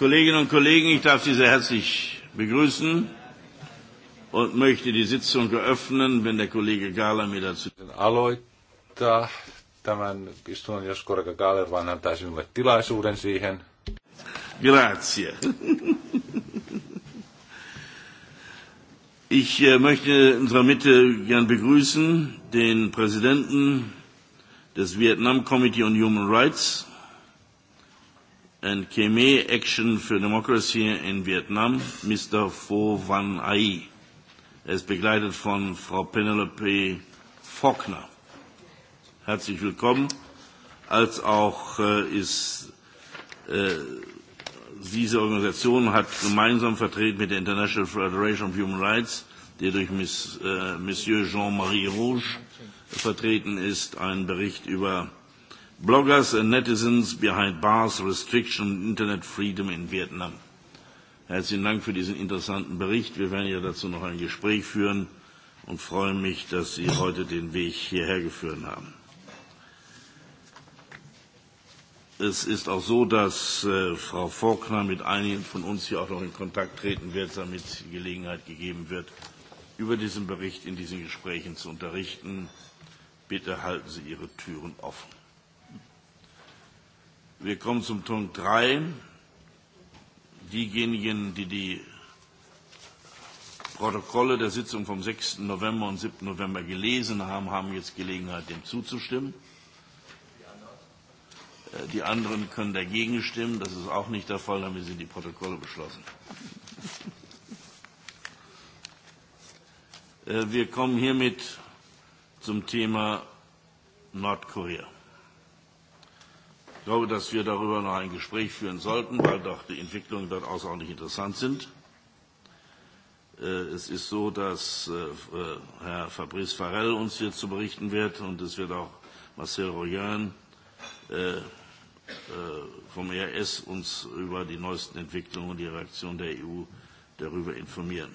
Kolleginnen und Kollegen, ich darf Sie sehr herzlich begrüßen und möchte die Sitzung eröffnen, wenn der Kollege Gala mir dazu... Aloittaa tämän istunnon, jos kollega Gahler vain antaisi minulle tilaisuuden siihen. Grazie. Ich äh, möchte in unserer Mitte gern begrüßen den Präsidenten des Vietnam Committee on Human Rights, and Khmer Action for Democracy in Vietnam, Mr. Pho Van Ai. as er begleitet von Frau Penelope Faulkner. Herzlich willkommen. Als auch äh, ist, äh, diese Organisation hat gemeinsam vertreten mit der International Federation of Human Rights, die durch Miss, äh, Monsieur Jean-Marie Rouge vertreten ist, einen Bericht über bloggers and netizens behind bars, restriction, Internet freedom in Vietnam. Herzlichen Dank für diesen interessanten Bericht. Wir werden ja dazu noch ein Gespräch führen und freue mich, dass Sie heute den Weg hierher geführt haben. Es ist auch so, dass äh, Frau Faulkner mit einigen von uns hier auch noch in Kontakt treten wird, damit Gelegenheit gegeben wird, über diesen Bericht in diesen Gesprächen zu unterrichten. Bitte halten Sie Ihre Türen offen. Wir kommen zum Punkt 3. Diejenigen, die die Protokolle der Sitzung vom 6. November und 7. November gelesen haben, haben jetzt Gelegenheit, dem zuzustimmen. Äh, die anderen können dagegen stimmen. Das ist auch nicht der Fall. Damit sind die Protokolle beschlossen. Äh, wir kommen hiermit zum Thema Nordkorea. Ich glaube, dass wir darüber noch ein Gespräch führen sollten, weil doch die Entwicklungen dort außerordentlich interessant sind. Äh, es ist so, dass äh, äh, Herr Fabrice Farrell uns hier zu berichten wird und es wird auch Marcel Royan vom ERS uns über die neuesten Entwicklungen und die Reaktion der EU darüber informieren.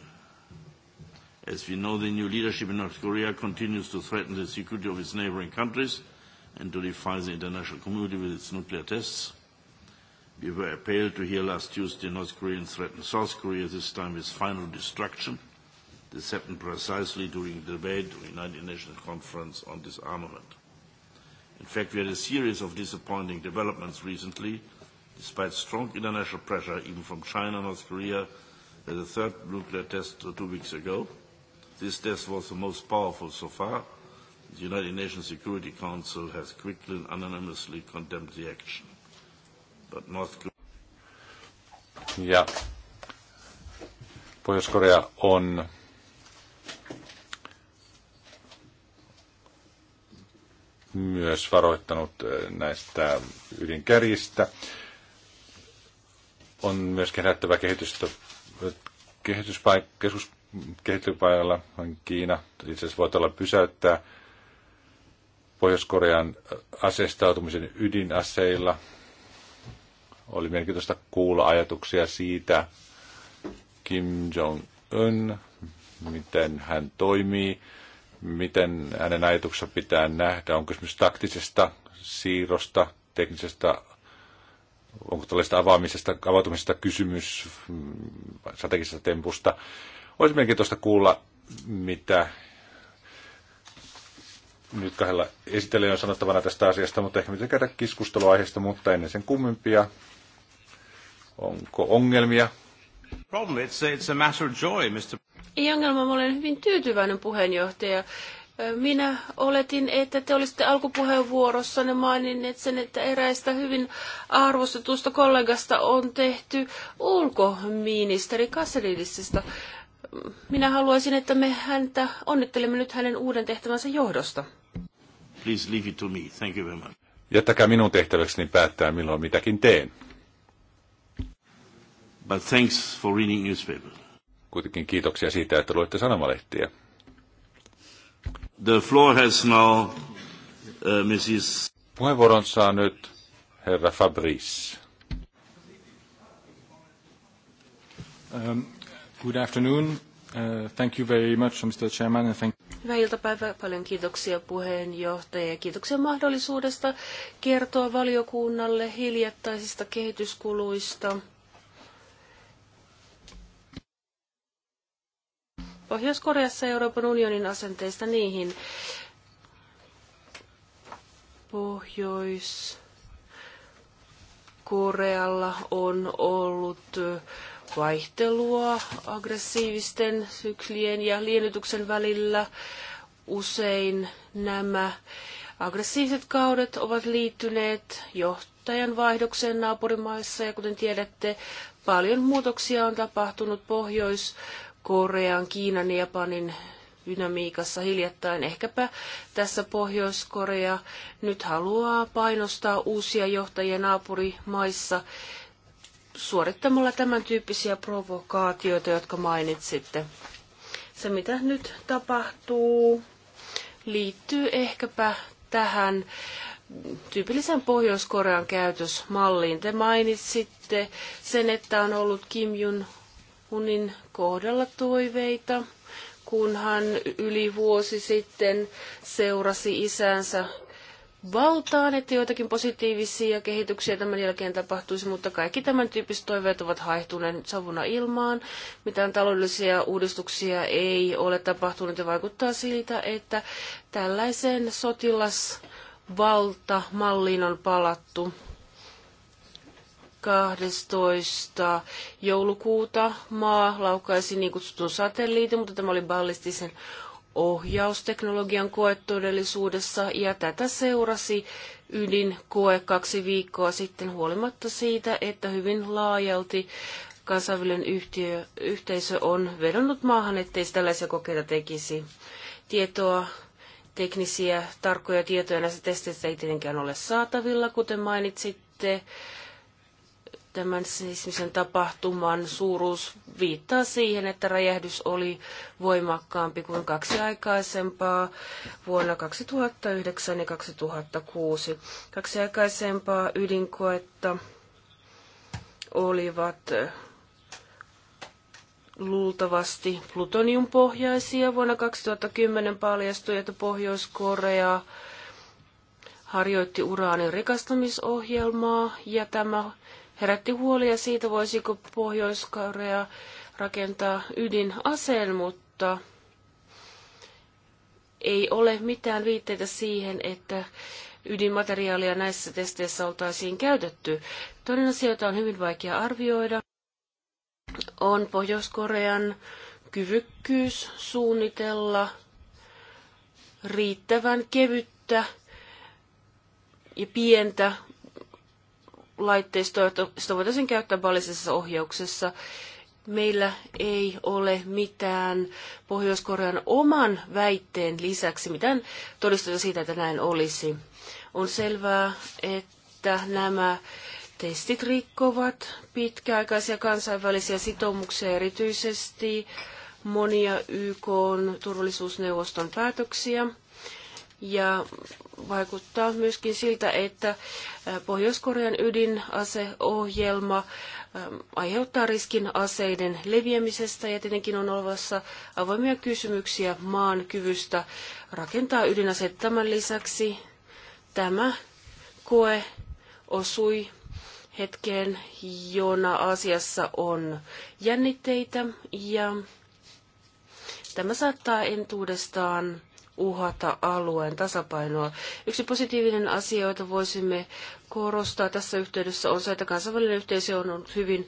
As we know, the new leadership in North Korea continues to threaten the security of its neighboring countries – and to defy the international community with its nuclear tests. We were appealed to hear last Tuesday North Koreans threaten South Korea, this time with final destruction. This happened precisely during the debate of the United Nations Conference on Disarmament. In fact, we had a series of disappointing developments recently, despite strong international pressure, even from China and North Korea, at the third nuclear test two weeks ago. This test was the most powerful so far, The United Nations Security Council has quickly and unanimously condemned the action. But North Korea... Ja Pohjois-Korea on myös varoittanut eh, näistä ydinkärjistä. On myös kehittävä kehitystä kehityspaik- keskus- kehityspaikalla Kiina. Itse asiassa voit olla pysäyttää Pohjois-Korean asestautumisen ydinaseilla. Oli merkitystä kuulla ajatuksia siitä Kim Jong-un, miten hän toimii, miten hänen ajatuksensa pitää nähdä. Onko kysymys taktisesta siirrosta, teknisestä onko tällaista avaamisesta, avautumisesta kysymys, strategisesta tempusta. Olisi mielenkiintoista kuulla, mitä nyt kahdella esittelijä on sanottavana tästä asiasta, mutta ehkä miten käydä keskustelua aiheesta, mutta ennen sen kummempia. Onko ongelmia? it's a matter of joy, Mr. Ei ongelma, mä olen hyvin tyytyväinen puheenjohtaja. Minä oletin, että te olisitte alkupuheenvuorossanne maininneet sen, että eräistä hyvin arvostetusta kollegasta on tehty ulkoministeri Kasselidisista minä haluaisin, että me häntä onnittelemme nyt hänen uuden tehtävänsä johdosta. Please leave it to me. Thank you very much. Jättäkää minun tehtäväkseni päättää, milloin mitäkin teen. But thanks for reading newspaper. Kuitenkin kiitoksia siitä, että luette sanomalehtiä. The floor has now, uh, Mrs. Puheenvuoron saa nyt herra Fabrice. Um, good afternoon. Uh, thank you very much, Mr. Chairman, and thank Hyvää iltapäivää. Paljon kiitoksia puheenjohtaja ja kiitoksia mahdollisuudesta kertoa valiokunnalle hiljattaisista kehityskuluista. Pohjois-Koreassa Euroopan unionin asenteista niihin. Pohjois-Korealla on ollut vaihtelua aggressiivisten syklien ja liennytyksen välillä. Usein nämä aggressiiviset kaudet ovat liittyneet johtajan vaihdokseen naapurimaissa ja kuten tiedätte, paljon muutoksia on tapahtunut Pohjois-Korean, Kiinan ja Japanin dynamiikassa hiljattain. Ehkäpä tässä Pohjois-Korea nyt haluaa painostaa uusia johtajia naapurimaissa suorittamalla tämän tyyppisiä provokaatioita, jotka mainitsitte. Se, mitä nyt tapahtuu, liittyy ehkäpä tähän tyypillisen Pohjois-Korean käytösmalliin. Te mainitsitte sen, että on ollut Kim Jun Unin kohdalla toiveita, kun hän yli vuosi sitten seurasi isänsä valtaan, että joitakin positiivisia kehityksiä tämän jälkeen tapahtuisi, mutta kaikki tämän tyyppiset toiveet ovat haehtuneet savuna ilmaan. Mitään taloudellisia uudistuksia ei ole tapahtunut ja vaikuttaa siltä, että tällaiseen sotilasvaltamalliin on palattu. 12. joulukuuta maa laukaisi niin kutsutun satelliitin, mutta tämä oli ballistisen ohjausteknologian koetodellisuudessa ja tätä seurasi ydinkoe kaksi viikkoa sitten huolimatta siitä, että hyvin laajalti kansainvälinen yhtiö, yhteisö on vedonnut maahan, ettei tällaisia kokeita tekisi. Tietoa, teknisiä, tarkkoja tietoja näistä testeistä ei tietenkään ole saatavilla, kuten mainitsitte. Tämän seismisen tapahtuman suuruus viittaa siihen, että räjähdys oli voimakkaampi kuin kaksi aikaisempaa vuonna 2009 ja 2006. Kaksi aikaisempaa ydinkoetta olivat eh, luultavasti plutoniumpohjaisia. Vuonna 2010 paljastui, että Pohjois-Korea harjoitti uraanin rikastamisohjelmaa ja tämä herätti huolia siitä, voisiko Pohjois-Korea rakentaa ydinaseen, mutta ei ole mitään viitteitä siihen, että ydinmateriaalia näissä testeissä oltaisiin käytetty. Toinen asia, jota on hyvin vaikea arvioida, on Pohjois-Korean kyvykkyys suunnitella riittävän kevyttä ja pientä laitteistoa, että sitä voitaisiin käyttää ballistisessa ohjauksessa. Meillä ei ole mitään Pohjois-Korean oman väitteen lisäksi mitään todistusta siitä, että näin olisi. On selvää, että nämä testit rikkovat pitkäaikaisia kansainvälisiä sitoumuksia erityisesti monia YK turvallisuusneuvoston päätöksiä. Ja vaikuttaa myöskin siltä, että Pohjois-Korean ydinaseohjelma aiheuttaa riskin aseiden leviämisestä ja tietenkin on olevassa avoimia kysymyksiä maan kyvystä rakentaa ydinaseet. Tämän lisäksi tämä koe osui hetkeen, jona asiassa on jännitteitä ja tämä saattaa entuudestaan uhata alueen tasapainoa. Yksi positiivinen asia, jota voisimme korostaa tässä yhteydessä, on se, että kansainvälinen yhteisö on ollut hyvin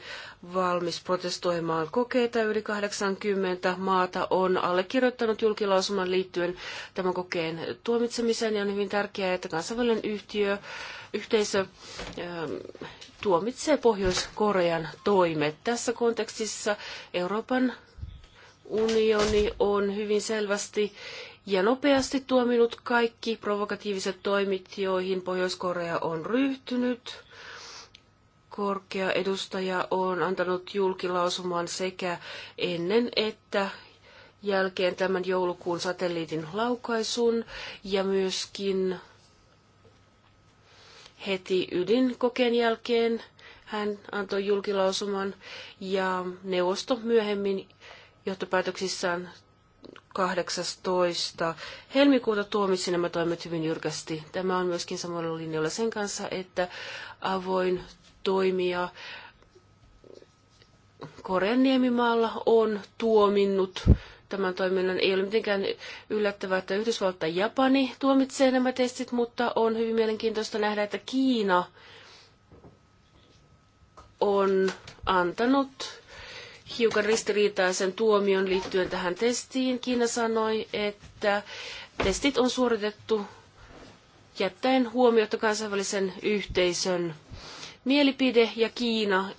valmis protestoimaan kokeita. Yli 80 maata on allekirjoittanut julkilausuman liittyen tämän kokeen tuomitsemiseen, ja on hyvin tärkeää, että kansainvälinen yhtiö, yhteisö ähm, tuomitsee Pohjois-Korean toimet. Tässä kontekstissa Euroopan unioni on hyvin selvästi ja nopeasti tuominut kaikki provokatiiviset toimit, joihin Pohjois-Korea on ryhtynyt. Korkea edustaja on antanut julkilausuman sekä ennen että jälkeen tämän joulukuun satelliitin laukaisun ja myöskin heti ydinkokeen jälkeen hän antoi julkilausuman ja neuvosto myöhemmin johtopäätöksissään 18. helmikuuta tuomitsin nämä toimet hyvin jyrkästi. Tämä on myöskin samalla linjalla sen kanssa, että avoin toimija Koreaniemimaalla on tuominnut tämän toiminnan. Ei ole mitenkään yllättävää, että Yhdysvalta ja Japani tuomitsee nämä testit, mutta on hyvin mielenkiintoista nähdä, että Kiina on antanut hiukan ristiriitaisen tuomion liittyen tähän testiin. Kiina sanoi, että testit on suoritettu jättäen huomiota kansainvälisen yhteisön mielipide ja Kiina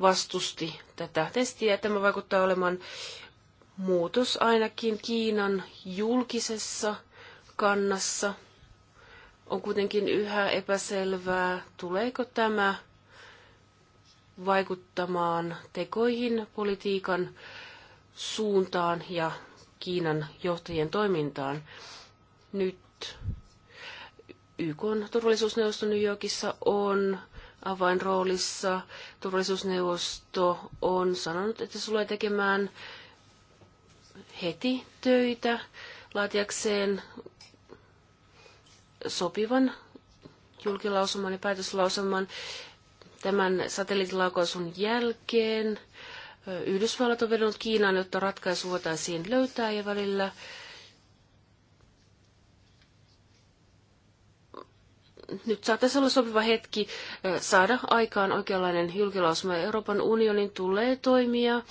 vastusti tätä testiä. Tämä vaikuttaa olemaan muutos ainakin Kiinan julkisessa kannassa. On kuitenkin yhä epäselvää, tuleeko tämä vaikuttamaan tekoihin, politiikan suuntaan ja Kiinan johtajien toimintaan. Nyt YK turvallisuusneuvosto New Yorkissa on avainroolissa. Turvallisuusneuvosto on sanonut, että se tulee tekemään heti töitä laatiakseen sopivan julkilausuman ja päätöslausuman Tämän satelliittilaukaisun jälkeen Yhdysvallat on vedonnut Kiinaan, jotta ratkaisu voitaisiin löytää ja välillä nyt saattaisi olla sopiva hetki saada aikaan oikeanlainen julkilausuma. Euroopan unionin tulee toimia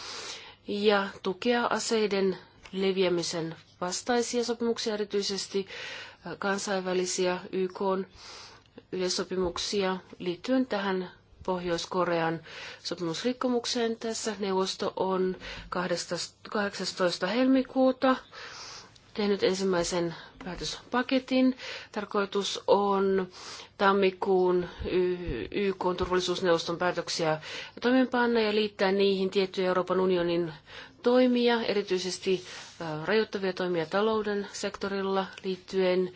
ja tukea aseiden leviämisen vastaisia sopimuksia, erityisesti kansainvälisiä YK yleissopimuksia liittyen tähän Pohjois-Korean sopimusrikkomukseen tässä. Neuvosto on 18. helmikuuta tehnyt ensimmäisen päätöspaketin. Tarkoitus on tammikuun YK turvallisuusneuvoston päätöksiä toimeenpanna ja liittää niihin tiettyjä Euroopan unionin toimia, erityisesti rajoittavia toimia talouden sektorilla liittyen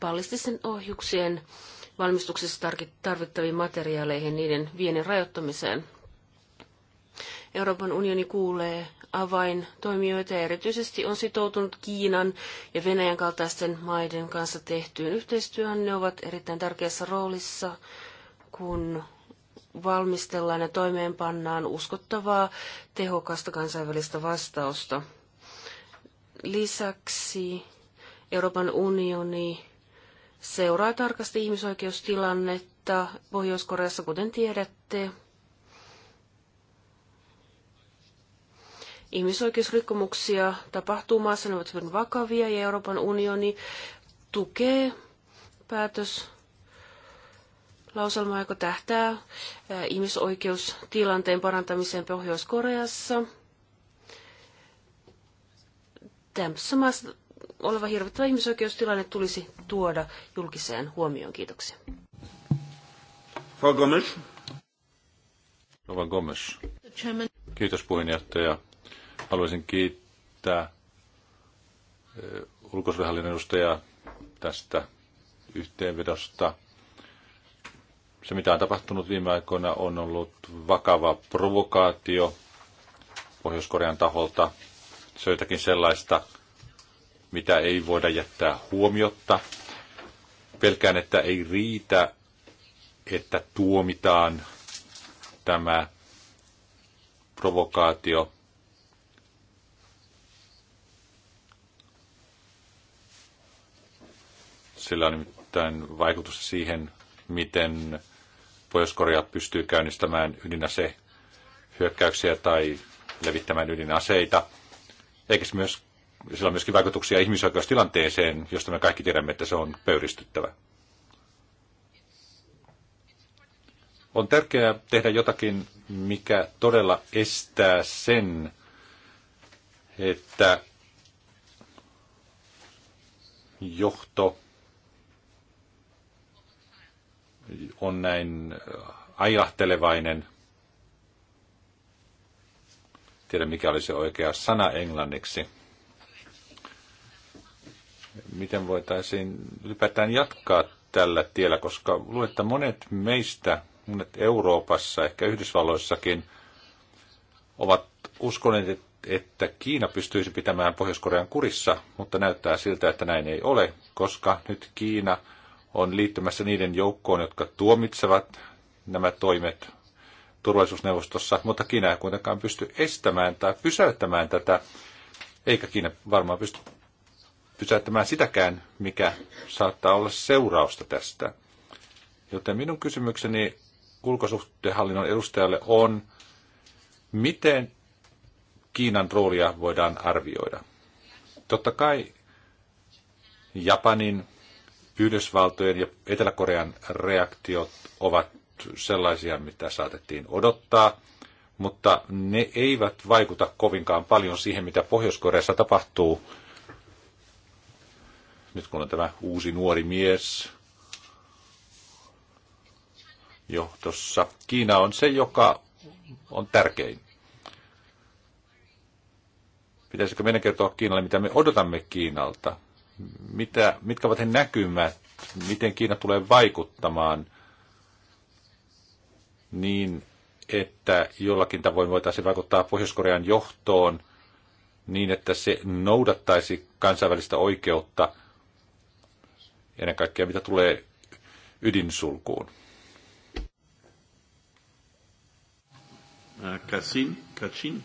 ballistisen ohjuksien valmistuksessa tarvittaviin materiaaleihin niiden viennin rajoittamiseen. Euroopan unioni kuulee avaintoimijoita ja erityisesti on sitoutunut Kiinan ja Venäjän kaltaisten maiden kanssa tehtyyn yhteistyöhön. Ne ovat erittäin tärkeässä roolissa, kun valmistellaan ja toimeenpannaan uskottavaa, tehokasta kansainvälistä vastausta. Lisäksi Euroopan unioni seuraa tarkasti ihmisoikeustilannetta Pohjois-Koreassa, kuten tiedätte. Ihmisoikeusrikkomuksia tapahtuu maassa, ne ovat hyvin vakavia ja Euroopan unioni tukee päätös lauselmaa, joka tähtää ihmisoikeustilanteen parantamiseen Pohjois-Koreassa. Tässä maassa oleva hirvittävä ihmisoikeustilanne tulisi tuoda julkiseen huomioon. Kiitoksia. Rova Gomes. Kiitos puheenjohtaja. Haluaisin kiittää eh, ulkosuhdehallinnon edustajaa tästä yhteenvedosta. Se, mitä on tapahtunut viime aikoina, on ollut vakava provokaatio Pohjois-Korean taholta. Se on jotakin sellaista, mitä ei voida jättää huomiotta. Pelkään, että ei riitä, että tuomitaan tämä provokaatio. Sillä on nimittäin vaikutus siihen, miten Pohjois-Korea pystyy käynnistämään ydinase hyökkäyksiä tai levittämään ydinaseita. Eikä se myös sillä on myöskin vaikutuksia ihmisoikeustilanteeseen, josta me kaikki tiedämme, että se on pöyristyttävä. On tärkeää tehdä jotakin, mikä todella estää sen, että johto on näin ailahtelevainen. Tiedä mikä oli se oikea sana englanniksi miten voitaisiin ylipäätään jatkaa tällä tiellä, koska luulen, että monet meistä, monet Euroopassa, ehkä Yhdysvalloissakin, ovat uskoneet, että Kiina pystyisi pitämään Pohjois-Korean kurissa, mutta näyttää siltä, että näin ei ole, koska nyt Kiina on liittymässä niiden joukkoon, jotka tuomitsevat nämä toimet turvallisuusneuvostossa, mutta Kiina ei kuitenkaan pysty estämään tai pysäyttämään tätä, eikä Kiina varmaan pysty pysäyttämään sitäkään, mikä saattaa olla seurausta tästä. Joten minun kysymykseni ulkosuhteenhallinnon edustajalle on, miten Kiinan roolia voidaan arvioida. Totta kai Japanin, Yhdysvaltojen ja Etelä-Korean reaktiot ovat sellaisia, mitä saatettiin odottaa, mutta ne eivät vaikuta kovinkaan paljon siihen, mitä Pohjois-Koreassa tapahtuu nyt kun on tämä uusi nuori mies johtossa, Kiina on se, joka on tärkein. Pitäisikö meidän kertoa Kiinalle, mitä me odotamme Kiinalta? Mitä, mitkä ovat he näkymät? Miten Kiina tulee vaikuttamaan niin, että jollakin tavoin voitaisiin vaikuttaa Pohjois-Korean johtoon niin, että se noudattaisi kansainvälistä oikeutta ennen kaikkea mitä tulee ydinsulkuun. Uh, Kacin. Kacin.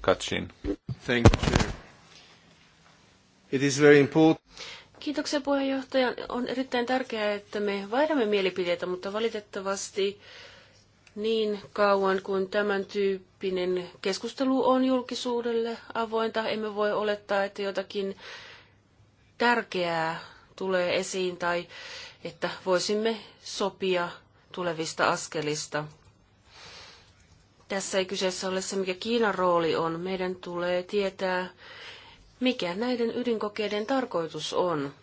Kacin. Thank you. It is very important. Kiitoksia puheenjohtaja. On erittäin tärkeää, että me vaihdamme mielipiteitä, mutta valitettavasti niin kauan kuin tämän tyyppinen keskustelu on julkisuudelle avointa, emme voi olettaa, että jotakin tärkeää tulee esiin tai että voisimme sopia tulevista askelista. Tässä ei kyseessä ole se, mikä Kiinan rooli on. Meidän tulee tietää, mikä näiden ydinkokeiden tarkoitus on.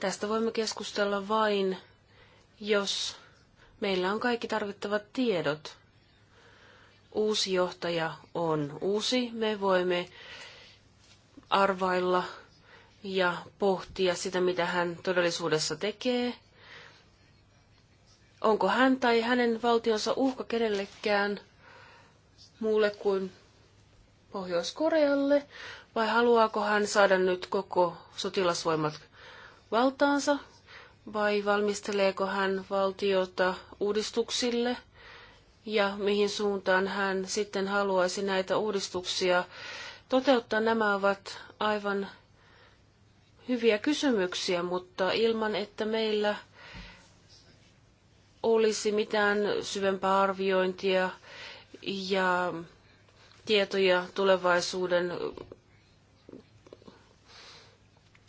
Tästä voimme keskustella vain, jos meillä on kaikki tarvittavat tiedot. Uusi johtaja on uusi. Me voimme arvailla ja pohtia sitä, mitä hän todellisuudessa tekee. Onko hän tai hänen valtionsa uhka kenellekään muulle kuin Pohjois-Korealle, vai haluaako hän saada nyt koko sotilasvoimat valtaansa, vai valmisteleeko hän valtiota uudistuksille, ja mihin suuntaan hän sitten haluaisi näitä uudistuksia toteuttaa. Nämä ovat aivan hyviä kysymyksiä, mutta ilman, että meillä olisi mitään syvempää arviointia ja tietoja tulevaisuuden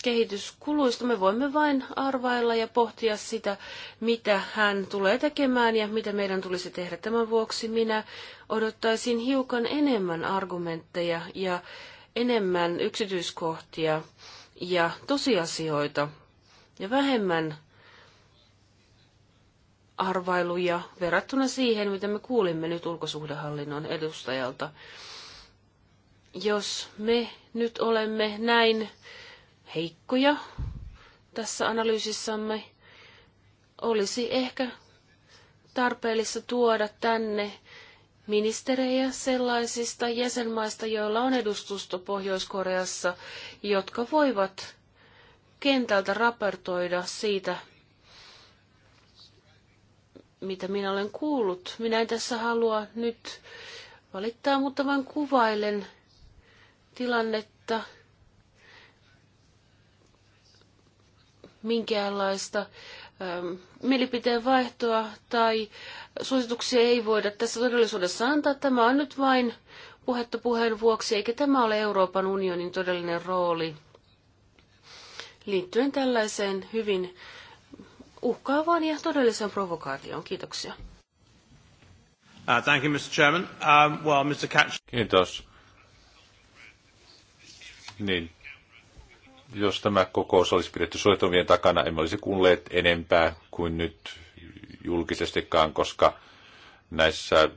kehityskuluista. Me voimme vain arvailla ja pohtia sitä, mitä hän tulee tekemään ja mitä meidän tulisi tehdä. Tämän vuoksi minä odottaisin hiukan enemmän argumentteja ja enemmän yksityiskohtia ja tosiasioita ja vähemmän arvailuja verrattuna siihen, mitä me kuulimme nyt ulkosuhdehallinnon edustajalta. Jos me nyt olemme näin heikkoja tässä analyysissamme, olisi ehkä tarpeellista tuoda tänne ministerejä sellaisista jäsenmaista, joilla on edustusto Pohjois-Koreassa, jotka voivat kentältä raportoida siitä, mitä minä olen kuullut. Minä en tässä halua nyt valittaa, mutta vain kuvailen tilannetta, minkäänlaista Ähm, mielipiteen vaihtoa tai suosituksia ei voida tässä todellisuudessa antaa. Tämä on nyt vain puhetta puheen vuoksi, eikä tämä ole Euroopan unionin todellinen rooli liittyen tällaiseen hyvin uhkaavaan ja todelliseen provokaatioon. Kiitoksia. Uh, thank you, Mr. Chairman. Um, well, Mr. Kiitos. Niin, jos tämä kokous olisi pidetty suljetumien takana, emme olisi kuulleet enempää kuin nyt julkisestikaan, koska näissä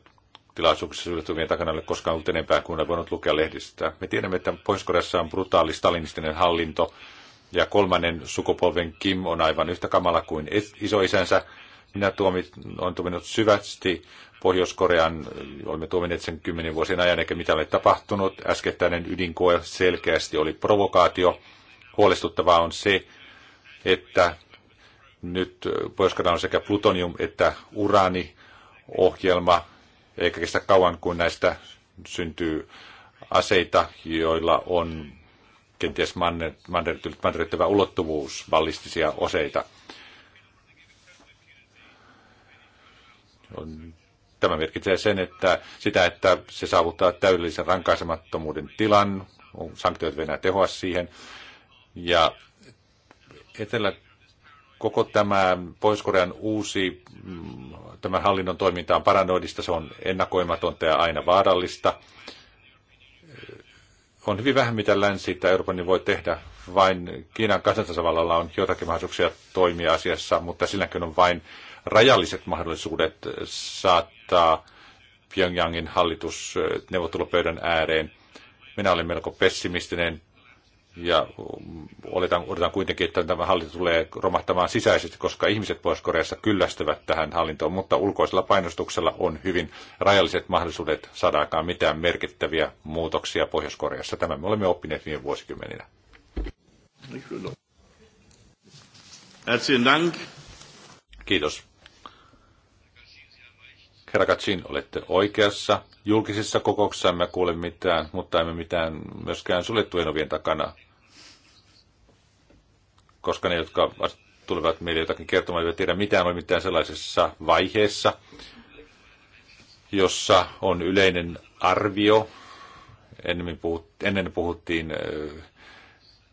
tilaisuuksissa suljetumien takana ei ole koskaan ollut enempää kuin ne voinut lukea lehdistä. Me tiedämme, että Pohjois-Koreassa on brutaali stalinistinen hallinto, ja kolmannen sukupolven Kim on aivan yhtä kamala kuin isoisänsä. Minä tuomit, olen tuominut syvästi Pohjois-Korean, olemme tuominneet sen kymmenen vuosien ajan, eikä mitä ole tapahtunut. Äskettäinen ydinkoe selkeästi oli provokaatio huolestuttavaa on se, että nyt pohjois on sekä plutonium että uraaniohjelma, ohjelma, eikä kestä kauan, kun näistä syntyy aseita, joilla on kenties mannertyyttävä ulottuvuus, ballistisia oseita. Tämä merkitsee sen, että sitä, että se saavuttaa täydellisen rankaisemattomuuden tilan, sanktiot Venäjä tehoa siihen, ja etelä koko tämä Pohjois-Korean uusi mm, tämä hallinnon toiminta on paranoidista, se on ennakoimatonta ja aina vaarallista. On hyvin vähän, mitä länsi tai Euroopan niin voi tehdä. Vain Kiinan kansantasavallalla on jotakin mahdollisuuksia toimia asiassa, mutta silläkin on vain rajalliset mahdollisuudet saattaa Pyongyangin hallitus neuvottelupöydän ääreen. Minä olen melko pessimistinen ja oletan, odotan kuitenkin, että tämä hallinto tulee romahtamaan sisäisesti, koska ihmiset Pohjois-Koreassa kyllästyvät tähän hallintoon, mutta ulkoisella painostuksella on hyvin rajalliset mahdollisuudet saada aikaan mitään merkittäviä muutoksia Pohjois-Koreassa. Tämä me olemme oppineet viime vuosikymmeninä. Kiitos. Herra Katsin, olette oikeassa. Julkisissa kokouksissa emme kuule mitään, mutta emme mitään myöskään suljettujen ovien takana koska ne, jotka tulevat meille jotakin kertomaan, eivät tiedä mitään, on mitään sellaisessa vaiheessa, jossa on yleinen arvio. Ennen, puhut, ennen puhuttiin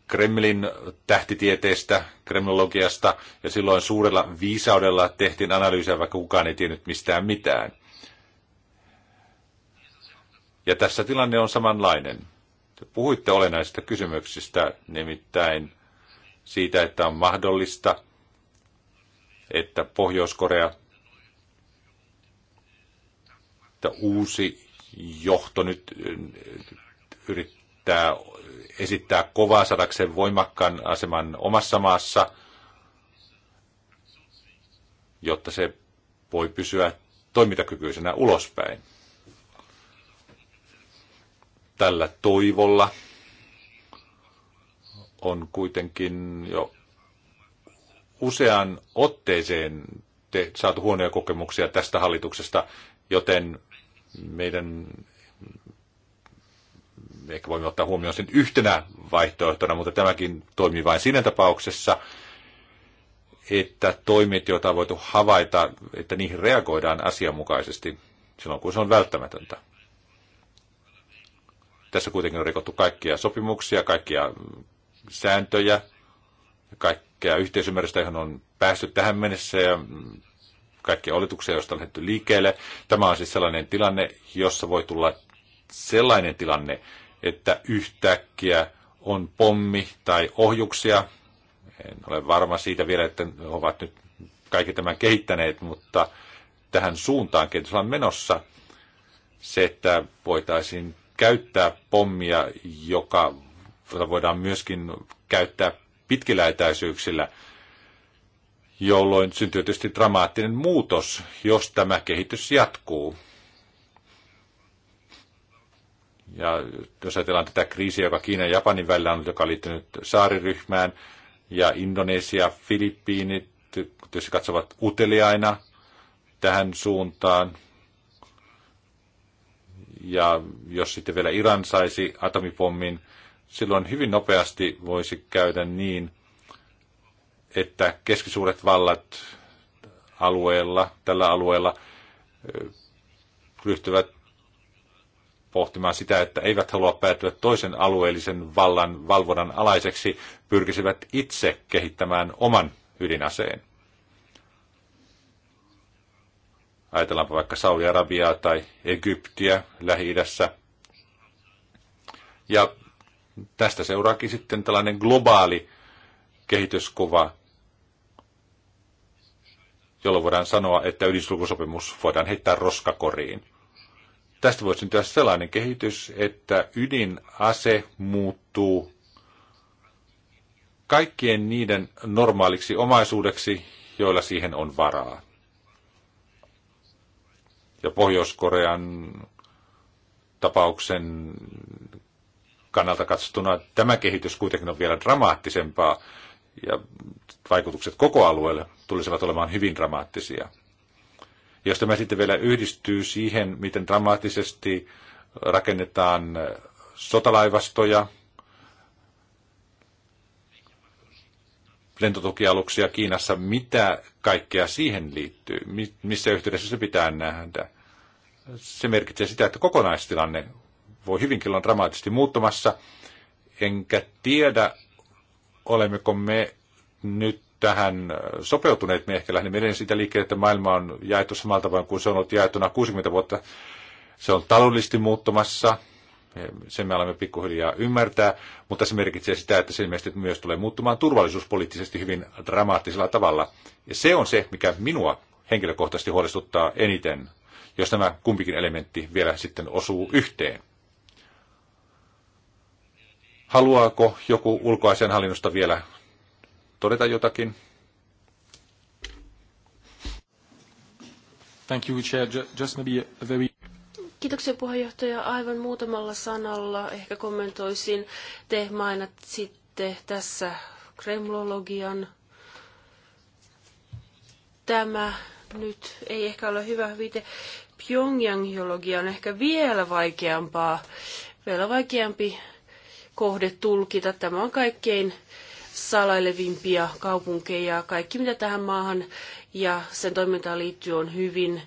Kremlin tähtitieteestä, kremlologiasta, ja silloin suurella viisaudella tehtiin analyysiä, vaikka kukaan ei tiennyt mistään mitään. Ja tässä tilanne on samanlainen. Te puhuitte olennaisista kysymyksistä, nimittäin siitä, että on mahdollista, että Pohjois-Korea, että uusi johto nyt äh, yrittää esittää kovaa sadakseen voimakkaan aseman omassa maassa, jotta se voi pysyä toimintakykyisenä ulospäin. Tällä toivolla on kuitenkin jo usean otteeseen te, saatu huonoja kokemuksia tästä hallituksesta, joten meidän ehkä voimme ottaa huomioon sen yhtenä vaihtoehtona, mutta tämäkin toimii vain siinä tapauksessa, että toimet, joita on voitu havaita, että niihin reagoidaan asianmukaisesti silloin, kun se on välttämätöntä. Tässä kuitenkin on rikottu kaikkia sopimuksia, kaikkia sääntöjä, kaikkea yhteisymmärrystä, johon on päästy tähän mennessä ja kaikkia oletuksia, joista on lähdetty liikkeelle. Tämä on siis sellainen tilanne, jossa voi tulla sellainen tilanne, että yhtäkkiä on pommi tai ohjuksia. En ole varma siitä vielä, että ovat nyt kaikki tämän kehittäneet, mutta tähän suuntaan kehitys on menossa. Se, että voitaisiin käyttää pommia, joka tuota voidaan myöskin käyttää pitkillä etäisyyksillä, jolloin syntyy tietysti dramaattinen muutos, jos tämä kehitys jatkuu. Ja jos ajatellaan tätä kriisiä, joka Kiinan ja Japanin välillä on, joka on liittynyt saariryhmään, ja Indonesia, Filippiinit, jos katsovat uteliaina tähän suuntaan. Ja jos sitten vielä Iran saisi atomipommin, silloin hyvin nopeasti voisi käydä niin, että keskisuuret vallat alueella, tällä alueella ryhtyvät pohtimaan sitä, että eivät halua päätyä toisen alueellisen vallan valvonnan alaiseksi, pyrkisivät itse kehittämään oman ydinaseen. Ajatellaanpa vaikka Saudi-Arabiaa tai Egyptiä Lähi-idässä. Ja tästä seuraakin sitten tällainen globaali kehityskuva, jolloin voidaan sanoa, että ydinsulkusopimus voidaan heittää roskakoriin. Tästä voisi syntyä sellainen kehitys, että ydinase muuttuu kaikkien niiden normaaliksi omaisuudeksi, joilla siihen on varaa. Ja Pohjois-Korean tapauksen kannalta katsottuna tämä kehitys kuitenkin on vielä dramaattisempaa ja vaikutukset koko alueelle tulisivat olemaan hyvin dramaattisia. Jos tämä sitten vielä yhdistyy siihen, miten dramaattisesti rakennetaan sotalaivastoja, lentotukialuksia Kiinassa, mitä kaikkea siihen liittyy, missä yhteydessä se pitää nähdä. Se merkitsee sitä, että kokonaistilanne voi hyvinkin olla dramaattisesti muuttumassa. Enkä tiedä, olemmeko me nyt tähän sopeutuneet. Me ehkä lähdemme edelleen siitä liikkeelle, että maailma on jaettu samalla tavalla kuin se on ollut jaettuna 60 vuotta. Se on taloudellisesti muuttumassa, sen me alamme pikkuhiljaa ymmärtää, mutta se merkitsee sitä, että se ilmeisesti myös tulee muuttumaan turvallisuuspoliittisesti hyvin dramaattisella tavalla. Ja se on se, mikä minua henkilökohtaisesti huolestuttaa eniten, jos nämä kumpikin elementti vielä sitten osuu yhteen. Haluaako joku ulkoasian hallinnosta vielä todeta jotakin? Thank you, Chair. Just maybe a very... Kiitoksia puheenjohtaja. Aivan muutamalla sanalla ehkä kommentoisin. Te mainat sitten tässä kremlologian. Tämä nyt ei ehkä ole hyvä viite. Pyongyangiologia on ehkä vielä vaikeampaa, vielä vaikeampi kohde tulkita. Tämä on kaikkein salailevimpia kaupunkeja. Kaikki, mitä tähän maahan ja sen toimintaan liittyy, on hyvin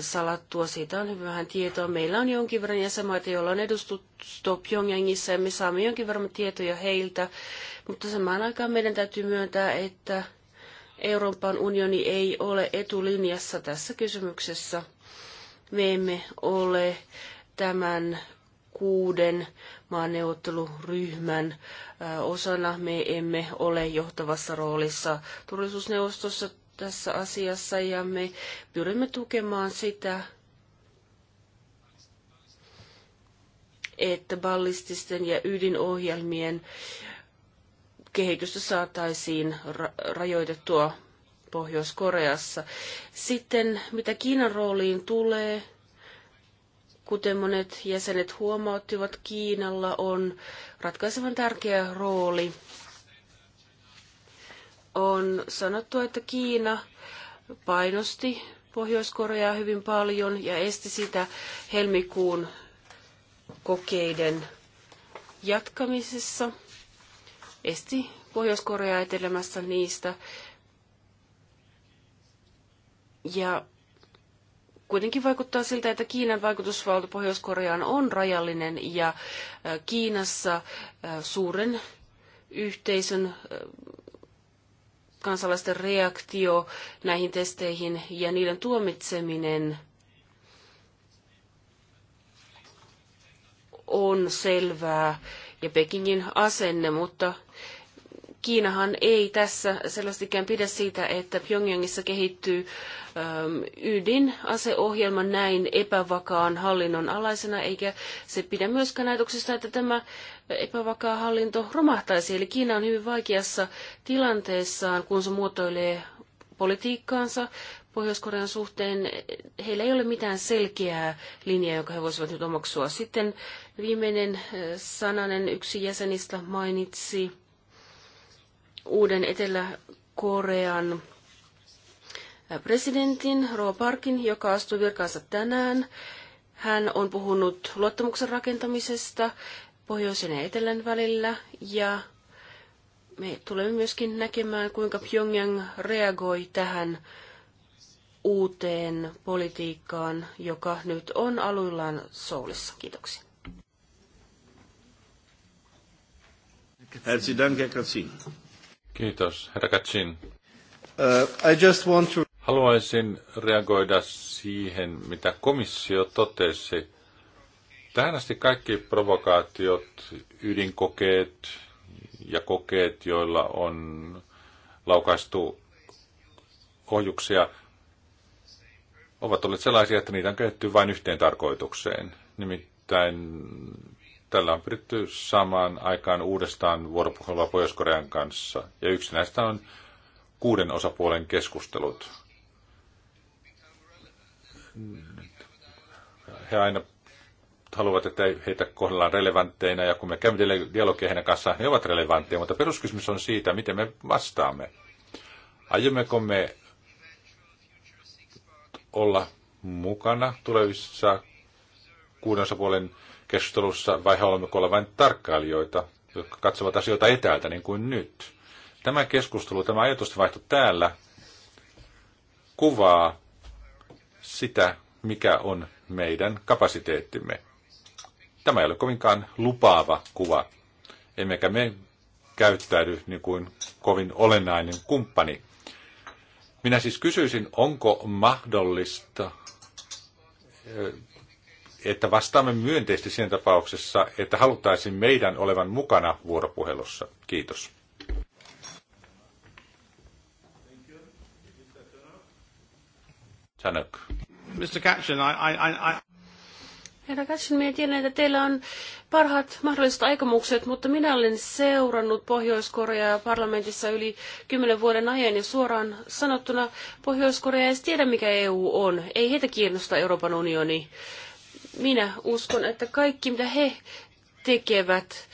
salattua. Siitä on hyvin vähän tietoa. Meillä on jonkin verran jäsenmaita, joilla on edustusto Pyongyangissa ja me saamme jonkin verran tietoja heiltä. Mutta samaan aikaan meidän täytyy myöntää, että Euroopan unioni ei ole etulinjassa tässä kysymyksessä. Me emme ole tämän kuuden maaneuvotteluryhmän osana. Me emme ole johtavassa roolissa turvallisuusneuvostossa tässä asiassa ja me pyrimme tukemaan sitä, että ballististen ja ydinohjelmien kehitystä saataisiin ra- rajoitettua Pohjois-Koreassa. Sitten mitä Kiinan rooliin tulee, Kuten monet jäsenet huomauttivat, Kiinalla on ratkaisevan tärkeä rooli. On sanottu, että Kiina painosti Pohjois-Koreaa hyvin paljon ja esti sitä helmikuun kokeiden jatkamisessa. Esti Pohjois-Koreaa etelemässä niistä. Ja kuitenkin vaikuttaa siltä, että Kiinan vaikutusvalta Pohjois-Koreaan on rajallinen ja äh, Kiinassa äh, suuren yhteisön äh, kansalaisten reaktio näihin testeihin ja niiden tuomitseminen on selvää ja Pekingin asenne, mutta Kiinahan ei tässä selvästikään pidä siitä, että Pyongyangissa kehittyy ähm, ydinaseohjelma näin epävakaan hallinnon alaisena, eikä se pidä myöskään ajatuksesta, että tämä epävakaa hallinto romahtaisi. Eli Kiina on hyvin vaikeassa tilanteessaan, kun se muotoilee politiikkaansa Pohjois-Korean suhteen. Heillä ei ole mitään selkeää linjaa, jonka he voisivat nyt omaksua. Sitten viimeinen äh, sananen yksi jäsenistä mainitsi uuden Etelä-Korean presidentin Roa Parkin, joka astui virkaansa tänään. Hän on puhunut luottamuksen rakentamisesta pohjoisen ja etelän välillä ja me tulemme myöskin näkemään, kuinka Pyongyang reagoi tähän uuteen politiikkaan, joka nyt on aluillaan Soulissa. Kiitoksia. Herzlichen Dank, Herr Kiitos, herra Katsin. Uh, I just want to... Haluaisin reagoida siihen, mitä komissio totesi. Tähän asti kaikki provokaatiot, ydinkokeet ja kokeet, joilla on laukaistu ohjuksia, ovat olleet sellaisia, että niitä on käytetty vain yhteen tarkoitukseen. Nimittäin Tällä on pyritty samaan aikaan uudestaan vuoropuhelua Pohjois-Korean kanssa, ja yksi näistä on kuuden osapuolen keskustelut. He aina haluavat, että heitä kohdellaan relevantteina, ja kun me käymme dialogia heidän kanssaan, he ovat relevantteja, mutta peruskysymys on siitä, miten me vastaamme. Aiommeko me olla mukana tulevissa kuuden osapuolen keskustelussa, vai haluammeko olla vain tarkkailijoita, jotka katsovat asioita etäältä niin kuin nyt. Tämä keskustelu, tämä ajatustenvaihto täällä kuvaa sitä, mikä on meidän kapasiteettimme. Tämä ei ole kovinkaan lupaava kuva, emmekä me käyttäydy niin kuin kovin olennainen kumppani. Minä siis kysyisin, onko mahdollista että vastaamme myönteisesti siinä tapauksessa, että haluttaisiin meidän olevan mukana vuoropuhelussa. Kiitos. Chanuk. Mr. Katchen, I, I, I... Herra Katchen, minä tiedän, että teillä on parhaat mahdolliset aikomukset, mutta minä olen seurannut pohjois korea parlamentissa yli kymmenen vuoden ajan ja suoraan sanottuna Pohjois-Korea ei edes tiedä, mikä EU on. Ei heitä kiinnosta Euroopan unioni minä uskon, että kaikki mitä he tekevät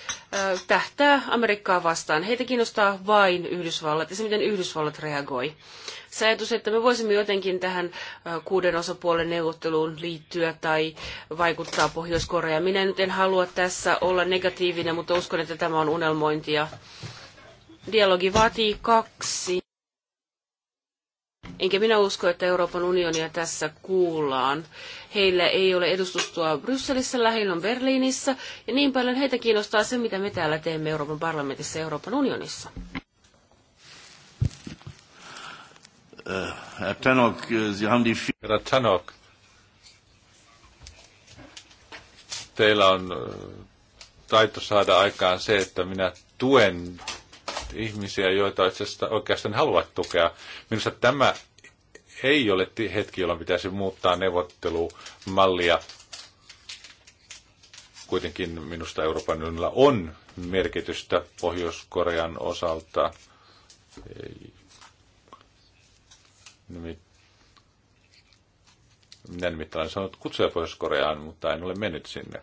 tähtää Amerikkaa vastaan. Heitä kiinnostaa vain Yhdysvallat ja se, miten Yhdysvallat reagoi. Se ajatus, että me voisimme jotenkin tähän kuuden osapuolen neuvotteluun liittyä tai vaikuttaa Pohjois-Koreaan. Minä nyt en halua tässä olla negatiivinen, mutta uskon, että tämä on unelmointia. Dialogi vaatii kaksi Enkä minä usko, että Euroopan unionia tässä kuullaan. Heillä ei ole edustustoa Brysselissä, lähinnä on Berliinissä, ja niin paljon heitä kiinnostaa se, mitä me täällä teemme Euroopan parlamentissa ja Euroopan unionissa. Äh, Herr äh, Sie haben die... Herra Tannock, teillä on äh, taito saada aikaan se, että minä tuen ihmisiä, joita itse asiassa oikeastaan haluat tukea. Minusta tämä ei ole hetki, jolloin pitäisi muuttaa neuvottelumallia. Kuitenkin minusta Euroopan unionilla on merkitystä Pohjois-Korean osalta. Minä nimittäin olen sanonut kutsuja Pohjois-Koreaan, mutta en ole mennyt sinne.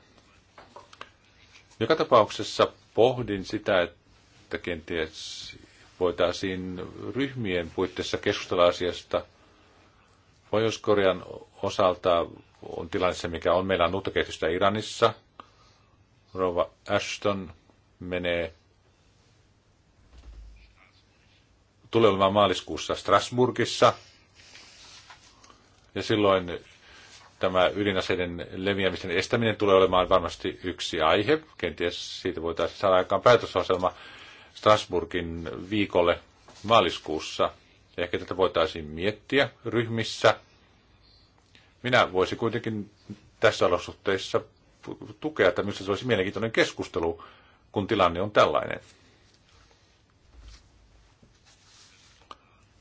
Joka tapauksessa pohdin sitä, että että kenties voitaisiin ryhmien puitteissa keskustella asiasta. Pohjois-Korean osalta on tilanne se, mikä on. Meillä on uutta kehitystä Iranissa. Rova Ashton menee tulee olemaan maaliskuussa Strasburgissa. Ja silloin tämä ydinaseiden leviämisen estäminen tulee olemaan varmasti yksi aihe. Kenties siitä voitaisiin saada aikaan päätösohjelma. Strasburgin viikolle maaliskuussa. Ehkä tätä voitaisiin miettiä ryhmissä. Minä voisin kuitenkin tässä olosuhteissa tukea, että minusta se olisi mielenkiintoinen keskustelu, kun tilanne on tällainen.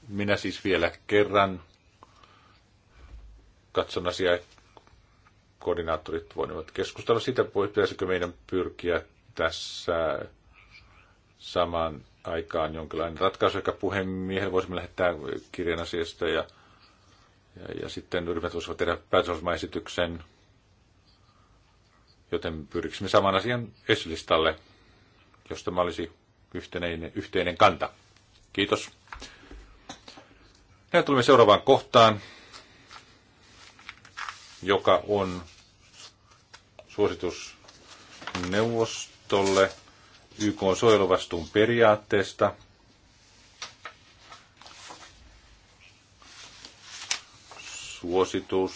Minä siis vielä kerran katson asiaa, koordinaattorit voivat keskustella siitä, pitäisikö meidän pyrkiä tässä samaan aikaan jonkinlainen ratkaisu, joka puhemiehelle voisimme lähettää kirjan asiasta ja, ja, ja sitten ryhmät voisivat tehdä päätösosmaesityksen, joten pyrkisimme saman asian esilistalle, jos tämä olisi yhteinen, yhteinen kanta. Kiitos. Ja tulemme seuraavaan kohtaan, joka on suositus neuvostolle YK on suojeluvastuun periaatteesta. Suositus.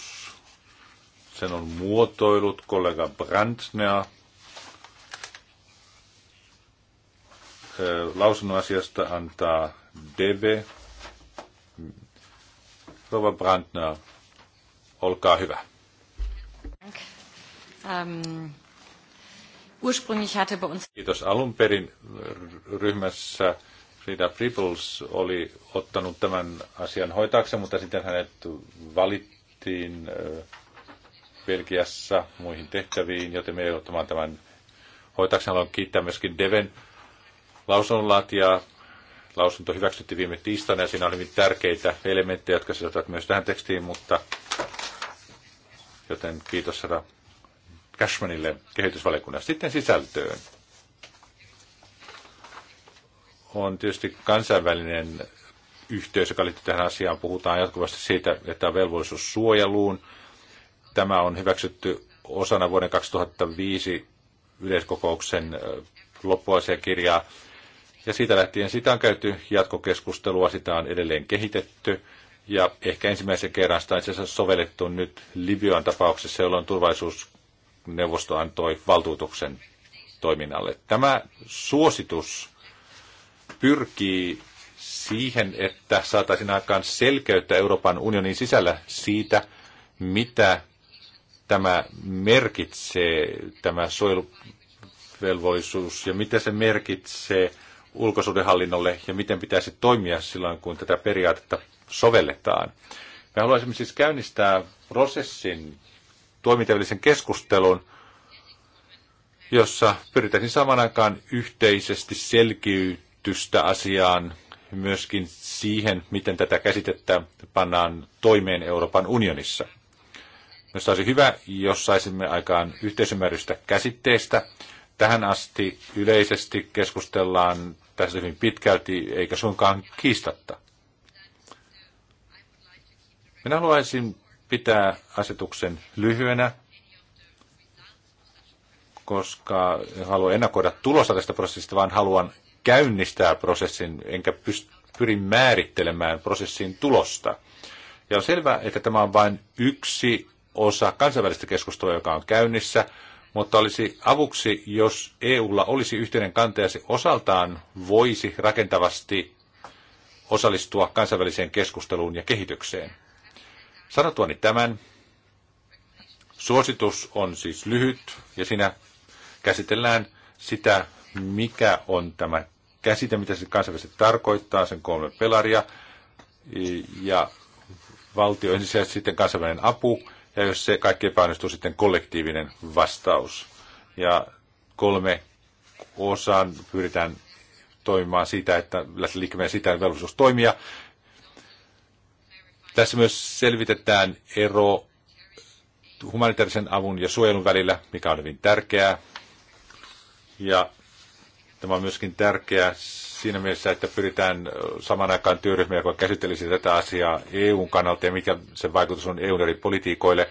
Sen on muotoilut kollega Brandner lausunnon asiasta antaa Deve. Rova Brandner, olkaa hyvä. Um, Ursprünglich hatte bei uns... Kiitos. Alun perin ryhmässä Frida Pribbles oli ottanut tämän asian hoitaakseen, mutta sitten hänet valittiin Belgiassa muihin tehtäviin, joten me ottamaan tämän hoitaakseen. Haluan kiittää myöskin Deven lausunnonlaatijaa. Lausunto hyväksytti viime tiistaina ja siinä oli hyvin tärkeitä elementtejä, jotka sisältävät myös tähän tekstiin, mutta joten kiitos herra Cashmanille kehitysvaliokunnasta. Sitten sisältöön. On tietysti kansainvälinen yhteys, joka liittyy tähän asiaan. Puhutaan jatkuvasti siitä, että on velvollisuus suojeluun. Tämä on hyväksytty osana vuoden 2005 yleiskokouksen loppuasiakirjaa. Ja siitä lähtien sitä on käyty jatkokeskustelua, sitä on edelleen kehitetty. Ja ehkä ensimmäisen kerran sitä on itse asiassa sovellettu nyt Libyan tapauksessa, jolloin turvallisuus neuvosto antoi valtuutuksen toiminnalle. Tämä suositus pyrkii siihen, että saataisiin aikaan selkeyttä Euroopan unionin sisällä siitä, mitä tämä merkitsee, tämä suojeluvelvollisuus, ja mitä se merkitsee ulkosuudenhallinnolle, ja miten pitäisi toimia silloin, kun tätä periaatetta sovelletaan. Me haluaisimme siis käynnistää prosessin, toimintavälisen keskustelun, jossa pyritään saman aikaan yhteisesti selkiytystä asiaan myöskin siihen, miten tätä käsitettä pannaan toimeen Euroopan unionissa. Myös olisi hyvä, jos saisimme aikaan yhteisymmärrystä käsitteistä. Tähän asti yleisesti keskustellaan tässä hyvin pitkälti, eikä suinkaan kiistatta. Minä haluaisin pitää asetuksen lyhyenä, koska en halua ennakoida tulosta tästä prosessista, vaan haluan käynnistää prosessin, enkä pyst- pyri määrittelemään prosessin tulosta. Ja on selvää, että tämä on vain yksi osa kansainvälistä keskustelua, joka on käynnissä, mutta olisi avuksi, jos EUlla olisi yhteinen kanta ja se osaltaan voisi rakentavasti osallistua kansainväliseen keskusteluun ja kehitykseen. Sanotuani tämän, suositus on siis lyhyt ja siinä käsitellään sitä, mikä on tämä käsite, mitä se kansainvälisesti tarkoittaa, sen kolme pelaria ja valtio ensisijaisesti sitten kansainvälinen apu ja jos se kaikki epäonnistuu, sitten kollektiivinen vastaus. Ja kolme osaan pyritään toimimaan siitä, että lähtee liikkeelle sitä, että velvollisuus toimia tässä myös selvitetään ero humanitaarisen avun ja suojelun välillä, mikä on hyvin tärkeää. Ja tämä on myöskin tärkeää siinä mielessä, että pyritään saman aikaan työryhmä, joka käsittelisi tätä asiaa EUn kannalta ja mikä sen vaikutus on EUn eri politiikoille.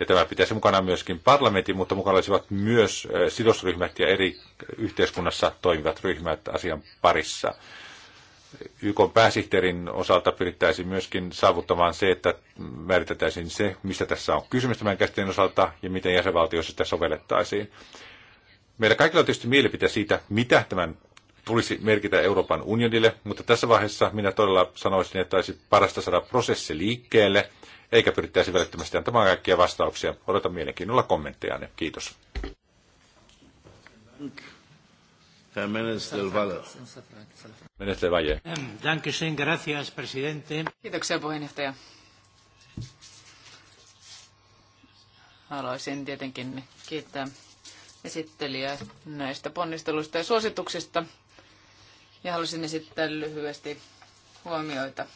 Ja tämä pitäisi mukana myöskin parlamentin, mutta mukana olisivat myös eh, sidosryhmät ja eri yhteiskunnassa toimivat ryhmät asian parissa. YK pääsihteerin osalta pyrittäisiin myöskin saavuttamaan se, että määritettäisiin se, mistä tässä on kysymys tämän käsitteen osalta ja miten jäsenvaltioissa sitä sovellettaisiin. Meillä kaikilla on tietysti mielipite siitä, mitä tämän tulisi merkitä Euroopan unionille, mutta tässä vaiheessa minä todella sanoisin, että olisi parasta saada prosessi liikkeelle, eikä pyrittäisi välittömästi antamaan kaikkia vastauksia. Odotan mielenkiinnolla kommenttejanne. Kiitos. Kiitos. Menezes del Valle. gracias, presidente. Kiitoksia puheenjohtaja. Haluaisin tietenkin kiittää esittelijää näistä ponnisteluista ja suosituksista. Ja haluaisin esittää lyhyesti huomioita.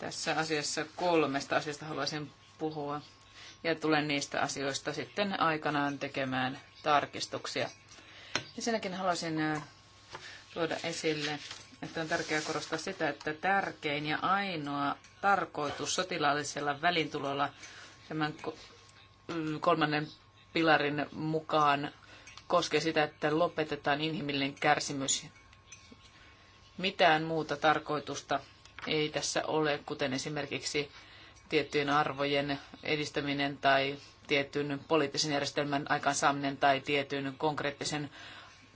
Tässä asiassa kolmesta asiasta haluaisin puhua ja tulen niistä asioista sitten aikanaan tekemään tarkistuksia. Ensinnäkin haluaisin äh, tuoda esille, että on tärkeää korostaa sitä, että tärkein ja ainoa tarkoitus sotilaallisella välintulolla tämän mm, kolmannen pilarin mukaan koskee sitä, että lopetetaan inhimillinen kärsimys. Mitään muuta tarkoitusta ei tässä ole, kuten esimerkiksi tiettyjen arvojen edistäminen tai tietyn poliittisen järjestelmän aikaansaaminen tai tietyn konkreettisen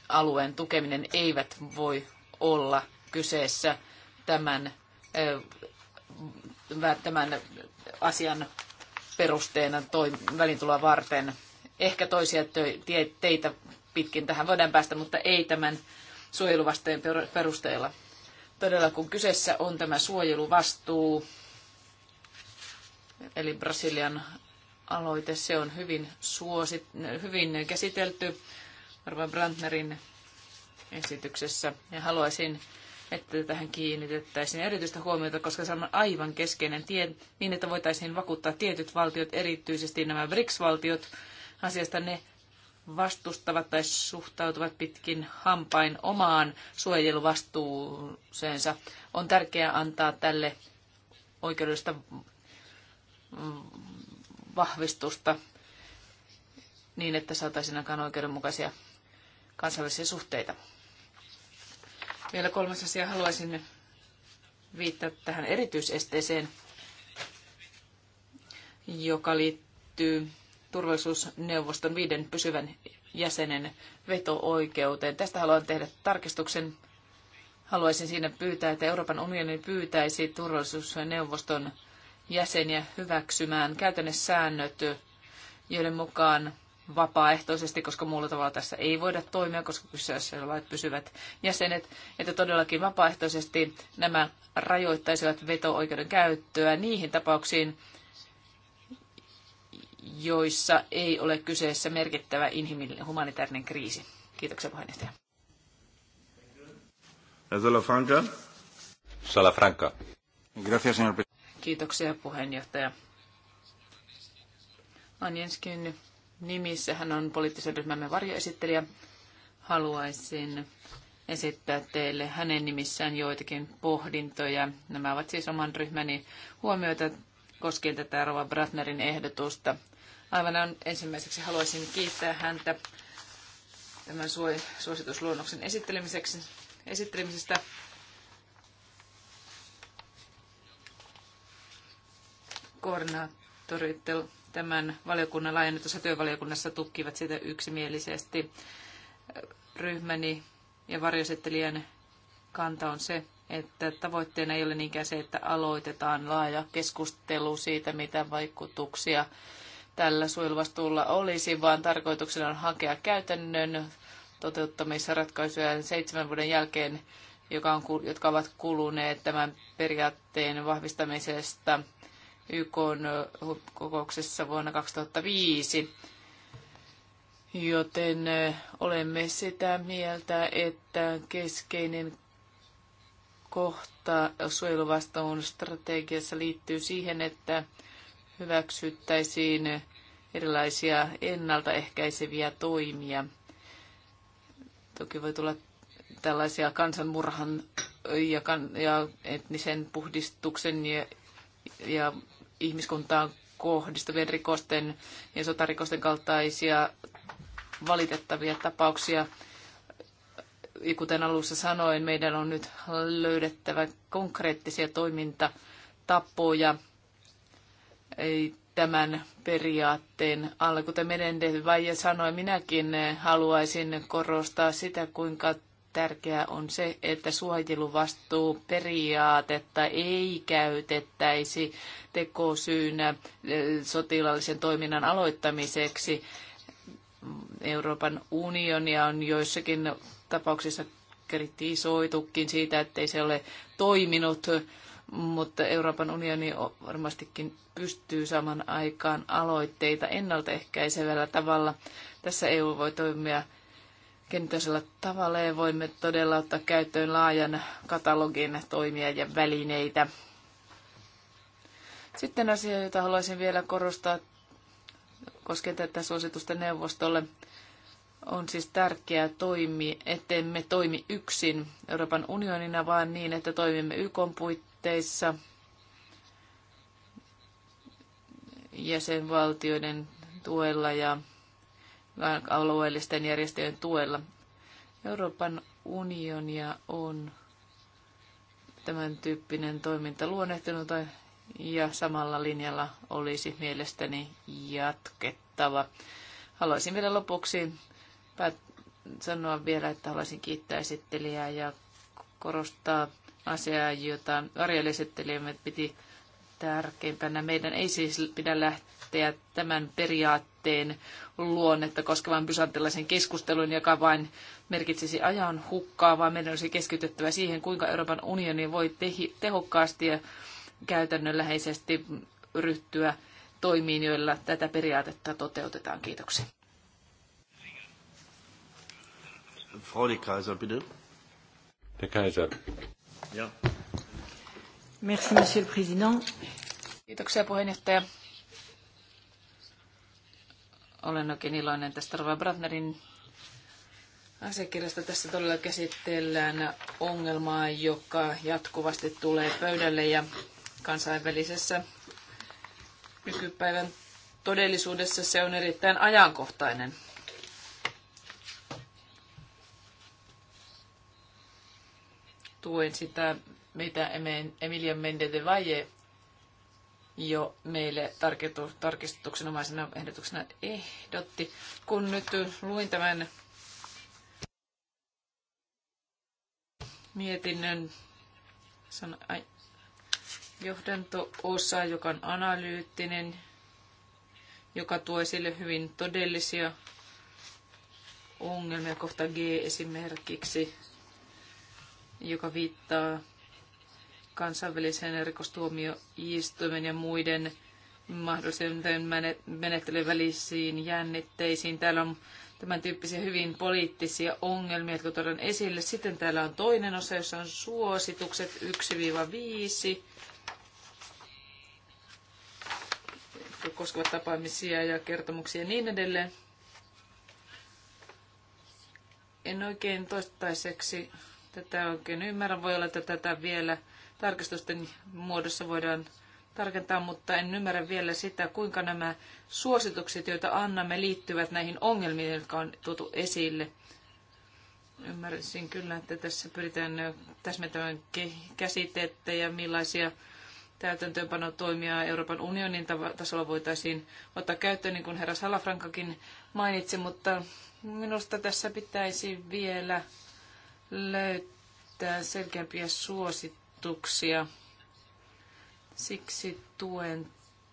alueen tukeminen eivät voi olla kyseessä tämän, tämän asian perusteena toi, välintuloa varten. Ehkä toisia teitä pitkin tähän voidaan päästä, mutta ei tämän suojeluvasteen perusteella. Todella kun kyseessä on tämä suojeluvastuu, eli Brasilian aloite. Se on hyvin, suosit, hyvin käsitelty Arvan Brandnerin esityksessä. Ja haluaisin, että tähän kiinnitettäisiin erityistä huomiota, koska se on aivan keskeinen tie, niin että voitaisiin vakuuttaa tietyt valtiot, erityisesti nämä BRICS-valtiot, asiasta ne vastustavat tai suhtautuvat pitkin hampain omaan suojeluvastuuseensa. On tärkeää antaa tälle oikeudellista vahvistusta niin, että saataisiin aikaan oikeudenmukaisia kansainvälisiä suhteita. Vielä kolmas asia haluaisin viittaa tähän erityisesteeseen, joka liittyy turvallisuusneuvoston viiden pysyvän jäsenen veto-oikeuteen. Tästä haluan tehdä tarkistuksen. Haluaisin siinä pyytää, että Euroopan unioni pyytäisi turvallisuusneuvoston jäseniä hyväksymään käytännössäännöt, joiden mukaan vapaaehtoisesti, koska muulla tavalla tässä ei voida toimia, koska kyseessä on vain pysyvät jäsenet, että todellakin vapaaehtoisesti nämä rajoittaisivat veto-oikeuden käyttöä niihin tapauksiin, joissa ei ole kyseessä merkittävä inhimillinen humanitaarinen kriisi. Kiitoksia puheenjohtaja. Salafranca. Salafranca. Gracias, señor Kiitoksia puheenjohtaja. Anjenskin no niin, nimissä hän on poliittisen ryhmämme varjoesittelijä. Haluaisin esittää teille hänen nimissään joitakin pohdintoja. Nämä ovat siis oman ryhmäni huomioita koskien tätä Rova Bratnerin ehdotusta. Aivan ensimmäiseksi haluaisin kiittää häntä tämän suositusluonnoksen esittelemisestä. koordinaattorit tämän valiokunnan laajennetussa työvaliokunnassa tukkivat sitä yksimielisesti. Ryhmäni ja varjosettelijän kanta on se, että tavoitteena ei ole niinkään se, että aloitetaan laaja keskustelu siitä, mitä vaikutuksia tällä suojeluvastuulla olisi, vaan tarkoituksena on hakea käytännön toteuttamissa ratkaisuja seitsemän vuoden jälkeen, joka on, jotka ovat kuluneet tämän periaatteen vahvistamisesta YK kokouksessa vuonna 2005. Joten olemme sitä mieltä, että keskeinen kohta suojeluvastuun strategiassa liittyy siihen, että hyväksyttäisiin erilaisia ennaltaehkäiseviä toimia. Toki voi tulla tällaisia kansanmurhan ja, kan- ja etnisen puhdistuksen ja, ja ihmiskuntaan kohdistuvien rikosten ja sotarikosten kaltaisia valitettavia tapauksia. Kuten alussa sanoin, meidän on nyt löydettävä konkreettisia toimintatapoja tämän periaatteen alle. Kuten Menendez Vaija sanoi, minäkin haluaisin korostaa sitä, kuinka tärkeää on se, että periaatetta ei käytettäisi tekosyynä sotilaallisen toiminnan aloittamiseksi. Euroopan unionia on joissakin tapauksissa kritisoitukin siitä, ettei se ole toiminut, mutta Euroopan unioni varmastikin pystyy saman aikaan aloitteita ennaltaehkäisevällä tavalla. Tässä EU voi toimia Kenttäisellä tavalla ja voimme todella ottaa käyttöön laajan katalogin toimia ja välineitä. Sitten asia, jota haluaisin vielä korostaa koskien tätä suositusta neuvostolle. On siis tärkeää toimia, ettemme toimi yksin Euroopan unionina, vaan niin, että toimimme YKn puitteissa jäsenvaltioiden tuella ja alueellisten järjestöjen tuella. Euroopan unionia on tämän tyyppinen toiminta luonnehtunut ja samalla linjalla olisi mielestäni jatkettava. Haluaisin vielä lopuksi sanoa vielä, että haluaisin kiittää esittelijää ja korostaa asiaa, jota varjoesittelijämme piti tärkeimpänä. Meidän ei siis pidä lähteä tämän periaatteen luonnetta koskevan bysantilaisen keskustelun, joka vain merkitsisi ajan hukkaa, vaan meidän olisi keskityttävä siihen, kuinka Euroopan unioni voi tehokkaasti ja käytännönläheisesti ryhtyä toimiin, joilla tätä periaatetta toteutetaan. Kiitoksia. Frau de Kaiser, bitte. Der Kaiser. Ja. Merci, monsieur Kiitoksia puheenjohtaja. Olen oikein iloinen tästä Rova Bratnerin asiakirjasta. Tässä todella käsitellään ongelmaa, joka jatkuvasti tulee pöydälle ja kansainvälisessä nykypäivän todellisuudessa se on erittäin ajankohtainen. Tuen sitä mitä Emilia Mende de Valle jo meille tarkistuksenomaisena ehdotuksena ehdotti. Kun nyt luin tämän mietinnön ai, johdanto-osa, joka on analyyttinen, joka tuo esille hyvin todellisia ongelmia, kohta G esimerkiksi, joka viittaa kansainvälisen rikostuomioistuimen ja muiden mahdollisen menettelyjen välisiin jännitteisiin. Täällä on tämän tyyppisiä hyvin poliittisia ongelmia, jotka tuodaan esille. Sitten täällä on toinen osa, jossa on suositukset 1-5, koskevat tapaamisia ja kertomuksia ja niin edelleen. En oikein toistaiseksi tätä oikein ymmärrä. Voi olla, että tätä vielä tarkistusten muodossa voidaan tarkentaa, mutta en ymmärrä vielä sitä, kuinka nämä suositukset, joita annamme, liittyvät näihin ongelmiin, jotka on tuotu esille. Ymmärsin kyllä, että tässä pyritään täsmentämään käsitettä ja millaisia täytäntöönpanotoimia Euroopan unionin tasolla voitaisiin ottaa käyttöön, niin kuin herra Salafrankakin mainitsi, mutta minusta tässä pitäisi vielä löytää selkeämpiä suosituksia ajatuksia. Siksi tuen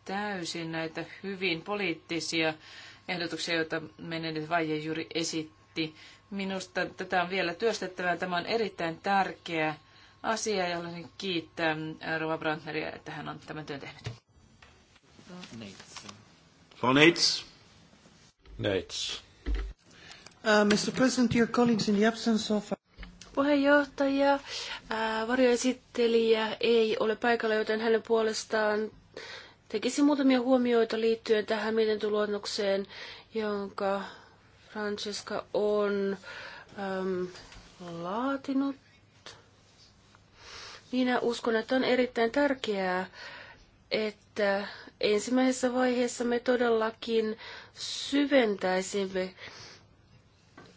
täysin näitä hyvin poliittisia ehdotuksia, joita Menedet Vaje juuri esitti. Minusta tätä on vielä työstettävää. Tämä on erittäin tärkeä asia ja haluaisin kiittää Rova Brandneria, että hän on tämän työn tehnyt. Neitz. Neitz. Uh, Mr. President, your colleagues, in the absence of... Puheenjohtaja, varjoesittelijä ei ole paikalla, joten hänen puolestaan tekisi muutamia huomioita liittyen tähän mietintöluonnokseen, jonka Francesca on äm, laatinut. Minä uskon, että on erittäin tärkeää, että ensimmäisessä vaiheessa me todellakin syventäisimme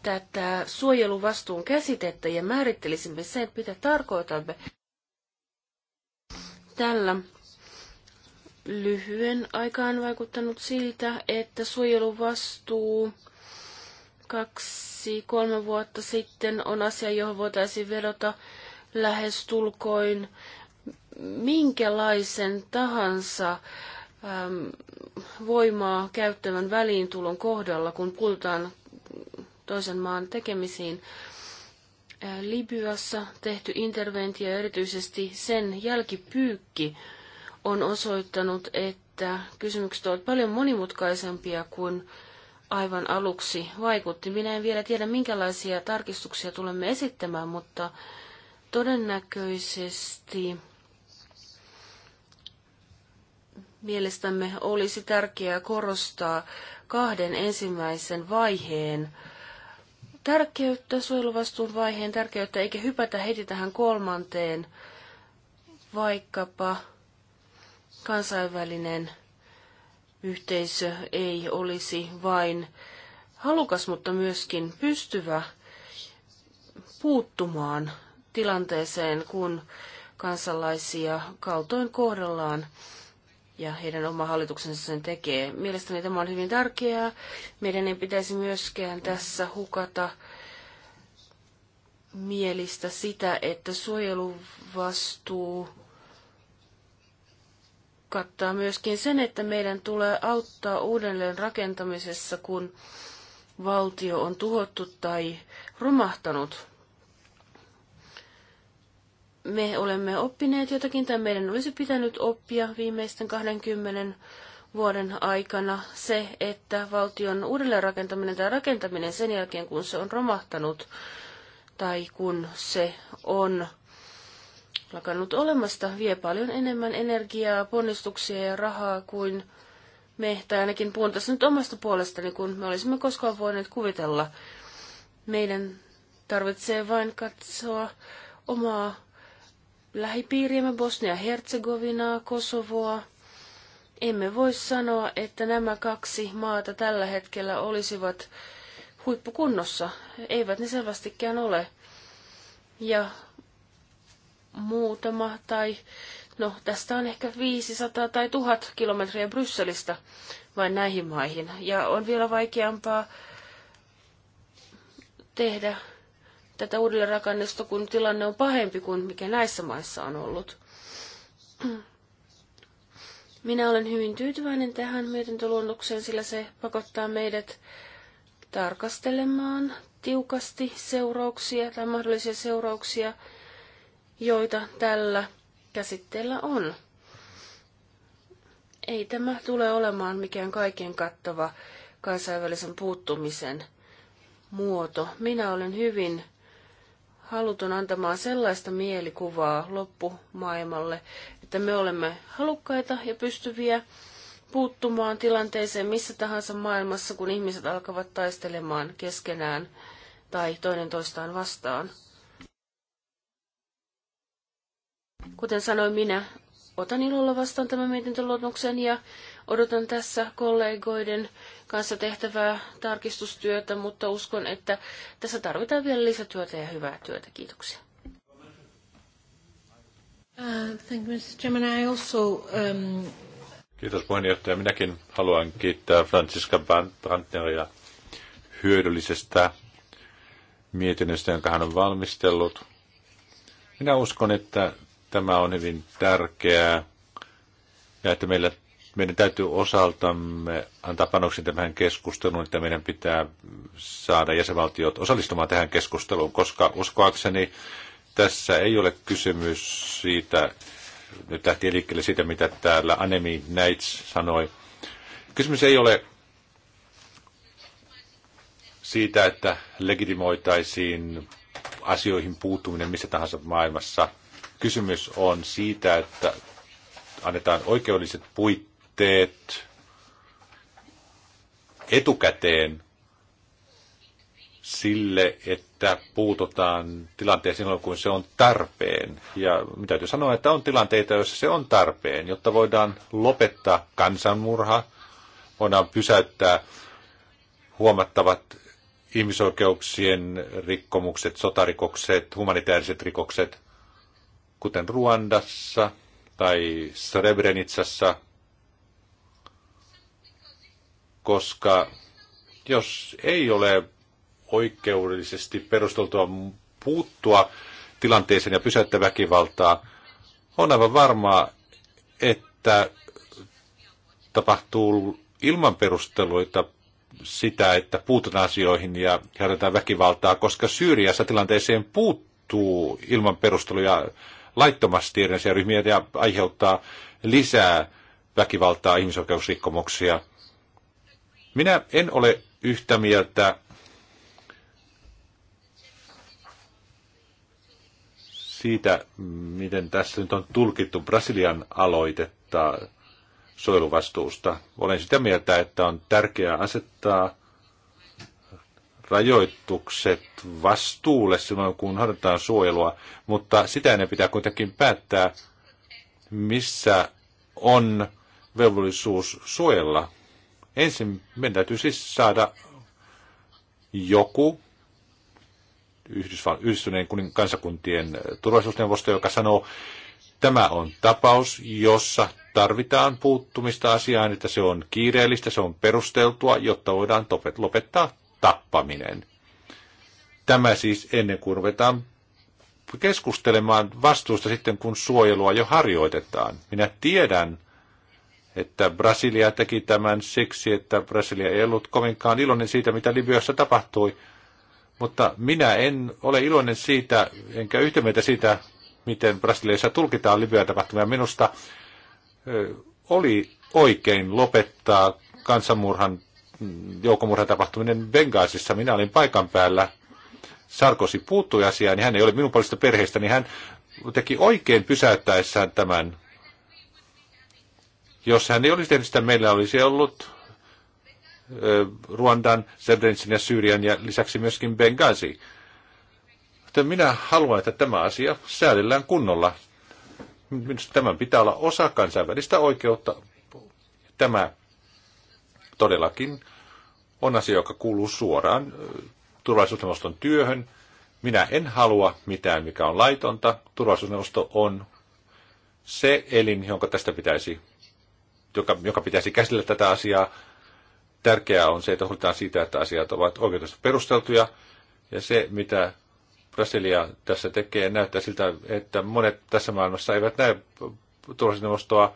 tätä suojeluvastuun käsitettä ja määrittelisimme sen, mitä tarkoitamme tällä lyhyen aikaan vaikuttanut siltä, että suojeluvastuu kaksi, kolme vuotta sitten on asia, johon voitaisiin vedota lähestulkoin minkälaisen tahansa äm, voimaa käyttävän väliintulon kohdalla, kun puhutaan toisen maan tekemisiin. Libyassa tehty interventio erityisesti sen jälkipyykki on osoittanut, että kysymykset ovat paljon monimutkaisempia kuin aivan aluksi vaikutti. Minä en vielä tiedä, minkälaisia tarkistuksia tulemme esittämään, mutta todennäköisesti mielestämme olisi tärkeää korostaa kahden ensimmäisen vaiheen tärkeyttä, suojeluvastuun vaiheen tärkeyttä, eikä hypätä heti tähän kolmanteen, vaikkapa kansainvälinen yhteisö ei olisi vain halukas, mutta myöskin pystyvä puuttumaan tilanteeseen, kun kansalaisia kaltoin kohdellaan ja heidän oma hallituksensa sen tekee. Mielestäni tämä on hyvin tärkeää. Meidän ei pitäisi myöskään tässä hukata mielistä sitä, että suojeluvastuu kattaa myöskin sen, että meidän tulee auttaa uudelleen rakentamisessa, kun valtio on tuhottu tai romahtanut me olemme oppineet jotakin tai meidän olisi pitänyt oppia viimeisten 20 vuoden aikana se, että valtion uudelleenrakentaminen tai rakentaminen sen jälkeen, kun se on romahtanut tai kun se on lakannut olemasta, vie paljon enemmän energiaa, ponnistuksia ja rahaa kuin me, tai ainakin puhun tässä nyt omasta puolestani, kun me olisimme koskaan voineet kuvitella. Meidän tarvitsee vain katsoa omaa lähipiiriämme Bosnia-Herzegovinaa, Kosovoa. Emme voi sanoa, että nämä kaksi maata tällä hetkellä olisivat huippukunnossa. Eivät ne selvästikään ole. Ja muutama tai no tästä on ehkä 500 tai 1000 kilometriä Brysselistä vain näihin maihin. Ja on vielä vaikeampaa tehdä tätä uudelleenrakennusta, kun tilanne on pahempi kuin mikä näissä maissa on ollut. Minä olen hyvin tyytyväinen tähän mietintöluonnokseen, sillä se pakottaa meidät tarkastelemaan tiukasti seurauksia tai mahdollisia seurauksia, joita tällä käsitteellä on. Ei tämä tule olemaan mikään kaiken kattava kansainvälisen puuttumisen muoto. Minä olen hyvin haluton antamaan sellaista mielikuvaa loppumaailmalle, että me olemme halukkaita ja pystyviä puuttumaan tilanteeseen missä tahansa maailmassa, kun ihmiset alkavat taistelemaan keskenään tai toinen toistaan vastaan. Kuten sanoin minä, otan ilolla vastaan tämän mietintöluonnoksen ja Odotan tässä kollegoiden kanssa tehtävää tarkistustyötä, mutta uskon, että tässä tarvitaan vielä lisätyötä ja hyvää työtä. Kiitoksia. Uh, thank you, Mr. Chairman. Um, Kiitos puheenjohtaja. Minäkin haluan kiittää Franziska Brandneria hyödyllisestä mietinnöstä, jonka hän on valmistellut. Minä uskon, että tämä on hyvin tärkeää ja että meillä meidän täytyy osaltamme antaa panoksen tähän keskusteluun, että meidän pitää saada jäsenvaltiot osallistumaan tähän keskusteluun, koska uskoakseni tässä ei ole kysymys siitä, nyt lähtien liikkeelle siitä, mitä täällä Anemi Neitz sanoi. Kysymys ei ole siitä, että legitimoitaisiin asioihin puuttuminen missä tahansa maailmassa. Kysymys on siitä, että annetaan oikeudelliset puitteet teet etukäteen sille, että puututaan tilanteeseen silloin, kun se on tarpeen. Ja mitä täytyy sanoa, että on tilanteita, joissa se on tarpeen, jotta voidaan lopettaa kansanmurha, voidaan pysäyttää huomattavat ihmisoikeuksien rikkomukset, sotarikokset, humanitaariset rikokset, kuten Ruandassa tai Srebrenitsassa koska jos ei ole oikeudellisesti perusteltua puuttua tilanteeseen ja pysäyttää väkivaltaa, on aivan varmaa, että tapahtuu ilman perusteluita sitä, että puututaan asioihin ja harjoitetaan väkivaltaa, koska Syyriassa tilanteeseen puuttuu ilman perusteluja laittomasti erinäisiä ryhmiä ja aiheuttaa lisää väkivaltaa, ihmisoikeusrikkomuksia – minä en ole yhtä mieltä siitä, miten tässä nyt on tulkittu Brasilian aloitetta suojeluvastuusta. Olen sitä mieltä, että on tärkeää asettaa rajoitukset vastuulle silloin, kun harjoitetaan suojelua, mutta sitä ennen pitää kuitenkin päättää, missä on velvollisuus suojella Ensin meidän täytyy siis saada joku Yhdysval- Yhdistyneen kunin kansakuntien turvallisuusneuvosto, joka sanoo, tämä on tapaus, jossa tarvitaan puuttumista asiaan, että se on kiireellistä, se on perusteltua, jotta voidaan lopettaa tappaminen. Tämä siis ennen kuin ruvetaan keskustelemaan vastuusta sitten, kun suojelua jo harjoitetaan. Minä tiedän, että Brasilia teki tämän siksi, että Brasilia ei ollut kovinkaan iloinen siitä, mitä Libyassa tapahtui. Mutta minä en ole iloinen siitä, enkä yhtä mieltä siitä, miten Brasiliassa tulkitaan Libyan tapahtumia. Minusta oli oikein lopettaa kansanmurhan mm, joukomurhan tapahtuminen Bengaisissa. Minä olin paikan päällä. Sarkosi puuttui asiaan, niin hän ei ole minun puolesta perheestä, niin hän teki oikein pysäyttäessään tämän jos hän ei olisi tehnyt sitä, meillä olisi ollut Ruandan, Srebrenitsin ja Syyrian ja lisäksi myöskin Benghazi. Joten minä haluan, että tämä asia säädellään kunnolla. Minusta tämän pitää olla osa kansainvälistä oikeutta. Tämä todellakin on asia, joka kuuluu suoraan turvallisuusneuvoston työhön. Minä en halua mitään, mikä on laitonta. Turvallisuusneuvosto on se elin, jonka tästä pitäisi joka, joka pitäisi käsitellä tätä asiaa. Tärkeää on se, että huolitaan siitä, että asiat ovat oikeudessa perusteltuja. Ja se, mitä Brasilia tässä tekee, näyttää siltä, että monet tässä maailmassa eivät näe turvallisuusneuvostoa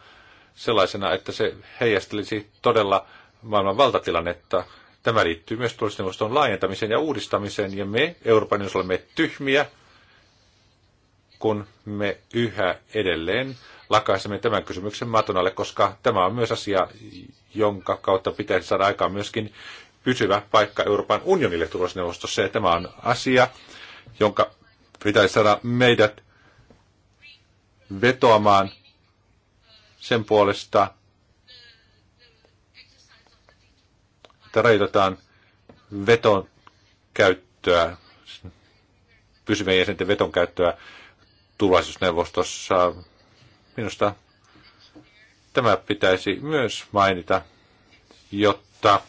sellaisena, että se heijastelisi todella maailman valtatilannetta. Tämä liittyy myös turvallisuusneuvoston laajentamiseen ja uudistamiseen, ja me Euroopan olemme tyhmiä, kun me yhä edelleen lakaisemme tämän kysymyksen matonalle, koska tämä on myös asia, jonka kautta pitäisi saada aikaan myöskin pysyvä paikka Euroopan unionille turvallisuusneuvostossa. Ja tämä on asia, jonka pitäisi saada meidät vetoamaan sen puolesta, että rajoitetaan veton käyttöä, pysyvien jäsenten veton käyttöä turvallisuusneuvostossa. Minusta tämä pitäisi myös mainita, jotta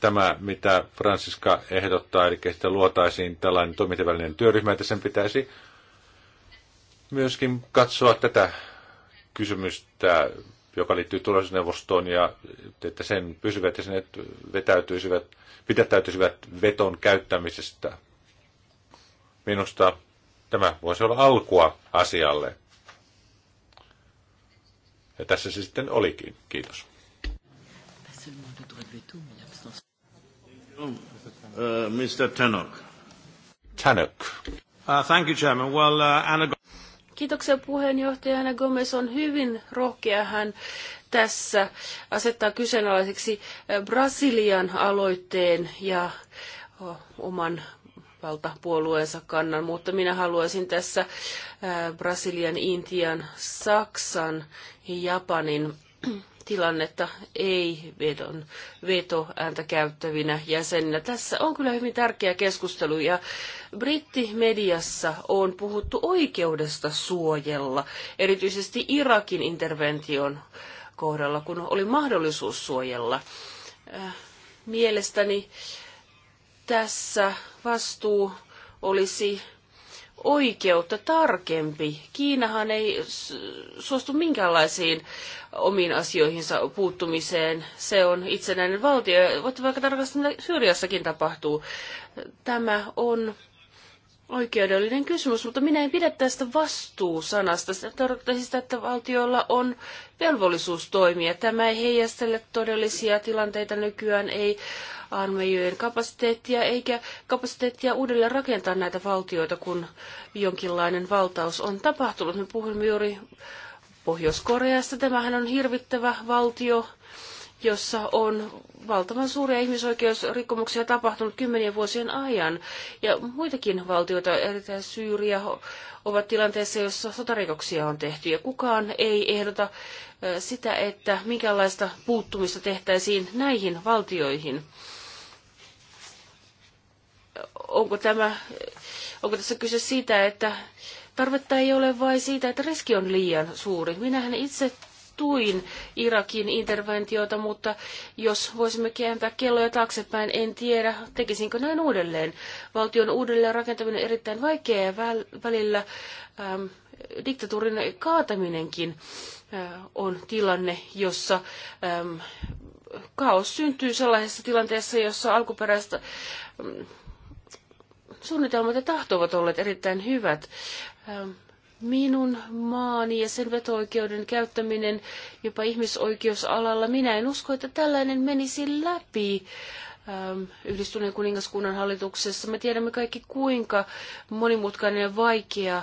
tämä, mitä Franciska ehdottaa, eli että luotaisiin tällainen toimintavälinen työryhmä, että sen pitäisi myöskin katsoa tätä kysymystä, joka liittyy turvallisuusneuvostoon, ja että sen pysyvät ja sen vetäytyisivät, pidättäytyisivät veton käyttämisestä Minusta tämä voisi olla alkua asialle. Ja tässä se sitten olikin. Kiitos. Uh, Mr. Tannock. Tannock. Uh, thank you, Chairman. Well, uh, Anna... Kiitoksia puheenjohtaja Anna Gomez on hyvin rohkea. Hän tässä asettaa kyseenalaiseksi uh, Brasilian aloitteen ja uh, oman puolueensa kannan, mutta minä haluaisin tässä äh, Brasilian, Intian, Saksan ja Japanin tilannetta ei vedon, vetoääntä käyttävinä jäseninä. Tässä on kyllä hyvin tärkeä keskustelu ja brittimediassa on puhuttu oikeudesta suojella, erityisesti Irakin intervention kohdalla, kun oli mahdollisuus suojella. Äh, mielestäni äh, tässä vastuu olisi oikeutta tarkempi. Kiinahan ei suostu minkäänlaisiin omiin asioihinsa puuttumiseen. Se on itsenäinen valtio. Voitte vaikka tarkastaa, mitä Syyriassakin tapahtuu. Tämä on oikeudellinen kysymys, mutta minä en pidä tästä vastuusanasta. Se tarkoittaa sitä, että valtiolla on velvollisuus toimia. Tämä ei heijastele todellisia tilanteita nykyään, ei armeijojen kapasiteettia, eikä kapasiteettia uudelleen rakentaa näitä valtioita, kun jonkinlainen valtaus on tapahtunut. Me puhumme juuri Pohjois-Koreasta. Tämähän on hirvittävä valtio, jossa on valtavan suuria ihmisoikeusrikkomuksia on tapahtunut kymmenien vuosien ajan. Ja muitakin valtioita, erityisesti Syyria, ovat tilanteessa, jossa sotarikoksia on tehty. Ja kukaan ei ehdota sitä, että minkälaista puuttumista tehtäisiin näihin valtioihin. Onko, tämä, onko tässä kyse siitä, että tarvetta ei ole vai siitä, että riski on liian suuri? Minähän itse vastuin Irakin interventiota, mutta jos voisimme kääntää kelloja taaksepäin, en tiedä, tekisinkö näin uudelleen. Valtion uudelleen rakentaminen on erittäin vaikeaa ja välillä ähm, diktatuurin kaataminenkin äh, on tilanne, jossa ähm, kaos syntyy sellaisessa tilanteessa, jossa alkuperäistä ähm, suunnitelmat ja tahto ovat olleet erittäin hyvät. Ähm, minun maani ja sen vetooikeuden käyttäminen jopa ihmisoikeusalalla. Minä en usko, että tällainen menisi läpi ähm, yhdistyneen kuningaskunnan hallituksessa. Me tiedämme kaikki, kuinka monimutkainen ja vaikea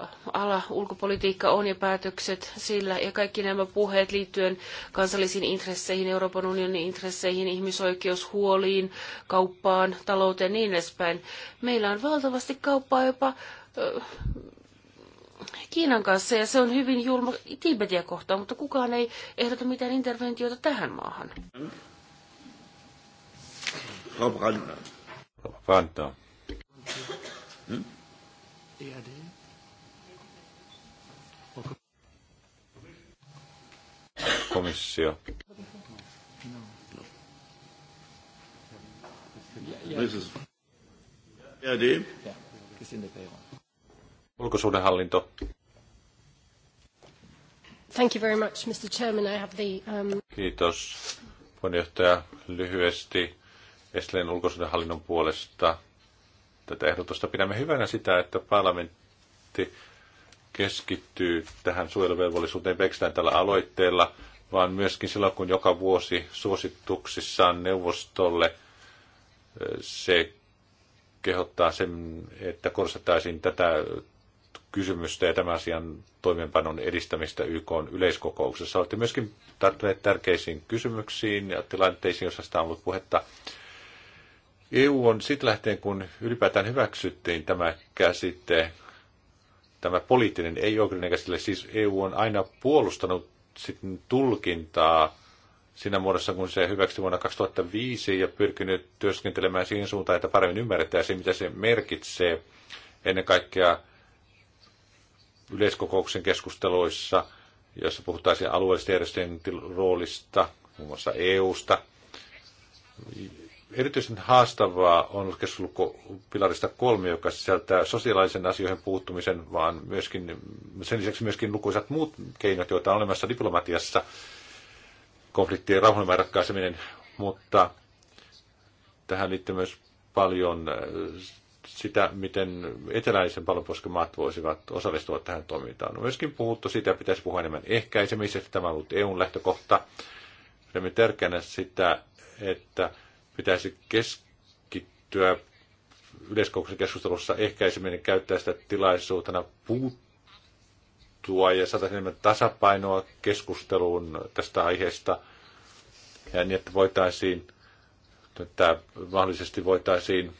äh, ala ulkopolitiikka on ja päätökset sillä ja kaikki nämä puheet liittyen kansallisiin intresseihin, Euroopan unionin intresseihin, ihmisoikeushuoliin, kauppaan, talouteen ja niin edespäin. Meillä on valtavasti kauppaa jopa äh, Kiinan kanssa ja se on hyvin julma Tibetia kohtaan, mutta kukaan ei ehdota mitään interventiota tähän maahan. Ja, ja. Ja, ja. Ja, Komissio. Ja, ja. Ja, ja. Ja, ja. Ja, ja ulkosuhdehallinto. Thank you very much, Mr. Chairman. I have the, um... Kiitos puheenjohtaja lyhyesti Estlen ulkosuhdehallinnon puolesta. Tätä ehdotusta pidämme hyvänä sitä, että parlamentti keskittyy tähän suojeluvelvollisuuteen pelkästään tällä aloitteella, vaan myöskin silloin, kun joka vuosi suosituksissaan neuvostolle eh, se kehottaa sen, että korostettaisiin tätä kysymystä ja tämän asian toimeenpanon edistämistä YK yleiskokouksessa. Olette myöskin tarttuneet tärkeisiin kysymyksiin ja tilanteisiin, joissa sitä on ollut puhetta. EU on sitten lähtien, kun ylipäätään hyväksyttiin tämä käsite, tämä poliittinen ei-oikeudellinen käsite, siis EU on aina puolustanut sitten tulkintaa siinä muodossa, kun se hyväksyi vuonna 2005 ja pyrkinyt työskentelemään siihen suuntaan, että paremmin ymmärretään se, mitä se merkitsee ennen kaikkea – yleiskokouksen keskusteluissa, joissa puhuttaisiin alueellisten järjestöjen roolista, muun muassa EUsta. Erityisen haastavaa on ollut keskustelu pilarista kolme, joka sisältää sosiaalisen asioihin puuttumisen, vaan myöskin, sen lisäksi myöskin lukuisat muut keinot, joita on olemassa diplomatiassa, konfliktien rauhanomainen ratkaiseminen, mutta tähän liittyy myös paljon äh, sitä, miten eteläisen pallonpuolisken voisivat osallistua tähän toimintaan. On myöskin puhuttu siitä, että pitäisi puhua enemmän ehkäisemisestä. Tämä on ollut EUn lähtökohta. Pidämme tärkeänä sitä, että pitäisi keskittyä yleiskokouksen keskustelussa ehkäiseminen käyttää sitä tilaisuutena puuttua ja saada enemmän tasapainoa keskusteluun tästä aiheesta. Ja niin, että voitaisiin, että mahdollisesti voitaisiin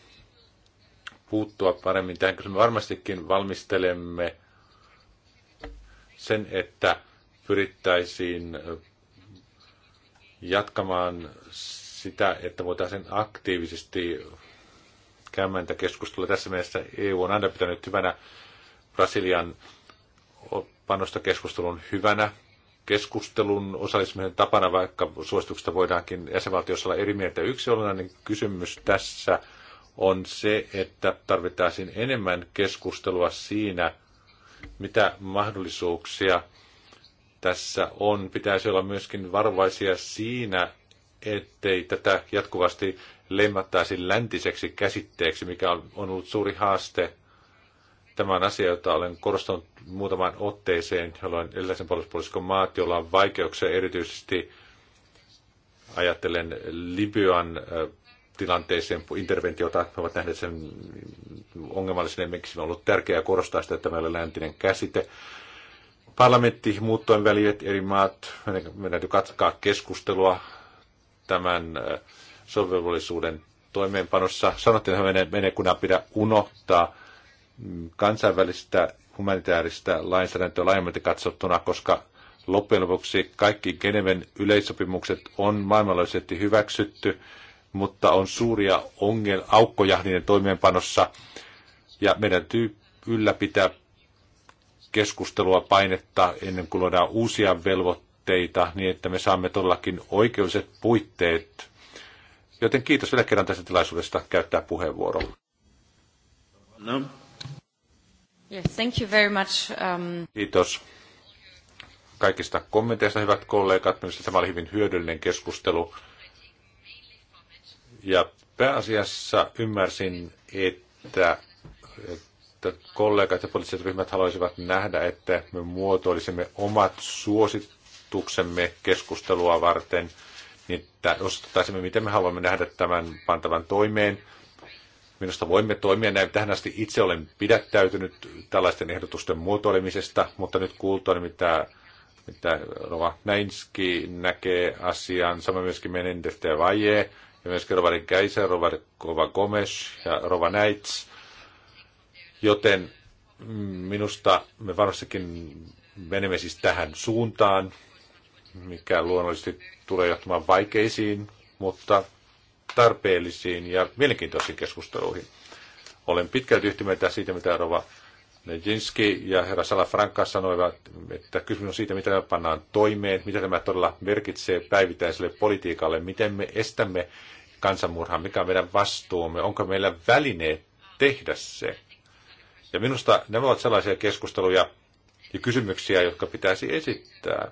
puuttua paremmin tähän, koska me varmastikin valmistelemme sen, että pyrittäisiin jatkamaan sitä, että voitaisiin aktiivisesti käymäntä keskustelua. Tässä mielessä EU on aina pitänyt hyvänä Brasilian panosta keskustelun hyvänä keskustelun osallistumisen tapana, vaikka suosituksesta voidaankin jäsenvaltiossa olla eri mieltä. Yksi olennainen kysymys tässä on se, että tarvittaisiin enemmän keskustelua siinä, mitä mahdollisuuksia tässä on. Pitäisi olla myöskin varovaisia siinä, ettei tätä jatkuvasti leimattaisi läntiseksi käsitteeksi, mikä on ollut suuri haaste. Tämä on asia, jota olen korostanut muutamaan otteeseen, jolloin erilaisen puolustuspolitiikan maat, joilla on vaikeuksia erityisesti ajattelen Libyan tilanteeseen, interventiota, he ovat nähneet sen ongelmallisen, miksi on ollut tärkeää korostaa sitä, että meillä on läntinen käsite. Parlamentti, muut väliet eri maat, meidän täytyy katsoa keskustelua tämän äh, sovelluvuolisuuden toimeenpanossa. Sanottiin, että menee, menee kun pidä unohtaa mm, kansainvälistä humanitaarista lainsäädäntöä laajemmalti katsottuna, koska loppujen lopuksi kaikki Geneven yleissopimukset on maailmanlaajuisesti hyväksytty mutta on suuria ongelmia, aukkoja niiden toimeenpanossa, ja meidän täytyy ylläpitää keskustelua, painetta ennen kuin luodaan uusia velvoitteita, niin että me saamme todellakin oikeudelliset puitteet. Joten kiitos vielä kerran tästä tilaisuudesta käyttää puheenvuoro. No. Yes, thank you very much. Um... Kiitos kaikista kommenteista, hyvät kollegat. minusta tämä oli hyvin hyödyllinen keskustelu. Ja pääasiassa ymmärsin, että, että kollegat ja poliittiset ryhmät haluaisivat nähdä, että me muotoilisimme omat suosituksemme keskustelua varten, niin että osoittaisimme, miten me haluamme nähdä tämän pantavan toimeen. Minusta voimme toimia näin. Tähän asti itse olen pidättäytynyt tällaisten ehdotusten muotoilemisesta, mutta nyt kuultua, mitä mitä Rova Näinski näkee asian, sama myöskin Menendez de Valle, ja myöskin Rovari Käisä, Rovari Kova Gomes ja Rova Näits. Joten minusta me varmastikin menemme siis tähän suuntaan, mikä luonnollisesti tulee johtamaan vaikeisiin, mutta tarpeellisiin ja mielenkiintoisiin keskusteluihin. Olen pitkälti yhtymätä siitä, mitä Rova Jinski ja herra Salafranca sanoivat, että kysymys on siitä, mitä me pannaan toimeen, mitä tämä todella merkitsee päivittäiselle politiikalle, miten me estämme kansanmurhan, mikä on meidän vastuumme, onko meillä välineet tehdä se. Ja minusta nämä ovat sellaisia keskusteluja ja kysymyksiä, jotka pitäisi esittää.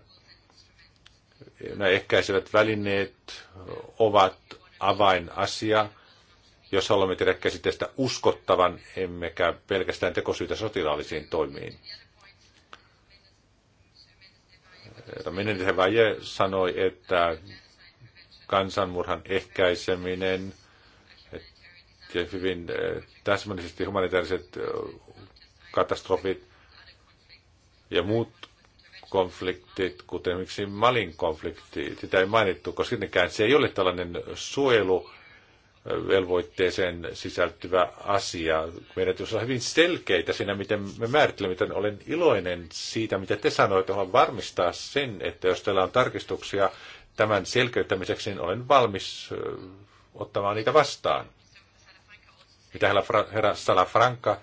Nämä ehkäisevät välineet ovat avainasia jos haluamme tehdä käsitteestä uskottavan, emmekä pelkästään tekosyitä sotilaallisiin toimiin. Menendisen Vaje sanoi, että kansanmurhan ehkäiseminen ja hyvin eh, täsmällisesti humanitaariset eh, katastrofit ja muut konfliktit, kuten esimerkiksi Malin konflikti, sitä ei mainittu, koska se ei ole tällainen suojelu velvoitteeseen sisältyvä asia. Meidän täytyy olla hyvin selkeitä siinä, miten me määrittelemme. Miten olen iloinen siitä, mitä te sanoitte. Haluan varmistaa sen, että jos teillä on tarkistuksia tämän selkeyttämiseksi, niin olen valmis ottamaan niitä vastaan. Mitä herra Salafranca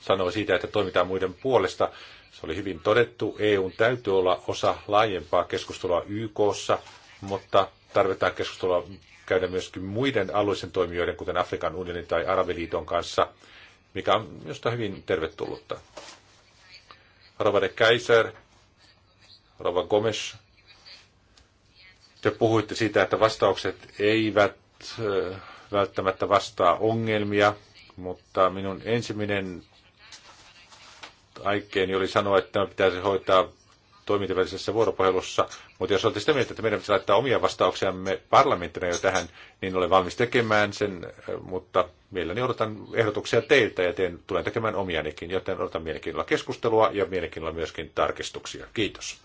sanoi siitä, että toimitaan muiden puolesta. Se oli hyvin todettu. EUn täytyy olla osa laajempaa keskustelua YKssa, mutta tarvitaan keskustelua käydä myöskin muiden alueisen toimijoiden, kuten Afrikan unionin tai Arabiliiton kanssa, mikä on minusta hyvin tervetullutta. Rova de Kaiser, Rova Gomes, te puhuitte siitä, että vastaukset eivät välttämättä vastaa ongelmia, mutta minun ensimmäinen aikeeni oli sanoa, että tämä pitäisi hoitaa toimintavälisessä vuoropuhelussa, mutta jos olette sitä mieltä, että meidän pitäisi laittaa omia vastauksiamme parlamenttina jo tähän, niin olen valmis tekemään sen, mutta mielelläni odotan ehdotuksia teiltä ja teen, tulen tekemään omianikin, joten odotan mielenkiinnolla keskustelua ja mielenkiinnolla myöskin tarkistuksia. Kiitos.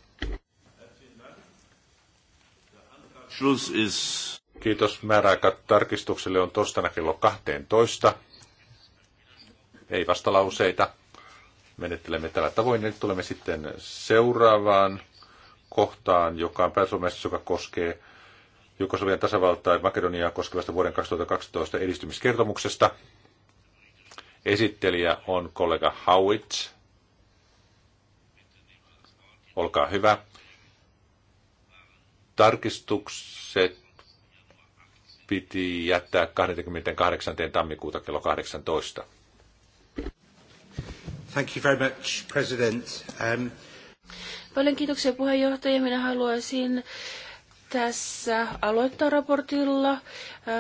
Kiitos. Määräaika tarkistukselle on torstaina kello 12. Ei vastalauseita menettelemme tällä tavoin. Nyt tulemme sitten seuraavaan kohtaan, joka on päätösomaistuus, joka koskee Jugoslavian tasavaltaa ja Makedoniaa koskevasta vuoden 2012 edistymiskertomuksesta. Esittelijä on kollega Howitz. Olkaa hyvä. Tarkistukset piti jättää 28. tammikuuta kello 18. Thank you very much, President. Um... Paljon kiitoksia puheenjohtaja. Minä haluaisin tässä aloittaa raportilla äh,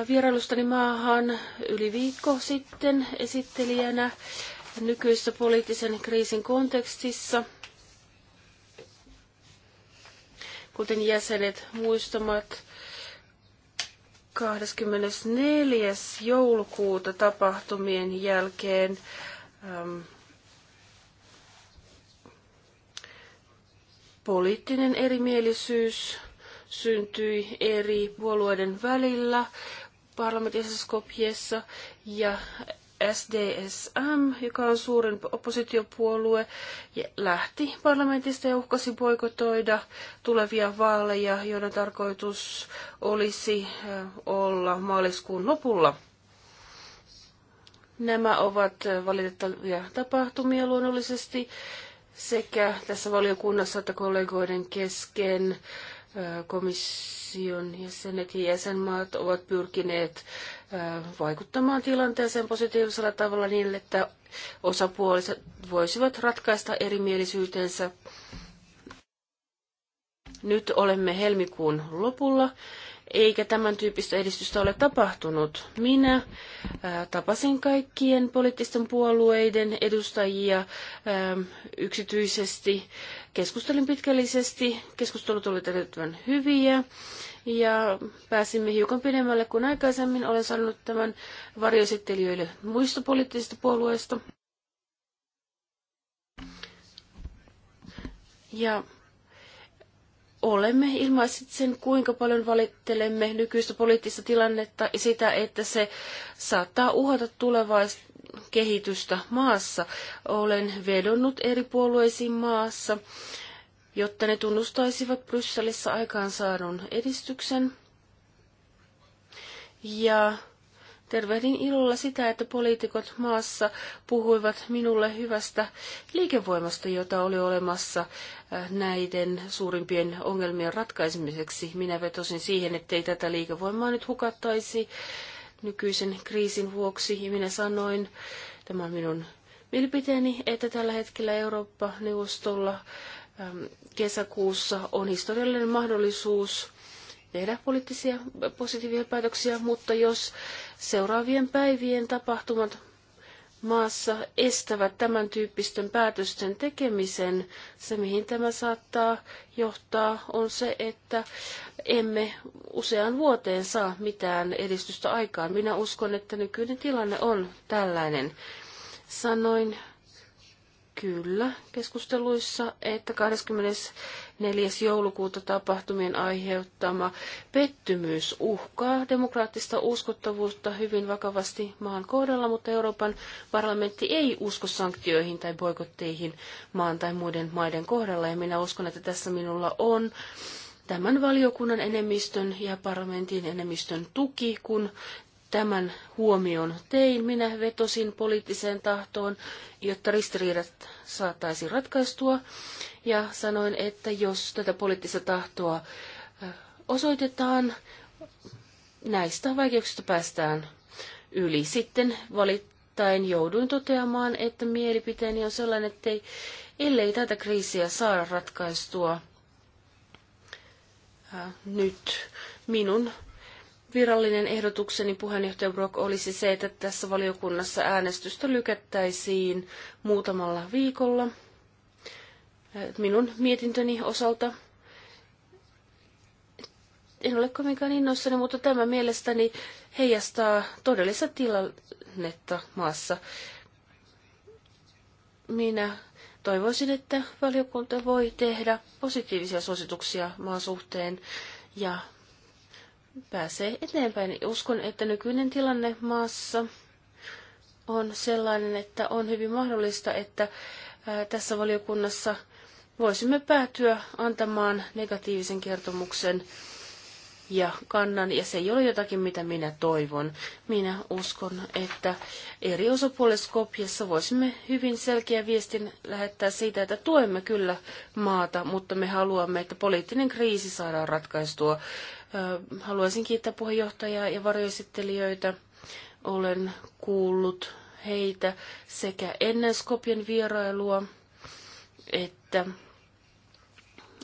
vierailustani maahan yli viikko sitten esittelijänä nykyisessä poliittisen kriisin kontekstissa. Kuten jäsenet muistamat, 24. joulukuuta tapahtumien jälkeen ähm, poliittinen erimielisyys syntyi eri puolueiden välillä parlamentissa Skopjessa ja SDSM, joka on suurin oppositiopuolue, lähti parlamentista ja uhkasi boikotoida tulevia vaaleja, joiden tarkoitus olisi olla maaliskuun lopulla. Nämä ovat valitettavia tapahtumia luonnollisesti sekä tässä valiokunnassa että kollegoiden kesken komission jäsenet ja jäsenmaat ovat pyrkineet vaikuttamaan tilanteeseen positiivisella tavalla niin, että osapuoliset voisivat ratkaista erimielisyytensä. Nyt olemme helmikuun lopulla eikä tämän tyyppistä edistystä ole tapahtunut. Minä äh, tapasin kaikkien poliittisten puolueiden edustajia ähm, yksityisesti, keskustelin pitkällisesti, keskustelut olivat erittäin hyviä ja pääsimme hiukan pidemmälle kuin aikaisemmin. Olen sanonut tämän varjoesittelijöille muista poliittisista puolueista. Ja olemme ilmaiset sen, kuinka paljon valittelemme nykyistä poliittista tilannetta ja sitä, että se saattaa uhata tulevaisuutta kehitystä maassa. Olen vedonnut eri puolueisiin maassa, jotta ne tunnustaisivat Brysselissä aikaansaadun edistyksen. Ja Tervehdin ilolla sitä, että poliitikot maassa puhuivat minulle hyvästä liikevoimasta, jota oli olemassa äh, näiden suurimpien ongelmien ratkaisemiseksi. Minä vetosin siihen, ettei tätä liikevoimaa nyt hukattaisi nykyisen kriisin vuoksi. Ja minä sanoin, tämä on minun mielipiteeni, että tällä hetkellä Eurooppa-neuvostolla kesäkuussa on historiallinen mahdollisuus tehdä poliittisia positiivisia päätöksiä, mutta jos seuraavien päivien tapahtumat maassa estävät tämän tyyppisten päätösten tekemisen, se mihin tämä saattaa johtaa on se, että emme usean vuoteen saa mitään edistystä aikaan. Minä uskon, että nykyinen tilanne on tällainen. Sanoin kyllä keskusteluissa, että 24. joulukuuta tapahtumien aiheuttama pettymys uhkaa demokraattista uskottavuutta hyvin vakavasti maan kohdalla, mutta Euroopan parlamentti ei usko sanktioihin tai boikotteihin maan tai muiden maiden kohdalla. Ja minä uskon, että tässä minulla on tämän valiokunnan enemmistön ja parlamentin enemmistön tuki, kun tämän huomion tein. Minä vetosin poliittiseen tahtoon, jotta ristiriidat saataisiin ratkaistua. Ja sanoin, että jos tätä poliittista tahtoa osoitetaan, näistä vaikeuksista päästään yli. Sitten valittain jouduin toteamaan, että mielipiteeni on sellainen, että ei, ellei tätä kriisiä saada ratkaistua nyt minun Virallinen ehdotukseni puheenjohtaja Brock olisi se, että tässä valiokunnassa äänestystä lykättäisiin muutamalla viikolla. Eh, minun mietintöni osalta en ole kovinkaan innoissani, mutta tämä mielestäni heijastaa todellista tilannetta maassa. Minä toivoisin, että valiokunta voi tehdä positiivisia suosituksia maan suhteen ja pääsee eteenpäin. Uskon, että nykyinen tilanne maassa on sellainen, että on hyvin mahdollista, että tässä valiokunnassa voisimme päätyä antamaan negatiivisen kertomuksen ja kannan, ja se ei ole jotakin, mitä minä toivon. Minä uskon, että eri osapuolissa voisimme hyvin selkeä viestin lähettää siitä, että tuemme kyllä maata, mutta me haluamme, että poliittinen kriisi saadaan ratkaistua Haluaisin kiittää puheenjohtajaa ja varjoesittelijöitä. Olen kuullut heitä sekä ennen Skopien vierailua että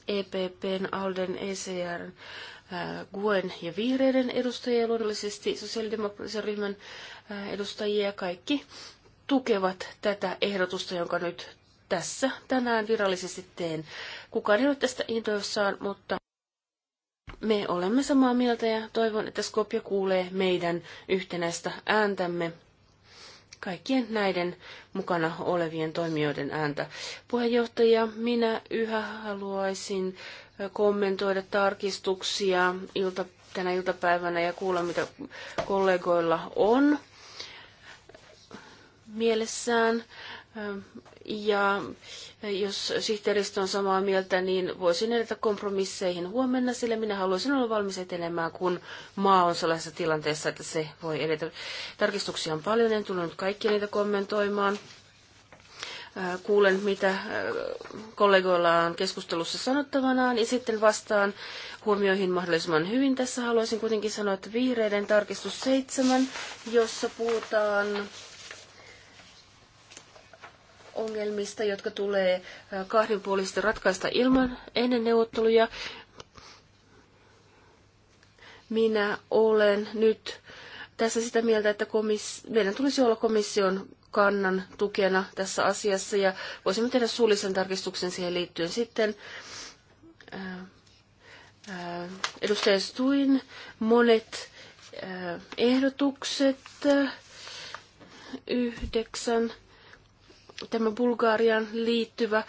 EPPn, ALDEn, ECR, GUEN ja vihreiden edustajia, luonnollisesti sosiaalidemokraattisen ryhmän edustajia, kaikki tukevat tätä ehdotusta, jonka nyt tässä tänään virallisesti teen. Kukaan ei ole tästä intoissaan, mutta me olemme samaa mieltä ja toivon, että Skopje kuulee meidän yhtenäistä ääntämme, kaikkien näiden mukana olevien toimijoiden ääntä. Puheenjohtaja, minä yhä haluaisin kommentoida tarkistuksia ilta, tänä iltapäivänä ja kuulla, mitä kollegoilla on mielessään. Ja jos sihteeristö on samaa mieltä, niin voisin edetä kompromisseihin huomenna, sillä minä haluaisin olla valmis etenemään, kun maa on sellaisessa tilanteessa, että se voi edetä. Tarkistuksia on paljon, en tullut kaikkia niitä kommentoimaan. Äh, kuulen, mitä äh, kollegoilla on keskustelussa sanottavanaan ja sitten vastaan huomioihin mahdollisimman hyvin. Tässä haluaisin kuitenkin sanoa, että vihreiden tarkistus seitsemän, jossa puhutaan ongelmista, jotka tulee kahdenpuolisesti ratkaista ilman ennen neuvotteluja. Minä olen nyt tässä sitä mieltä, että komiss meidän tulisi olla komission kannan tukena tässä asiassa ja voisimme tehdä suullisen tarkistuksen siihen liittyen sitten. Ää, ää, edustaja Stuin monet ää, ehdotukset. Ää, yhdeksän Tämä Bulgarian liittyvä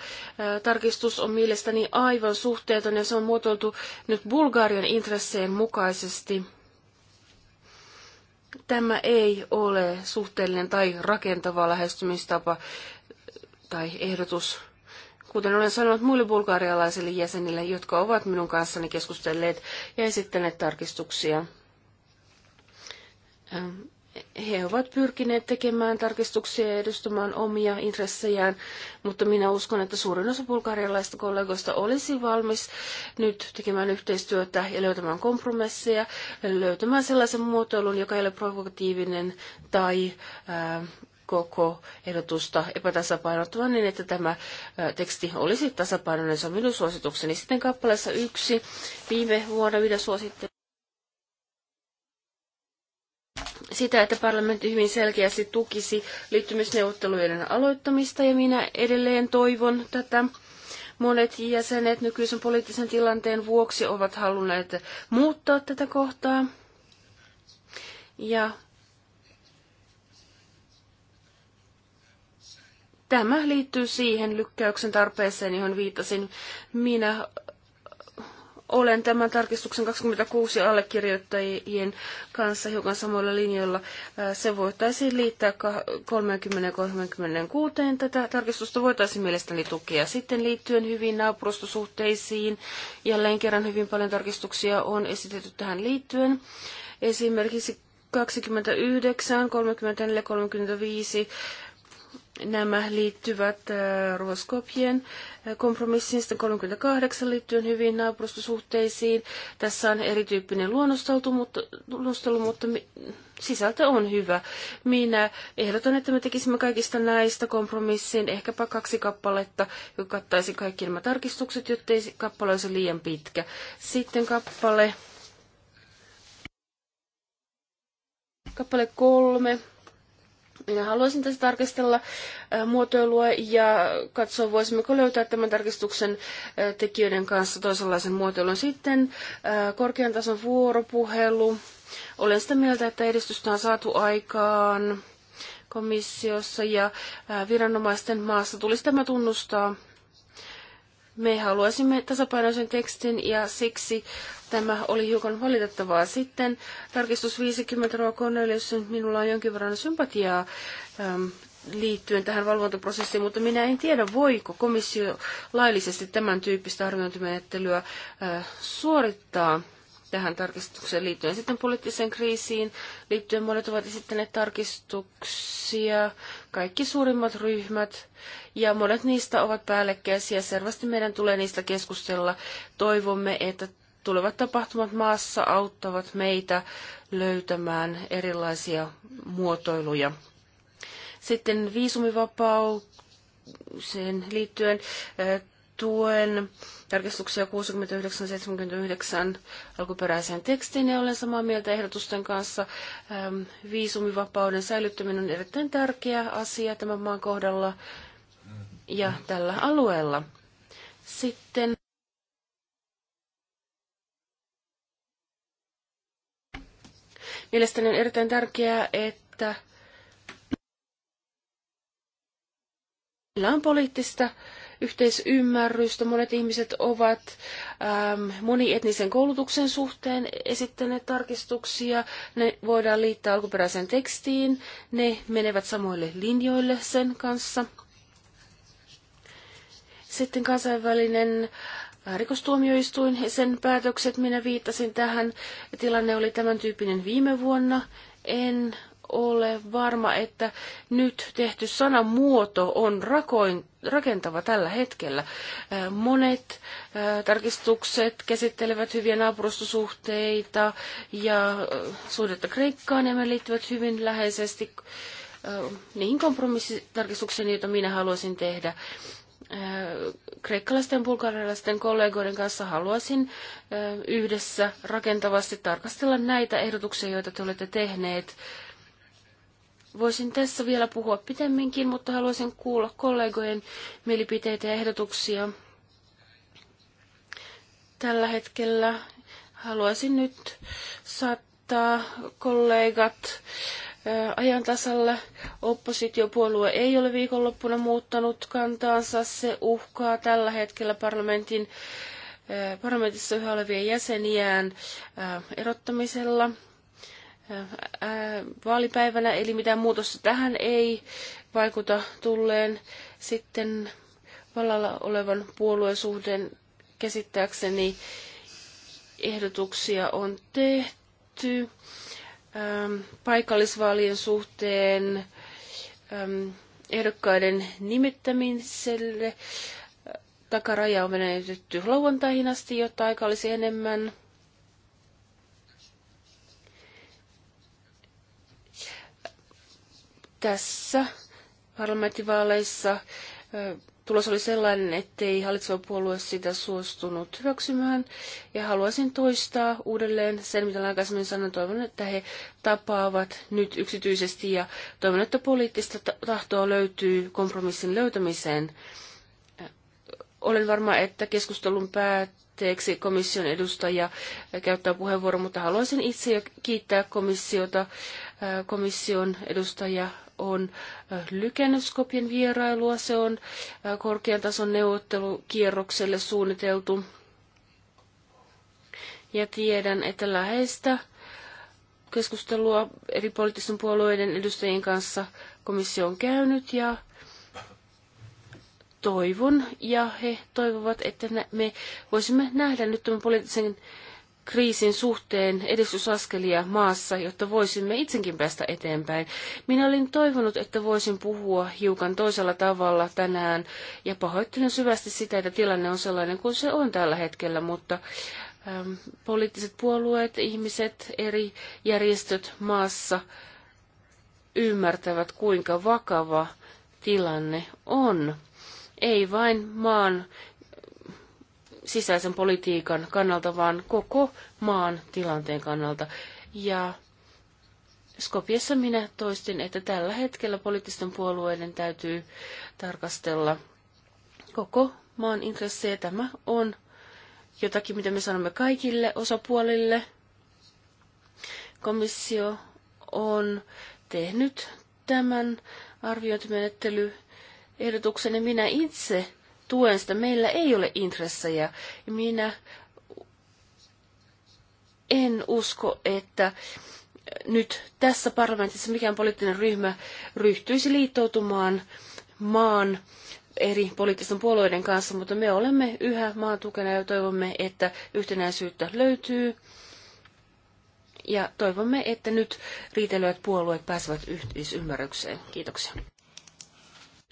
tarkistus on mielestäni aivan suhteeton ja se on muotoiltu nyt Bulgarian intresseen mukaisesti. Tämä ei ole suhteellinen tai rakentava lähestymistapa tai ehdotus kuten olen sanonut muille bulgarialaisille jäsenille, jotka ovat minun kanssani keskustelleet ja esittäneet tarkistuksia he ovat pyrkineet tekemään tarkistuksia ja edustamaan omia intressejään, mutta minä uskon, että suurin osa bulgarialaisista kollegoista olisi valmis nyt tekemään yhteistyötä ja löytämään kompromisseja, löytämään sellaisen muotoilun, joka ei ole provokatiivinen tai ää, koko ehdotusta epätasapainottamaan niin, että tämä teksti olisi tasapainoinen. Se on minun suositukseni. Sitten kappaleessa yksi viime vuonna minä suosittelin. sitä, että parlamentti hyvin selkeästi tukisi liittymisneuvottelujen aloittamista ja minä edelleen toivon tätä. Monet jäsenet nykyisen poliittisen tilanteen vuoksi ovat halunneet muuttaa tätä kohtaa. Ja tämä liittyy siihen lykkäyksen tarpeeseen, johon viittasin. Minä olen tämän tarkistuksen 26 allekirjoittajien kanssa hiukan samoilla linjoilla. Se voitaisiin liittää 30-36. Tätä tarkistusta voitaisiin mielestäni tukea. Sitten liittyen hyvin naapurustosuhteisiin, jälleen kerran hyvin paljon tarkistuksia on esitetty tähän liittyen. Esimerkiksi 29, 34, 35, Nämä liittyvät äh, Ruoskopien äh, kompromissiin 38 liittyen hyvin naapurustosuhteisiin. Tässä on erityyppinen luonnostelu, mutta, luonnostelu, mutta sisältö on hyvä. Minä ehdotan, että me tekisimme kaikista näistä kompromissiin ehkäpä kaksi kappaletta, joka kattaisi kaikki nämä tarkistukset, ei kappale olisi liian pitkä. Sitten kappale, kappale kolme minä haluaisin tässä tarkastella muotoilua ja katsoa, voisimmeko löytää tämän tarkistuksen tekijöiden kanssa toisenlaisen muotoilun. Sitten korkean tason vuoropuhelu. Olen sitä mieltä, että edistystä on saatu aikaan komissiossa ja viranomaisten maassa tulisi tämä tunnustaa me haluaisimme tasapainoisen tekstin ja siksi tämä oli hiukan valitettavaa. Sitten tarkistus 50 Roa Cornelius, minulla on jonkin verran sympatiaa äm, liittyen tähän valvontaprosessiin, mutta minä en tiedä, voiko komissio laillisesti tämän tyyppistä arviointimenettelyä äh, suorittaa tähän tarkistukseen liittyen. Sitten poliittiseen kriisiin liittyen monet ovat esittäneet tarkistuksia kaikki suurimmat ryhmät, ja monet niistä ovat päällekkäisiä. Selvästi meidän tulee niistä keskustella. Toivomme, että tulevat tapahtumat maassa auttavat meitä löytämään erilaisia muotoiluja. Sitten viisumivapauteen sen liittyen tuen tarkistuksia 69-79 alkuperäiseen tekstiin ja olen samaa mieltä ehdotusten kanssa. Viisumivapauden säilyttäminen on erittäin tärkeä asia tämän maan kohdalla ja tällä alueella. Sitten Mielestäni on erittäin tärkeää, että meillä on poliittista yhteisymmärrystä. Monet ihmiset ovat äm, monietnisen koulutuksen suhteen esittäneet tarkistuksia. Ne voidaan liittää alkuperäiseen tekstiin. Ne menevät samoille linjoille sen kanssa. Sitten kansainvälinen äh, rikostuomioistuin ja sen päätökset, minä viittasin tähän. Tilanne oli tämän tyyppinen viime vuonna. En ole varma, että nyt tehty sanamuoto on rakoin, rakentava tällä hetkellä. Monet tarkistukset käsittelevät hyviä naapurustosuhteita ja suhdetta Kreikkaan ja me liittyvät hyvin läheisesti niihin kompromissitarkistuksiin, joita minä haluaisin tehdä kreikkalaisten ja bulgarialaisten kollegoiden kanssa haluaisin yhdessä rakentavasti tarkastella näitä ehdotuksia, joita te olette tehneet Voisin tässä vielä puhua pitemminkin, mutta haluaisin kuulla kollegojen mielipiteitä ja ehdotuksia. Tällä hetkellä haluaisin nyt saattaa kollegat ajan tasalle. Oppositiopuolue ei ole viikonloppuna muuttanut kantaansa. Se uhkaa tällä hetkellä parlamentin, parlamentissa yhä olevien jäseniään erottamisella vaalipäivänä, eli mitään muutosta tähän ei vaikuta tulleen. Sitten vallalla olevan puoluesuhden käsittääkseni ehdotuksia on tehty paikallisvaalien suhteen ehdokkaiden nimittämiselle. Takaraja on menetetty lauantaihin asti, jotta aika olisi enemmän. tässä parlamenttivaaleissa tulos oli sellainen, ettei hallitseva puolue sitä suostunut hyväksymään. Ja haluaisin toistaa uudelleen sen, mitä aikaisemmin sanoin. Toivon, että he tapaavat nyt yksityisesti ja toivon, että poliittista tahtoa löytyy kompromissin löytämiseen. Olen varma, että keskustelun päätteeksi komission edustaja käyttää puheenvuoron, mutta haluaisin itse jo kiittää komissiota. Komission edustaja on lykännyt vierailua. Se on korkean tason neuvottelukierrokselle suunniteltu. Ja tiedän, että läheistä keskustelua eri poliittisten puolueiden edustajien kanssa komissio on käynyt ja toivon ja he toivovat, että me voisimme nähdä nyt tämän poliittisen kriisin suhteen edistysaskelia maassa, jotta voisimme itsekin päästä eteenpäin. Minä olin toivonut, että voisin puhua hiukan toisella tavalla tänään ja pahoittelen syvästi sitä, että tilanne on sellainen kuin se on tällä hetkellä, mutta ähm, poliittiset puolueet, ihmiset, eri järjestöt maassa ymmärtävät, kuinka vakava tilanne on. Ei vain maan sisäisen politiikan kannalta, vaan koko maan tilanteen kannalta. Ja Skopiessa minä toistin, että tällä hetkellä poliittisten puolueiden täytyy tarkastella koko maan intressejä. Tämä on jotakin, mitä me sanomme kaikille osapuolille. Komissio on tehnyt tämän arviointimenettelyehdotuksen ja minä itse tuen sitä. Meillä ei ole intressejä. Minä en usko, että nyt tässä parlamentissa mikään poliittinen ryhmä ryhtyisi liittoutumaan maan eri poliittisten puolueiden kanssa, mutta me olemme yhä maan tukena ja toivomme, että yhtenäisyyttä löytyy. Ja toivomme, että nyt riitelöät puolueet pääsevät yhteisymmärrykseen. Kiitoksia.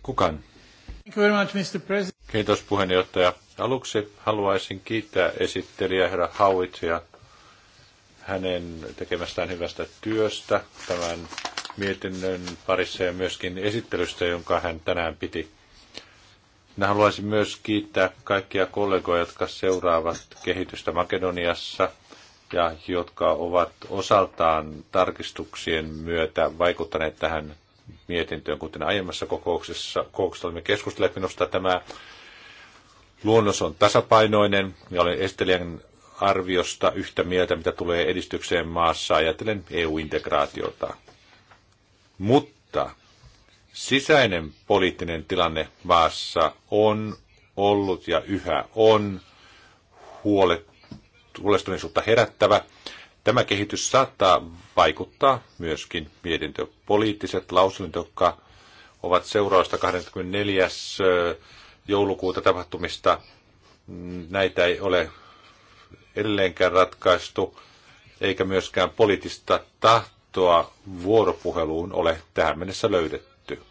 Kukan. Thank you very much, Mr. President. Kiitos puheenjohtaja. Aluksi haluaisin kiittää esittelijä herra Hauitsia hänen tekemästään hyvästä työstä tämän mietinnön parissa ja myöskin esittelystä, jonka hän tänään piti. Minä haluaisin myös kiittää kaikkia kollegoja, jotka seuraavat kehitystä Makedoniassa ja jotka ovat osaltaan tarkistuksien myötä vaikuttaneet tähän mietintöön, kuten aiemmassa kokouksessa, kokouksessa olemme keskustelleet. Minusta tämä Luonnos on tasapainoinen ja olen Estelian arviosta yhtä mieltä, mitä tulee edistykseen maassa ajatellen EU-integraatiota. Mutta sisäinen poliittinen tilanne maassa on ollut ja yhä on huolestuneisuutta herättävä. Tämä kehitys saattaa vaikuttaa myöskin mietintöpoliittiset lausunnot, jotka ovat seuraavasta 24 joulukuuta tapahtumista. Näitä ei ole edelleenkään ratkaistu, eikä myöskään poliittista tahtoa vuoropuheluun ole tähän mennessä löydetty.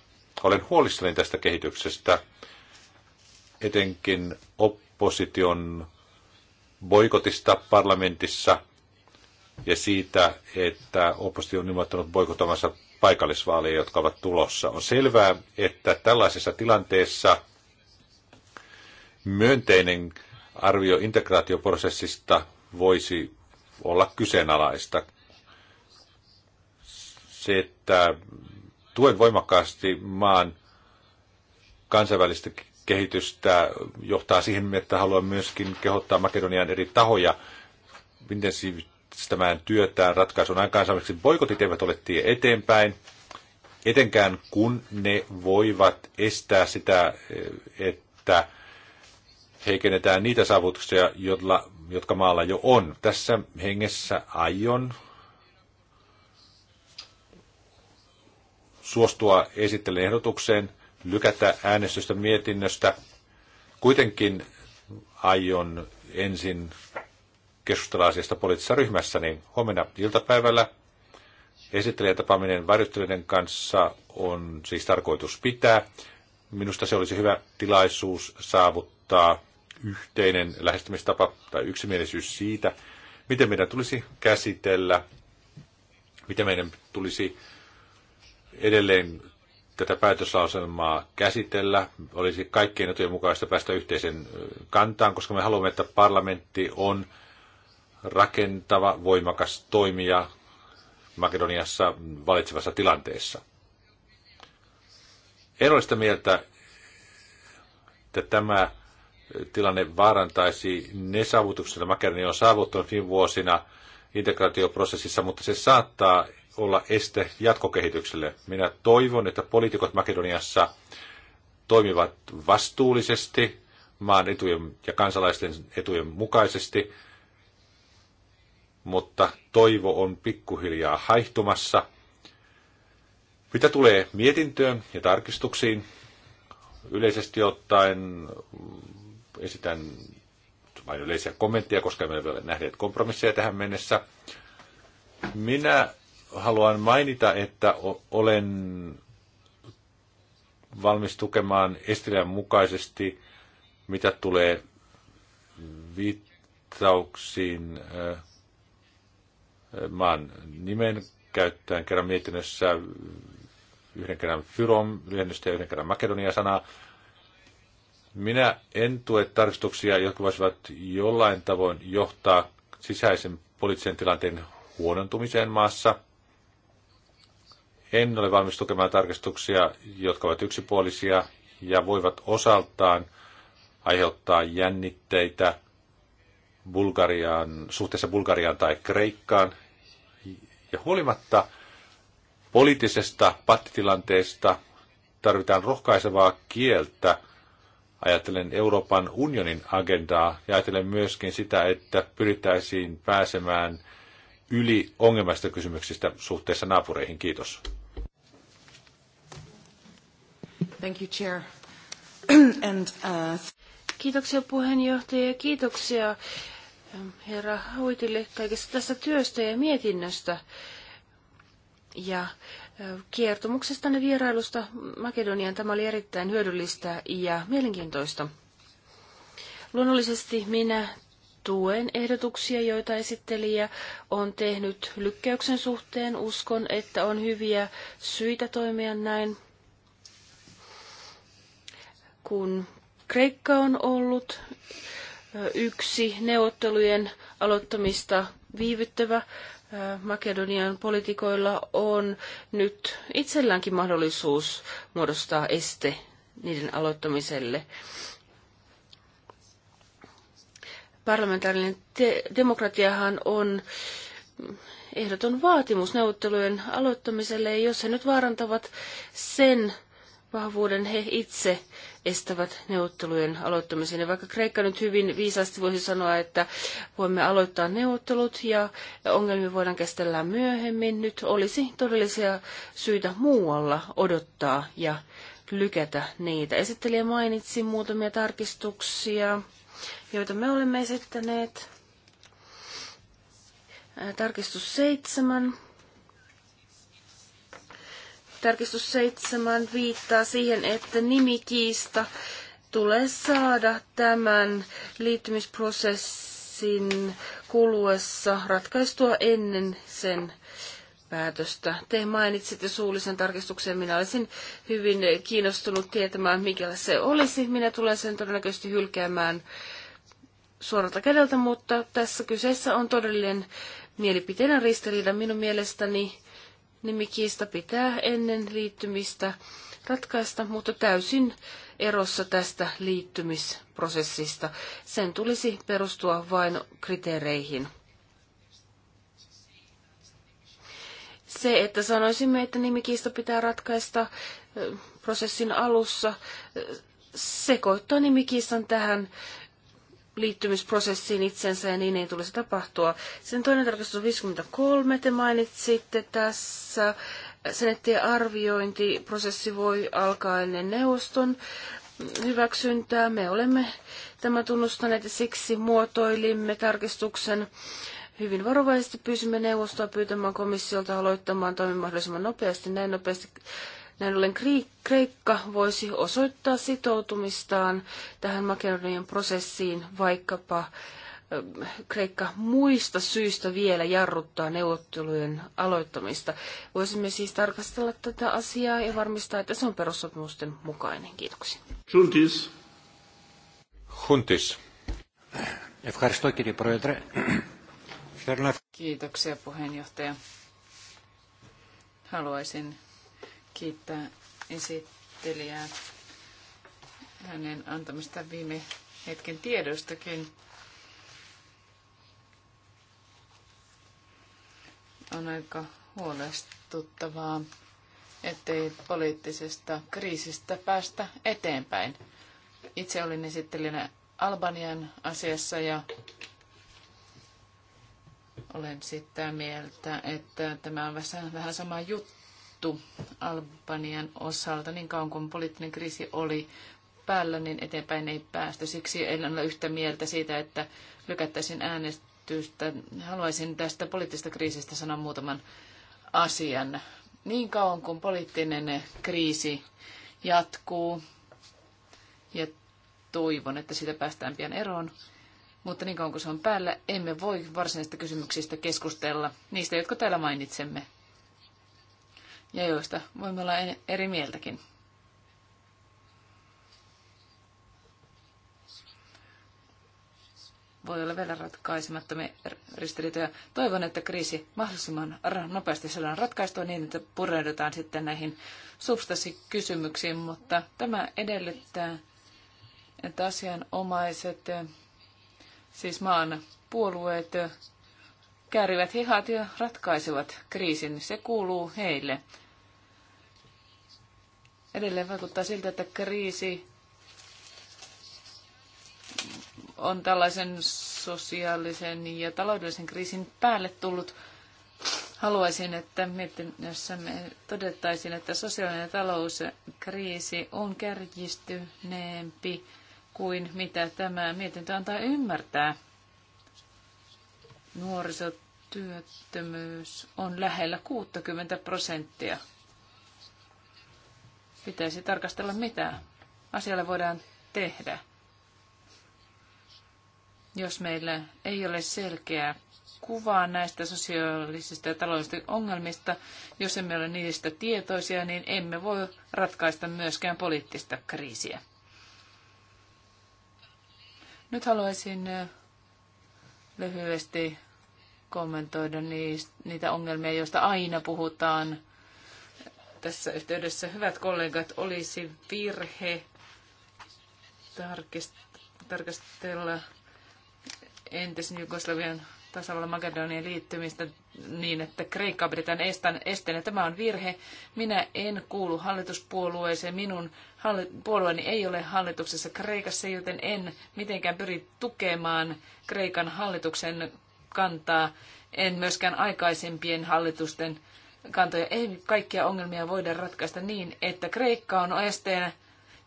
Olen huolissani tästä kehityksestä, etenkin opposition boikotista parlamentissa ja siitä, että oppositio on ilmoittanut boikotamansa paikallisvaaleja, jotka ovat tulossa. On selvää, että tällaisessa tilanteessa – myönteinen arvio integraatioprosessista voisi olla kyseenalaista. Se, että tuen voimakkaasti maan kansainvälistä kehitystä johtaa siihen, että haluan myöskin kehottaa Makedonian eri tahoja intensiivistämään työtään ratkaisun aikaansaamiseksi. Boikotit eivät ole tie eteenpäin, etenkään kun ne voivat estää sitä, että heikennetään niitä saavutuksia, jotka, jotka maalla jo on. Tässä hengessä aion suostua esittelen ehdotukseen lykätä äänestystä mietinnöstä. Kuitenkin aion ensin keskustella asiasta poliittisessa ryhmässä, niin huomenna iltapäivällä esittelijän tapaaminen varjostelijoiden kanssa on siis tarkoitus pitää. Minusta se olisi hyvä tilaisuus saavuttaa yhteinen lähestymistapa tai yksimielisyys siitä, miten meidän tulisi käsitellä, miten meidän tulisi edelleen tätä päätöslauselmaa käsitellä. Olisi kaikkien etujen mukaista päästä yhteisen kantaan, koska me haluamme, että parlamentti on rakentava, voimakas toimija Makedoniassa valitsevassa tilanteessa. En ole sitä mieltä, että tämä tilanne vaarantaisi ne saavutukset, joita Makedoni on saavuttanut viime vuosina integraatioprosessissa, mutta se saattaa olla este jatkokehitykselle. Minä toivon, että poliitikot Makedoniassa toimivat vastuullisesti maan etujen ja kansalaisten etujen mukaisesti, mutta toivo on pikkuhiljaa haihtumassa. Mitä tulee mietintöön ja tarkistuksiin, yleisesti ottaen esitän vain yleisiä kommentteja, koska emme ole nähneet kompromisseja tähän mennessä. Minä haluan mainita, että olen valmis tukemaan Estilän mukaisesti, mitä tulee viittauksiin maan nimen käyttäen kerran mietinnössä yhden kerran Fyrom lyhennystä ja yhden kerran Makedonia sanaa. Minä en tue tarkistuksia, jotka voisivat jollain tavoin johtaa sisäisen poliittisen tilanteen huonontumiseen maassa. En ole valmis tukemaan tarkistuksia, jotka ovat yksipuolisia ja voivat osaltaan aiheuttaa jännitteitä Bulgariaan, suhteessa Bulgariaan tai Kreikkaan. Ja huolimatta poliittisesta pattitilanteesta tarvitaan rohkaisevaa kieltä – Ajatellen Euroopan unionin agendaa ja ajatellen myöskin sitä, että pyrittäisiin pääsemään yli ongelmasta kysymyksistä suhteessa naapureihin. Kiitos. Thank you, Chair. And, uh... Kiitoksia puheenjohtaja ja kiitoksia ähm, herra Huitille kaikesta tästä työstä ja mietinnöstä. Ja kertomuksestanne vierailusta Makedoniaan. Tämä oli erittäin hyödyllistä ja mielenkiintoista. Luonnollisesti minä tuen ehdotuksia, joita esittelijä on tehnyt lykkäyksen suhteen. Uskon, että on hyviä syitä toimia näin. Kun Kreikka on ollut yksi neuvottelujen aloittamista viivyttävä Makedonian poliitikoilla on nyt itselläänkin mahdollisuus muodostaa este niiden aloittamiselle. Parlamentaarinen demokratiahan on ehdoton vaatimus neuvottelujen aloittamiselle, ja jos he nyt vaarantavat sen vahvuuden he itse estävät neuvottelujen aloittamisen. Ja vaikka Kreikka nyt hyvin viisaasti voisi sanoa, että voimme aloittaa neuvottelut ja ongelmia voidaan käsitellä myöhemmin, nyt olisi todellisia syitä muualla odottaa ja lykätä niitä. Esittelijä mainitsi muutamia tarkistuksia, joita me olemme esittäneet. Tarkistus seitsemän. Tarkistus 7 viittaa siihen, että nimikiista tulee saada tämän liittymisprosessin kuluessa ratkaistua ennen sen päätöstä. Te mainitsitte suullisen tarkistuksen. Minä olisin hyvin kiinnostunut tietämään, mikä se olisi. Minä tulen sen todennäköisesti hylkäämään suoralta kädeltä, mutta tässä kyseessä on todellinen mielipiteen ristiriita minun mielestäni nimikiista pitää ennen liittymistä ratkaista, mutta täysin erossa tästä liittymisprosessista. Sen tulisi perustua vain kriteereihin. Se, että sanoisimme, että nimikiista pitää ratkaista prosessin alussa, sekoittaa nimikiistan tähän liittymisprosessiin itsensä ja niin ei tulisi tapahtua. Sen toinen tarkastus 53 te mainitsitte tässä. Senettien arviointiprosessi voi alkaa ennen neuvoston hyväksyntää. Me olemme tämä tunnustaneet ja siksi muotoilimme tarkistuksen hyvin varovaisesti. Pyysimme neuvostoa pyytämään komissiolta aloittamaan toimimahdollisimman mahdollisimman nopeasti. Näin nopeasti näin ollen Kreikka voisi osoittaa sitoutumistaan tähän Makedonian prosessiin, vaikkapa Kreikka muista syistä vielä jarruttaa neuvottelujen aloittamista. Voisimme siis tarkastella tätä asiaa ja varmistaa, että se on perussopimusten mukainen. Kiitoksia. Juntis. Juntis. Kiitoksia puheenjohtaja. Haluaisin kiittää esittelijää hänen antamista viime hetken tiedostakin. On aika huolestuttavaa, ettei poliittisesta kriisistä päästä eteenpäin. Itse olin esittelijänä Albanian asiassa ja olen sitä mieltä, että tämä on vähän sama juttu sovittu Albanian osalta niin kauan kuin poliittinen kriisi oli päällä, niin eteenpäin ei päästy. Siksi en ole yhtä mieltä siitä, että lykättäisiin äänestystä. Haluaisin tästä poliittisesta kriisistä sanoa muutaman asian. Niin kauan kuin poliittinen kriisi jatkuu, ja toivon, että siitä päästään pian eroon, mutta niin kauan kuin se on päällä, emme voi varsinaisista kysymyksistä keskustella, niistä, jotka täällä mainitsemme ja joista voimme olla eri mieltäkin. voi olla vielä ratkaisemattomia ristiriitoja. Toivon, että kriisi mahdollisimman nopeasti saadaan ratkaistua niin, että pureudutaan sitten näihin substanssikysymyksiin, mutta tämä edellyttää, että asianomaiset, siis maan puolueet, käärivät hihat ja ratkaisevat kriisin. Se kuuluu heille. Edelleen vaikuttaa siltä, että kriisi on tällaisen sosiaalisen ja taloudellisen kriisin päälle tullut. Haluaisin, että me todettaisiin, että sosiaalinen ja talouskriisi on kärjistyneempi kuin mitä tämä mietintö antaa ymmärtää. Nuorisotyöttömyys on lähellä 60 prosenttia. Pitäisi tarkastella, mitä asialle voidaan tehdä. Jos meillä ei ole selkeää kuvaa näistä sosiaalisista ja taloudellisista ongelmista, jos emme ole niistä tietoisia, niin emme voi ratkaista myöskään poliittista kriisiä. Nyt haluaisin lyhyesti kommentoida niitä ongelmia, joista aina puhutaan tässä yhteydessä. Hyvät kollegat, olisi virhe tarkastella entisen Jugoslavian tasavallan Makedonian liittymistä niin, että Kreikka pidetään esteenä. Tämä on virhe. Minä en kuulu hallituspuolueeseen. Minun halli- puolueeni ei ole hallituksessa Kreikassa, joten en mitenkään pyri tukemaan Kreikan hallituksen kantaa, en myöskään aikaisempien hallitusten kantoja. Ei kaikkia ongelmia voida ratkaista niin, että Kreikka on esteenä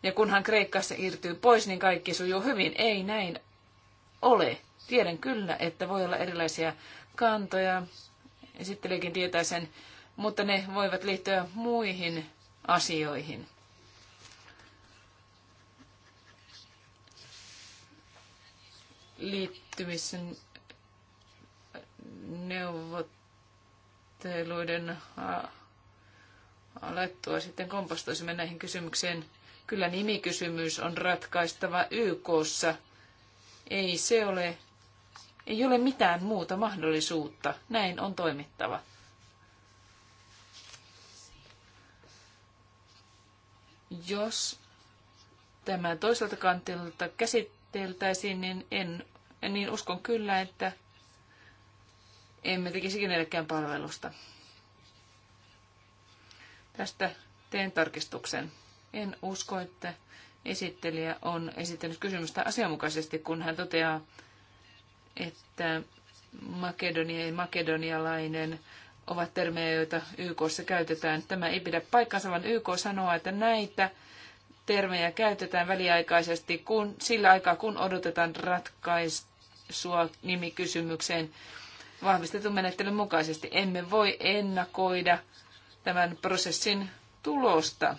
ja kunhan Kreikassa irtyy pois, niin kaikki sujuu hyvin. Ei näin ole. Tiedän kyllä, että voi olla erilaisia kantoja. Esittelijäkin tietää sen, mutta ne voivat liittyä muihin asioihin. Liittymisen neuvotteluiden alettua sitten kompastoisimme näihin kysymyksiin. Kyllä nimikysymys on ratkaistava YKssa. Ei se ole, ei ole mitään muuta mahdollisuutta. Näin on toimittava. Jos tämä toiselta kantilta käsitteltäisiin, niin, en, niin uskon kyllä, että emme tekisi kenellekään palvelusta. Tästä teen tarkistuksen. En usko, että esittelijä on esittänyt kysymystä asianmukaisesti, kun hän toteaa, että Makedonia ja makedonialainen ovat termejä, joita YKssa käytetään. Tämä ei pidä paikkansa, vaan YK sanoo, että näitä termejä käytetään väliaikaisesti kun, sillä aikaa, kun odotetaan ratkaisua nimikysymykseen, vahvistetun menettelyn mukaisesti. Emme voi ennakoida tämän prosessin tulosta.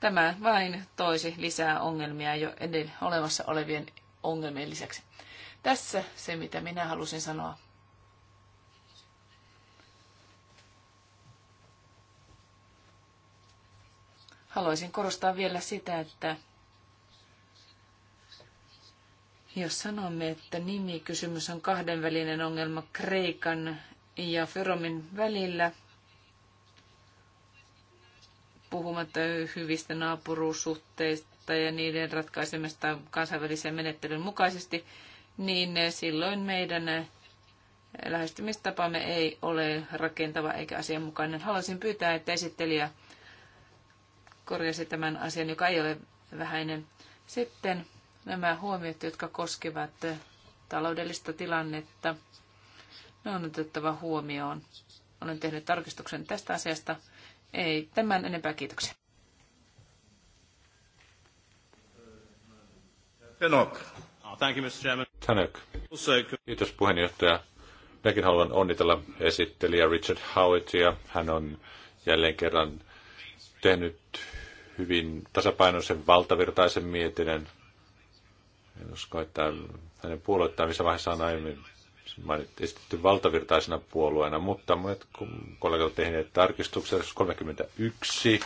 Tämä vain toisi lisää ongelmia jo edellä olemassa olevien ongelmien lisäksi. Tässä se, mitä minä halusin sanoa. Haluaisin korostaa vielä sitä, että jos sanomme, että nimikysymys on kahdenvälinen ongelma Kreikan ja Feromin välillä, puhumatta hyvistä naapuruussuhteista ja niiden ratkaisemista kansainvälisen menettelyn mukaisesti, niin silloin meidän lähestymistapamme ei ole rakentava eikä asianmukainen. Haluaisin pyytää, että esittelijä korjasi tämän asian, joka ei ole vähäinen. Sitten nämä huomiot, jotka koskevat eh, taloudellista tilannetta, ne on otettava huomioon. Olen tehnyt tarkistuksen tästä asiasta. Ei tämän enempää kiitoksia. Ah, thank you, Mr. Chairman. Tänök. Kiitos puheenjohtaja. Minäkin haluan onnitella esittelijä Richard Howittia. Hän on jälleen kerran tehnyt hyvin tasapainoisen valtavirtaisen mietinnön. En usko, että hänen puoluettaan missä vaiheessa on aiemmin esitetty valtavirtaisena puolueena, mutta monet kollegat ovat tehneet tarkistuksen siis 31,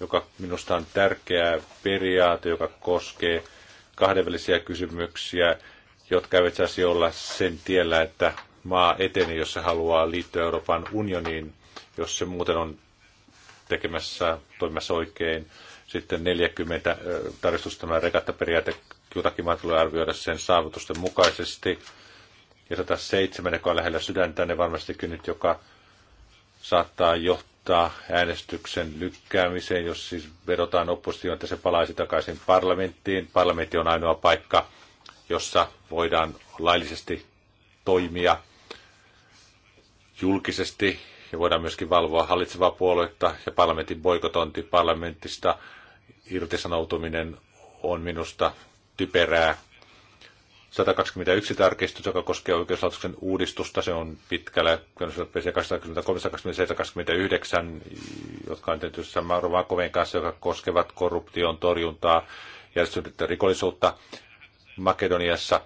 joka minusta on tärkeä periaate, joka koskee kahdenvälisiä kysymyksiä, jotka eivät saisi olla sen tiellä, että maa eteni, jos se haluaa liittyä Euroopan unioniin, jos se muuten on tekemässä, toimimassa oikein. Sitten 40 tarkistus tämä regattaperiaate jotakin maa tulee arvioida sen saavutusten mukaisesti. Ja 107, joka on lähellä sydäntä, ne varmastikin nyt, joka saattaa johtaa äänestyksen lykkäämiseen, jos siis vedotaan oppositioon, että se palaisi takaisin parlamenttiin. Parlamentti on ainoa paikka, jossa voidaan laillisesti toimia julkisesti ja voidaan myöskin valvoa hallitsevaa puoluetta ja parlamentin boikotointi parlamentista irtisanoutuminen on minusta typerää. 121 tarkistus, joka koskee oikeuslaitoksen uudistusta, se on pitkällä 227-29, jotka on tietysti Samaro kovin kanssa, joka koskevat korruption torjuntaa, järjestettyä rikollisuutta Makedoniassa.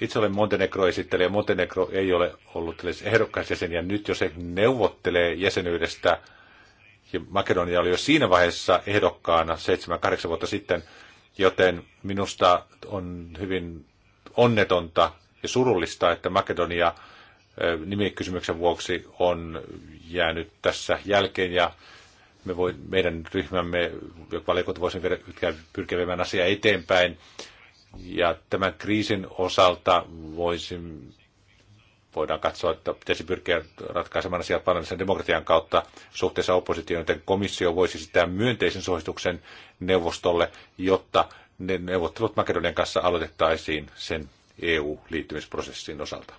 Itse olen Montenegro esittelijä. Montenegro ei ole ollut ehdokkaisjäsen ja nyt jos se neuvottelee jäsenyydestä, ja Makedonia oli jo siinä vaiheessa ehdokkaana 7-8 vuotta sitten, Joten minusta on hyvin onnetonta ja surullista, että Makedonia nimikysymyksen vuoksi on jäänyt tässä jälkeen ja me voi, meidän ryhmämme ja valiokunta voisi pyrkiä viemään asiaa eteenpäin. Ja tämän kriisin osalta voisin voidaan katsoa, että pitäisi pyrkiä ratkaisemaan asiat parlamentaarisen demokratian kautta suhteessa oppositioon, joten komissio voisi sitä myönteisen suosituksen neuvostolle, jotta ne neuvottelut Makedonian kanssa aloitettaisiin sen EU-liittymisprosessin osalta.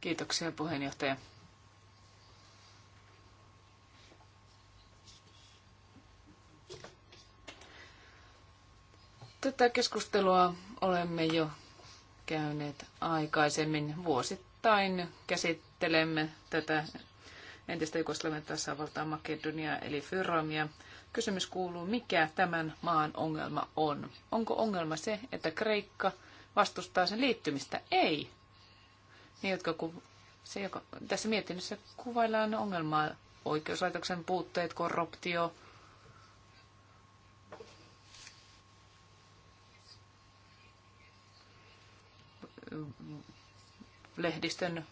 Kiitoksia puheenjohtaja. Tätä keskustelua olemme jo käyneet aikaisemmin. Vuosittain käsittelemme tätä entistä Jugoslavian tasavaltaa Makedonia eli Fyramia. Kysymys kuuluu, mikä tämän maan ongelma on? Onko ongelma se, että Kreikka vastustaa sen liittymistä? Ei. Niin, jotka ku, se, joka, tässä mietinnössä kuvaillaan ongelmaa. Oikeuslaitoksen puutteet, korruptio, lehdistön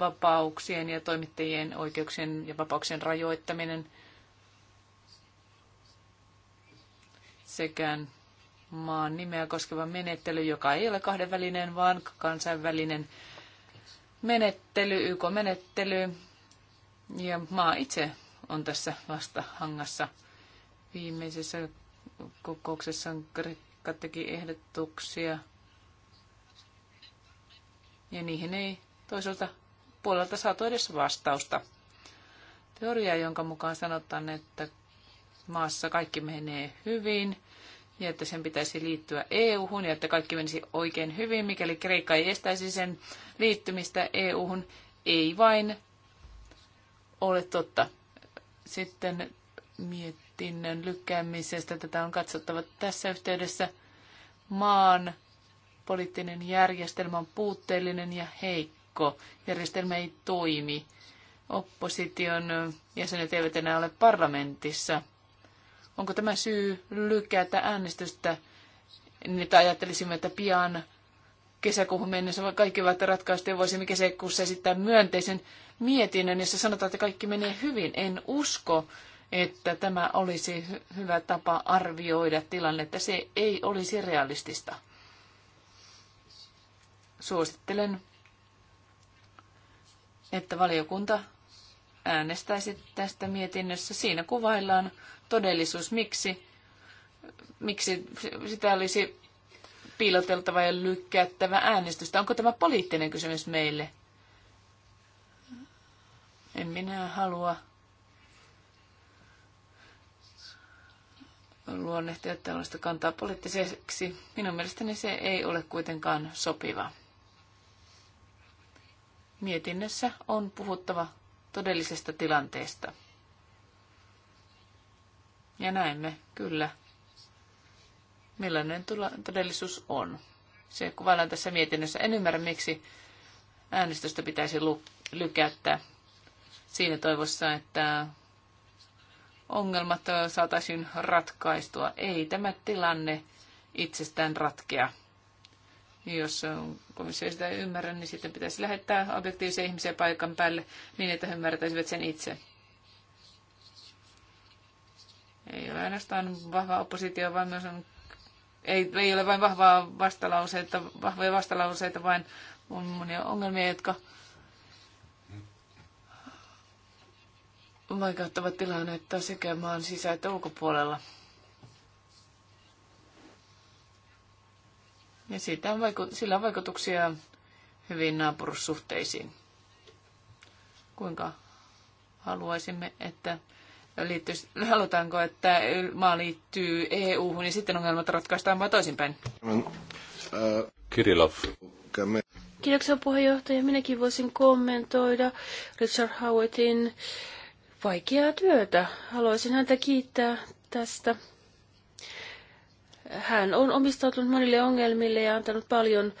vapauksien ja toimittajien oikeuksien ja vapauksien rajoittaminen sekä maan nimeä koskeva menettely, joka ei ole kahdenvälinen, vaan kansainvälinen menettely, YK-menettely. Ja maa itse on tässä vasta hangassa. Viimeisessä kokouksessa Kreikka teki ehdotuksia ja niihin ei toiselta puolelta saatu edes vastausta. Teoria, jonka mukaan sanotaan, että maassa kaikki menee hyvin ja että sen pitäisi liittyä EU-hun ja että kaikki menisi oikein hyvin, mikäli Kreikka ei estäisi sen liittymistä EU-hun, ei vain ole totta. Sitten mietinnön lykkäämisestä tätä on katsottava tässä yhteydessä maan poliittinen järjestelmä on puutteellinen ja heikko. Järjestelmä ei toimi. Opposition jäsenet eivät enää ole parlamentissa. Onko tämä syy lykätä äänestystä? Nyt ajattelisimme, että pian kesäkuuhun mennessä kaikki ovat ratkaista ja voisimme kesäkuussa esittää myönteisen mietinnön, jossa sanotaan, että kaikki menee hyvin. En usko, että tämä olisi hyvä tapa arvioida tilannetta. Se ei olisi realistista. Suosittelen, että valiokunta äänestäisi tästä mietinnössä. Siinä kuvaillaan todellisuus, miksi, miksi sitä olisi piiloteltava ja lykkäyttävä äänestystä. Onko tämä poliittinen kysymys meille? En minä halua luonnehtia tällaista kantaa poliittiseksi. Minun mielestäni se ei ole kuitenkaan sopiva. Mietinnössä on puhuttava todellisesta tilanteesta. Ja näemme kyllä, millainen todellisuus on. Se kuvaillaan tässä mietinnössä. En ymmärrä, miksi äänestystä pitäisi lykätä siinä toivossa, että ongelmat saataisiin ratkaistua. Ei tämä tilanne itsestään ratkea. Niin Jos komissio sitä ei ymmärrä, niin sitten pitäisi lähettää objektiivisia ihmisiä paikan päälle niin, että he ymmärtäisivät sen itse. Ei ole ainoastaan vahva oppositio, vaan myös on, ei, ei ole vain vahvaa vastalauseita, vahvoja vastalauseita, vaan on monia ongelmia, jotka vaikeuttavat tilannetta sekä maan sisä- että ulkopuolella. Ja siitä on vaiku- sillä on vaikutuksia hyvin naapurussuhteisiin. Kuinka haluaisimme, että liittyisi, halutaanko, että maa liittyy EU-hun ja sitten ongelmat ratkaistaan vai toisinpäin? Kirilov. Kiitoksia puheenjohtaja. Minäkin voisin kommentoida Richard Howettin vaikeaa työtä. Haluaisin häntä kiittää tästä hän on omistautunut monille ongelmille ja antanut paljon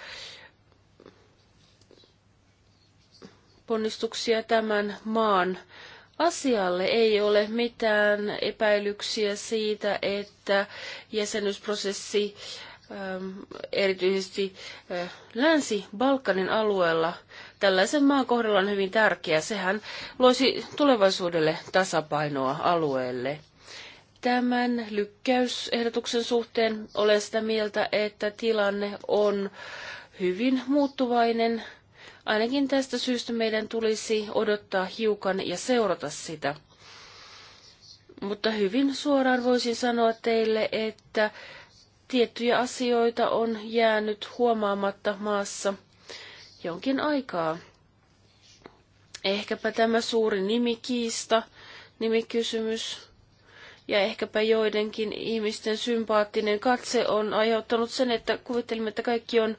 ponnistuksia tämän maan asialle. Ei ole mitään epäilyksiä siitä, että jäsenyysprosessi ähm, erityisesti äh, Länsi-Balkanin alueella tällaisen maan kohdalla on hyvin tärkeä. Sehän loisi tulevaisuudelle tasapainoa alueelle. Tämän lykkäysehdotuksen suhteen olen sitä mieltä, että tilanne on hyvin muuttuvainen. Ainakin tästä syystä meidän tulisi odottaa hiukan ja seurata sitä. Mutta hyvin suoraan voisin sanoa teille, että tiettyjä asioita on jäänyt huomaamatta maassa jonkin aikaa. Ehkäpä tämä suuri nimikiista, nimikysymys, ja ehkäpä joidenkin ihmisten sympaattinen katse on aiheuttanut sen, että kuvittelimme, että kaikki on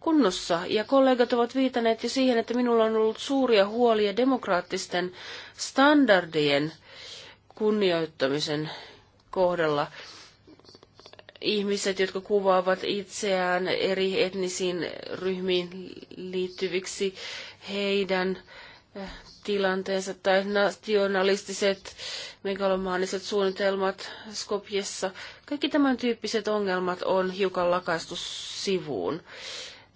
kunnossa. Ja kollegat ovat viitaneet jo siihen, että minulla on ollut suuria huolia demokraattisten standardien kunnioittamisen kohdalla. Ihmiset, jotka kuvaavat itseään eri etnisiin ryhmiin liittyviksi, heidän tilanteensa tai nationalistiset megalomaaniset suunnitelmat Skopjessa. Kaikki tämän tyyppiset ongelmat on hiukan lakaistu sivuun.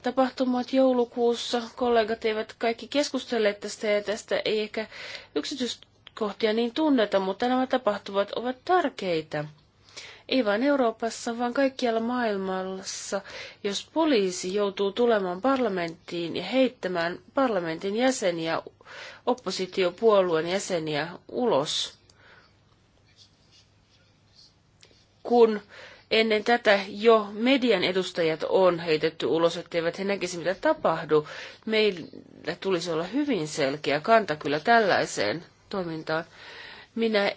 Tapahtumat joulukuussa, kollegat eivät kaikki keskustelleet tästä ja tästä ei ehkä yksityiskohtia niin tunneta, mutta nämä tapahtumat ovat tärkeitä ei vain Euroopassa, vaan kaikkialla maailmassa, jos poliisi joutuu tulemaan parlamenttiin ja heittämään parlamentin jäseniä, oppositiopuolueen jäseniä ulos, kun ennen tätä jo median edustajat on heitetty ulos, etteivät he näkisi mitä tapahdu. Meillä tulisi olla hyvin selkeä kanta kyllä tällaiseen toimintaan. Minä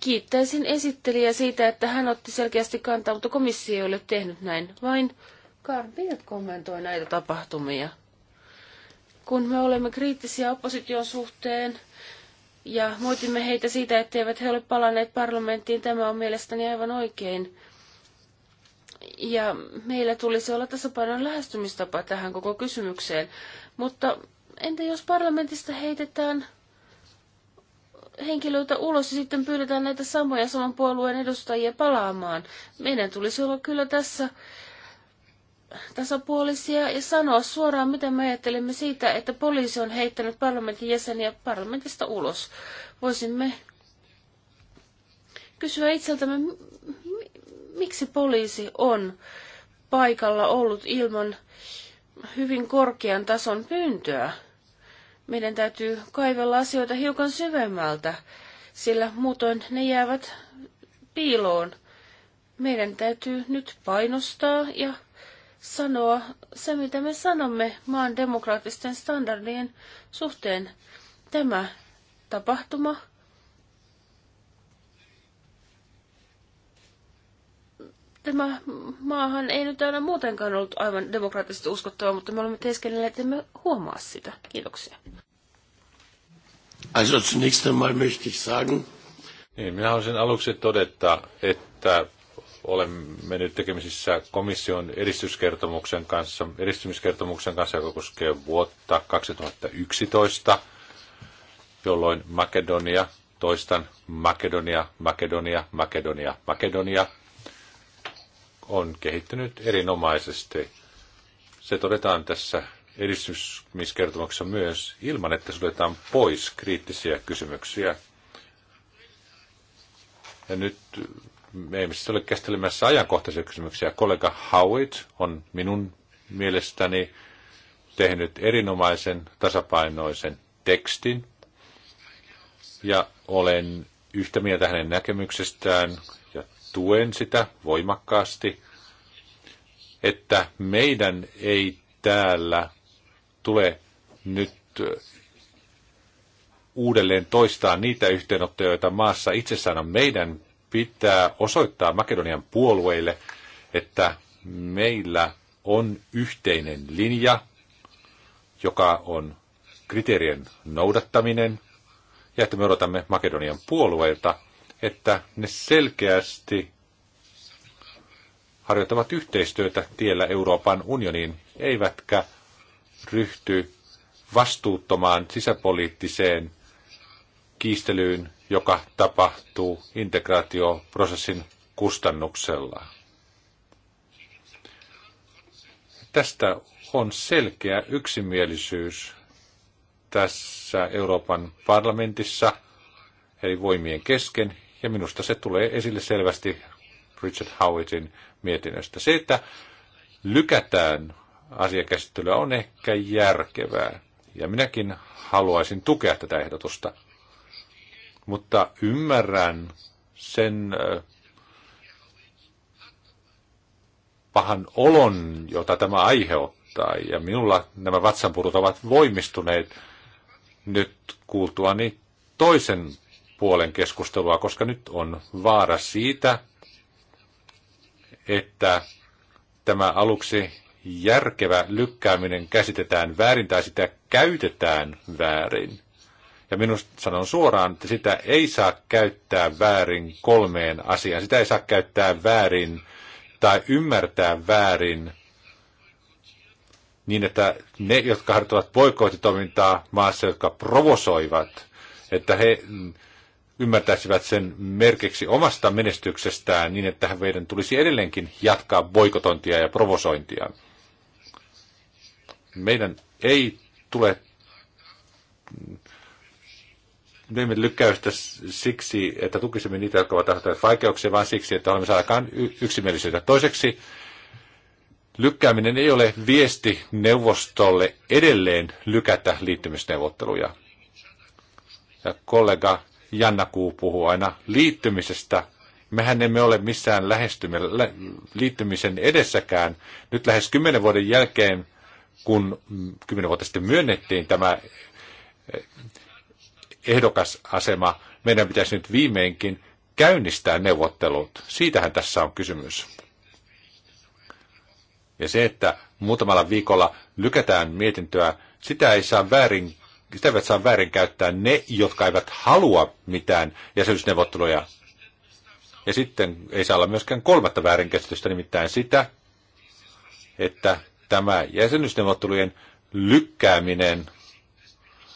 kiittäisin esittelijä siitä, että hän otti selkeästi kantaa, mutta komissio ei ole tehnyt näin. Vain Karl kommentoi näitä tapahtumia. Kun me olemme kriittisiä opposition suhteen ja muutimme heitä siitä, etteivät he ole palanneet parlamenttiin, tämä on mielestäni aivan oikein. Ja meillä tulisi olla tasapainon lähestymistapa tähän koko kysymykseen. Mutta entä jos parlamentista heitetään henkilöitä ulos ja sitten pyydetään näitä samoja saman puolueen edustajia palaamaan. Meidän tulisi olla kyllä tässä tasapuolisia ja sanoa suoraan, mitä me ajattelemme siitä, että poliisi on heittänyt parlamentin jäseniä parlamentista ulos. Voisimme kysyä itseltämme, miksi poliisi on paikalla ollut ilman hyvin korkean tason pyyntöä meidän täytyy kaivella asioita hiukan syvemmältä, sillä muutoin ne jäävät piiloon. Meidän täytyy nyt painostaa ja sanoa se, mitä me sanomme maan demokraattisten standardien suhteen. Tämä tapahtuma tämä maahan ei nyt aina muutenkaan ollut aivan demokraattisesti uskottava, mutta me olemme teeskennelleet, että emme huomaa sitä. Kiitoksia. Also zunächst einmal möchte ich sagen. Niin, minä haluaisin aluksi todeta, että olemme nyt tekemisissä komission edistyskertomuksen kanssa, edistymiskertomuksen kanssa, joka koskee vuotta 2011, jolloin Makedonia, toistan Makedonia, Makedonia, Makedonia, Makedonia, on kehittynyt erinomaisesti. Se todetaan tässä edistymiskertomuksessa myös ilman, että suljetaan pois kriittisiä kysymyksiä. Ja nyt me emme siis ole käsittelemässä ajankohtaisia kysymyksiä. Kollega Howitt on minun mielestäni tehnyt erinomaisen tasapainoisen tekstin. Ja olen yhtä mieltä hänen näkemyksestään tuen sitä voimakkaasti, että meidän ei täällä tule nyt äh, uudelleen toistaa niitä yhteenottoja, joita maassa itsessään on. Meidän pitää osoittaa Makedonian puolueille, että meillä on yhteinen linja, joka on kriteerien noudattaminen, ja että me odotamme Makedonian puolueilta, että ne selkeästi harjoittavat yhteistyötä tiellä Euroopan unioniin, eivätkä ryhty vastuuttomaan sisäpoliittiseen kiistelyyn, joka tapahtuu integraatioprosessin kustannuksella. Tästä on selkeä yksimielisyys tässä Euroopan parlamentissa, eli voimien kesken, ja minusta se tulee esille selvästi Richard Howittin mietinnöstä. Se, että lykätään asiakäsittelyä, on ehkä järkevää. Ja minäkin haluaisin tukea tätä ehdotusta. Mutta ymmärrän sen pahan olon, jota tämä aiheuttaa. Ja minulla nämä vatsanpurut ovat voimistuneet nyt kuultuani toisen puolen keskustelua, koska nyt on vaara siitä, että tämä aluksi järkevä lykkääminen käsitetään väärin tai sitä käytetään väärin. Ja minusta sanon suoraan, että sitä ei saa käyttää väärin kolmeen asiaan. Sitä ei saa käyttää väärin tai ymmärtää väärin niin, että ne, jotka harjoittavat boikoittitoimintaa maassa, jotka provosoivat, että he ymmärtäisivät sen merkiksi omasta menestyksestään niin, että meidän tulisi edelleenkin jatkaa boikotointia ja provosointia. Meidän ei tule teemme lykkäystä siksi, että tukisimme niitä, jotka ovat aiheuttaneet vaikeuksia, vaan siksi, että olemme saakaan yksimielisyyttä. Toiseksi lykkääminen ei ole viesti neuvostolle edelleen lykätä liittymisneuvotteluja. Ja kollega Janna Kuu puhuu aina liittymisestä. Mehän emme ole missään liittymisen edessäkään. Nyt lähes kymmenen vuoden jälkeen, kun kymmenen vuotta sitten myönnettiin tämä eh, ehdokasasema, meidän pitäisi nyt viimeinkin käynnistää neuvottelut. Siitähän tässä on kysymys. Ja se, että muutamalla viikolla lykätään mietintöä, sitä ei saa väärin sitä eivät saa käyttää ne, jotka eivät halua mitään jäsenyysneuvotteluja. Ja sitten ei saa olla myöskään kolmatta väärinkäsitystä, nimittäin sitä, että tämä jäsenyysneuvottelujen lykkääminen,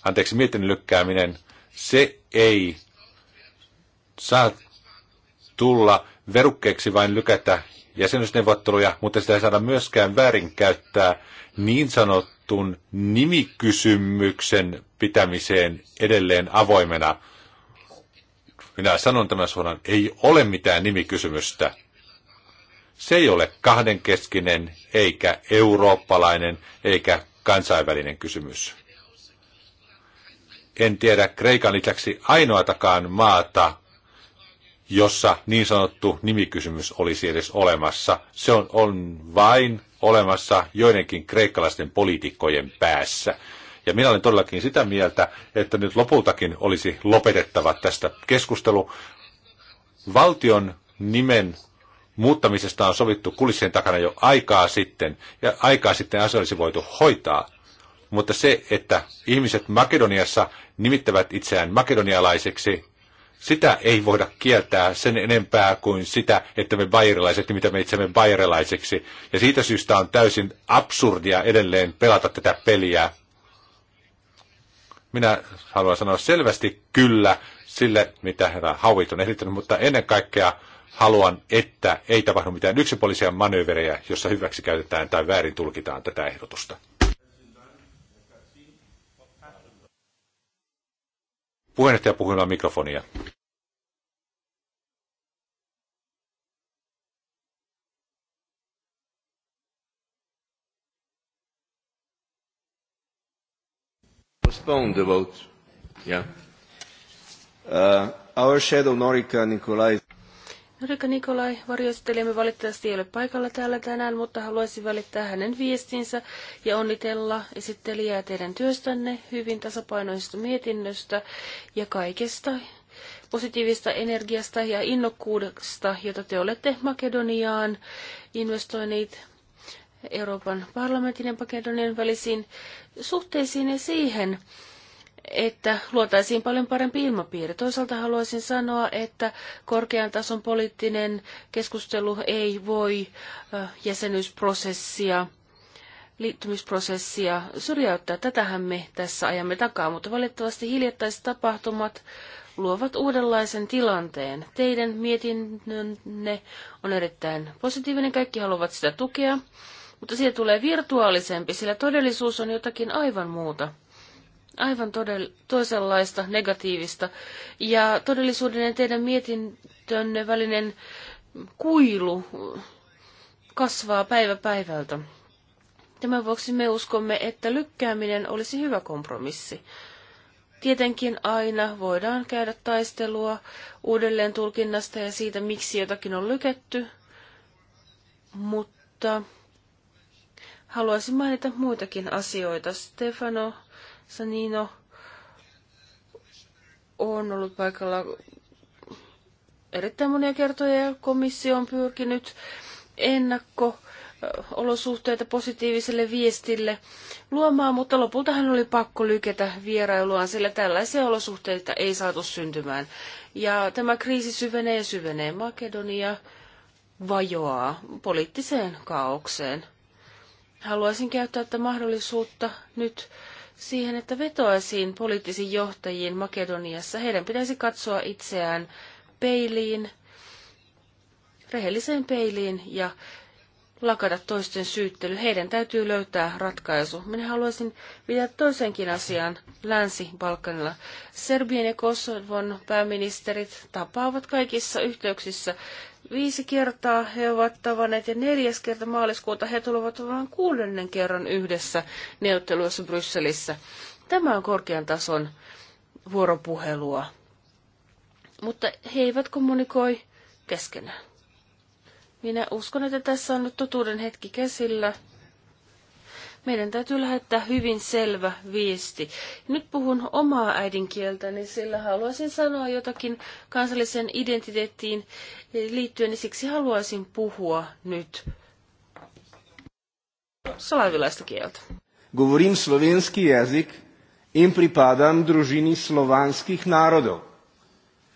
anteeksi, mietin lykkääminen, se ei saa tulla verukkeeksi vain lykätä jäsenyysneuvotteluja, mutta sitä ei saada myöskään väärinkäyttää niin sanottu sanotun nimikysymyksen pitämiseen edelleen avoimena. Minä sanon tämän suoraan, ei ole mitään nimikysymystä. Se ei ole kahdenkeskinen, eikä eurooppalainen, eikä kansainvälinen kysymys. En tiedä Kreikan lisäksi ainoatakaan maata, jossa niin sanottu nimikysymys olisi edes olemassa. Se on, on vain olemassa joidenkin kreikkalaisten poliitikkojen päässä. Ja minä olen todellakin sitä mieltä, että nyt lopultakin olisi lopetettava tästä keskustelu. Valtion nimen muuttamisesta on sovittu kulissien takana jo aikaa sitten, ja aikaa sitten asia olisi voitu hoitaa. Mutta se, että ihmiset Makedoniassa nimittävät itseään makedonialaiseksi, sitä ei voida kieltää sen enempää kuin sitä, että me bairilaiset mitä me itsemme bairilaiseksi. Ja siitä syystä on täysin absurdia edelleen pelata tätä peliä. Minä haluan sanoa selvästi kyllä sille, mitä herra Hauit on esittänyt, mutta ennen kaikkea haluan, että ei tapahdu mitään yksipuolisia manööverejä, jossa hyväksi käytetään tai väärin tulkitaan tätä ehdotusta. Puheenjohtaja puhuilla mikrofonia. postpone the vote. Yeah. Uh, our shadow Norica Nikolai. Jorika Nikolai, varjoistelijamme valitettavasti ei ole paikalla täällä tänään, mutta haluaisin välittää hänen viestinsä ja onnitella esittelijää teidän työstänne hyvin tasapainoisesta mietinnöstä ja kaikesta positiivista energiasta ja innokkuudesta, jota te olette Makedoniaan investoineet Euroopan parlamentin ja Makedonian välisiin suhteisiin ja siihen, että luotaisiin paljon parempi ilmapiiri. Toisaalta haluaisin sanoa, että korkean tason poliittinen keskustelu ei voi jäsenyysprosessia liittymisprosessia syrjäyttää. Tätähän me tässä ajamme takaa, mutta valitettavasti hiljattaiset tapahtumat luovat uudenlaisen tilanteen. Teidän mietinnönne on erittäin positiivinen, kaikki haluavat sitä tukea, mutta siitä tulee virtuaalisempi, sillä todellisuus on jotakin aivan muuta aivan todell- toisenlaista, negatiivista. Ja todellisuuden ja teidän mietintönne välinen kuilu kasvaa päivä päivältä. Tämän vuoksi me uskomme, että lykkääminen olisi hyvä kompromissi. Tietenkin aina voidaan käydä taistelua uudelleen tulkinnasta ja siitä, miksi jotakin on lykätty, mutta haluaisin mainita muitakin asioita. Stefano Sanino on ollut paikalla erittäin monia kertoja ja komissio on pyrkinyt ennakko olosuhteita positiiviselle viestille luomaan, mutta lopulta hän oli pakko lykätä vierailuaan, sillä tällaisia olosuhteita ei saatu syntymään. Ja tämä kriisi syvenee ja syvenee. Makedonia vajoaa poliittiseen kaaukseen. Haluaisin käyttää tätä mahdollisuutta nyt siihen, että vetoaisiin poliittisiin johtajiin Makedoniassa. Heidän pitäisi katsoa itseään peiliin, rehelliseen peiliin ja lakata toisten syyttely. Heidän täytyy löytää ratkaisu. Minä haluaisin viitata toisenkin asiaan Länsi-Balkanilla. Serbian ja Kosovon pääministerit tapaavat kaikissa yhteyksissä Viisi kertaa he ovat tavanneet ja neljäs kerta maaliskuuta he tulevat olemaan kuudennen kerran yhdessä neuvotteluissa Brysselissä. Tämä on korkean tason vuoropuhelua. Mutta he eivät kommunikoi keskenään. Minä uskon, että tässä on nyt totuuden hetki käsillä meidän täytyy lähettää hyvin selvä viesti. Nyt puhun omaa äidinkieltäni, sillä haluaisin sanoa jotakin kansallisen identiteettiin liittyen, niin siksi haluaisin puhua nyt slavilaista kieltä. Govorim slovenski jezik in pripadam družini slovanskih narodov.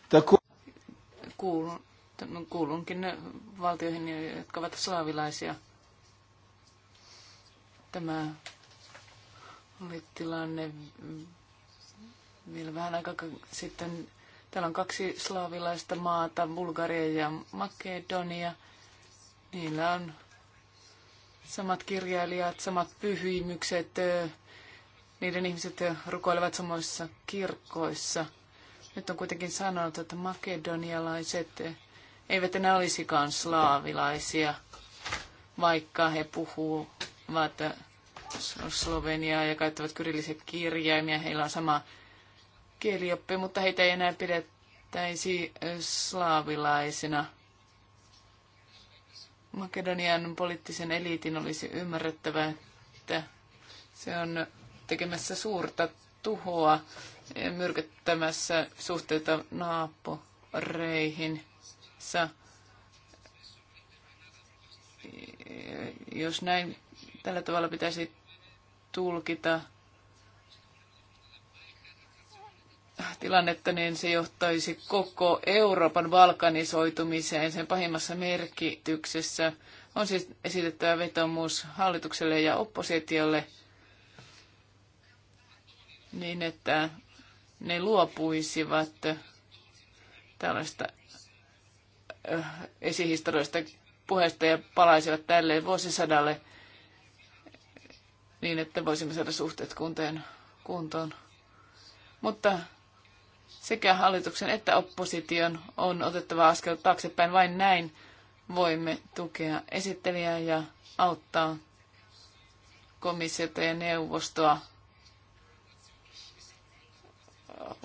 Tako... Kuulun, kuulunkin valtioihin, jotka ovat slaavilaisia. Tämä oli tilanne vielä vähän aikaa sitten. Täällä on kaksi slaavilaista maata, Bulgaria ja Makedonia. Niillä on samat kirjailijat, samat pyhimykset. Niiden ihmiset rukoilevat samoissa kirkkoissa. Nyt on kuitenkin sanonut, että makedonialaiset eivät enää olisikaan slaavilaisia, vaikka he puhuvat ovat äh, Sloveniaa ja käyttävät kyrilliset kirjaimia. Heillä on sama kielioppi, mutta heitä ei enää pidettäisi äh, slaavilaisina. Makedonian poliittisen eliitin olisi ymmärrettävä, että se on tekemässä suurta tuhoa ja myrkyttämässä suhteita naapureihin. Jos näin Tällä tavalla pitäisi tulkita tilannetta, niin se johtaisi koko Euroopan balkanisoitumiseen sen pahimmassa merkityksessä. On siis esitettävä vetomus hallitukselle ja oppositiolle niin, että ne luopuisivat tällaista äh, esihistoriallista puheesta ja palaisivat tälle vuosisadalle – niin, että voisimme saada suhteet kunteen, kuntoon. Mutta sekä hallituksen että opposition on otettava askel taaksepäin. Vain näin voimme tukea esittelijää ja auttaa komissiota ja neuvostoa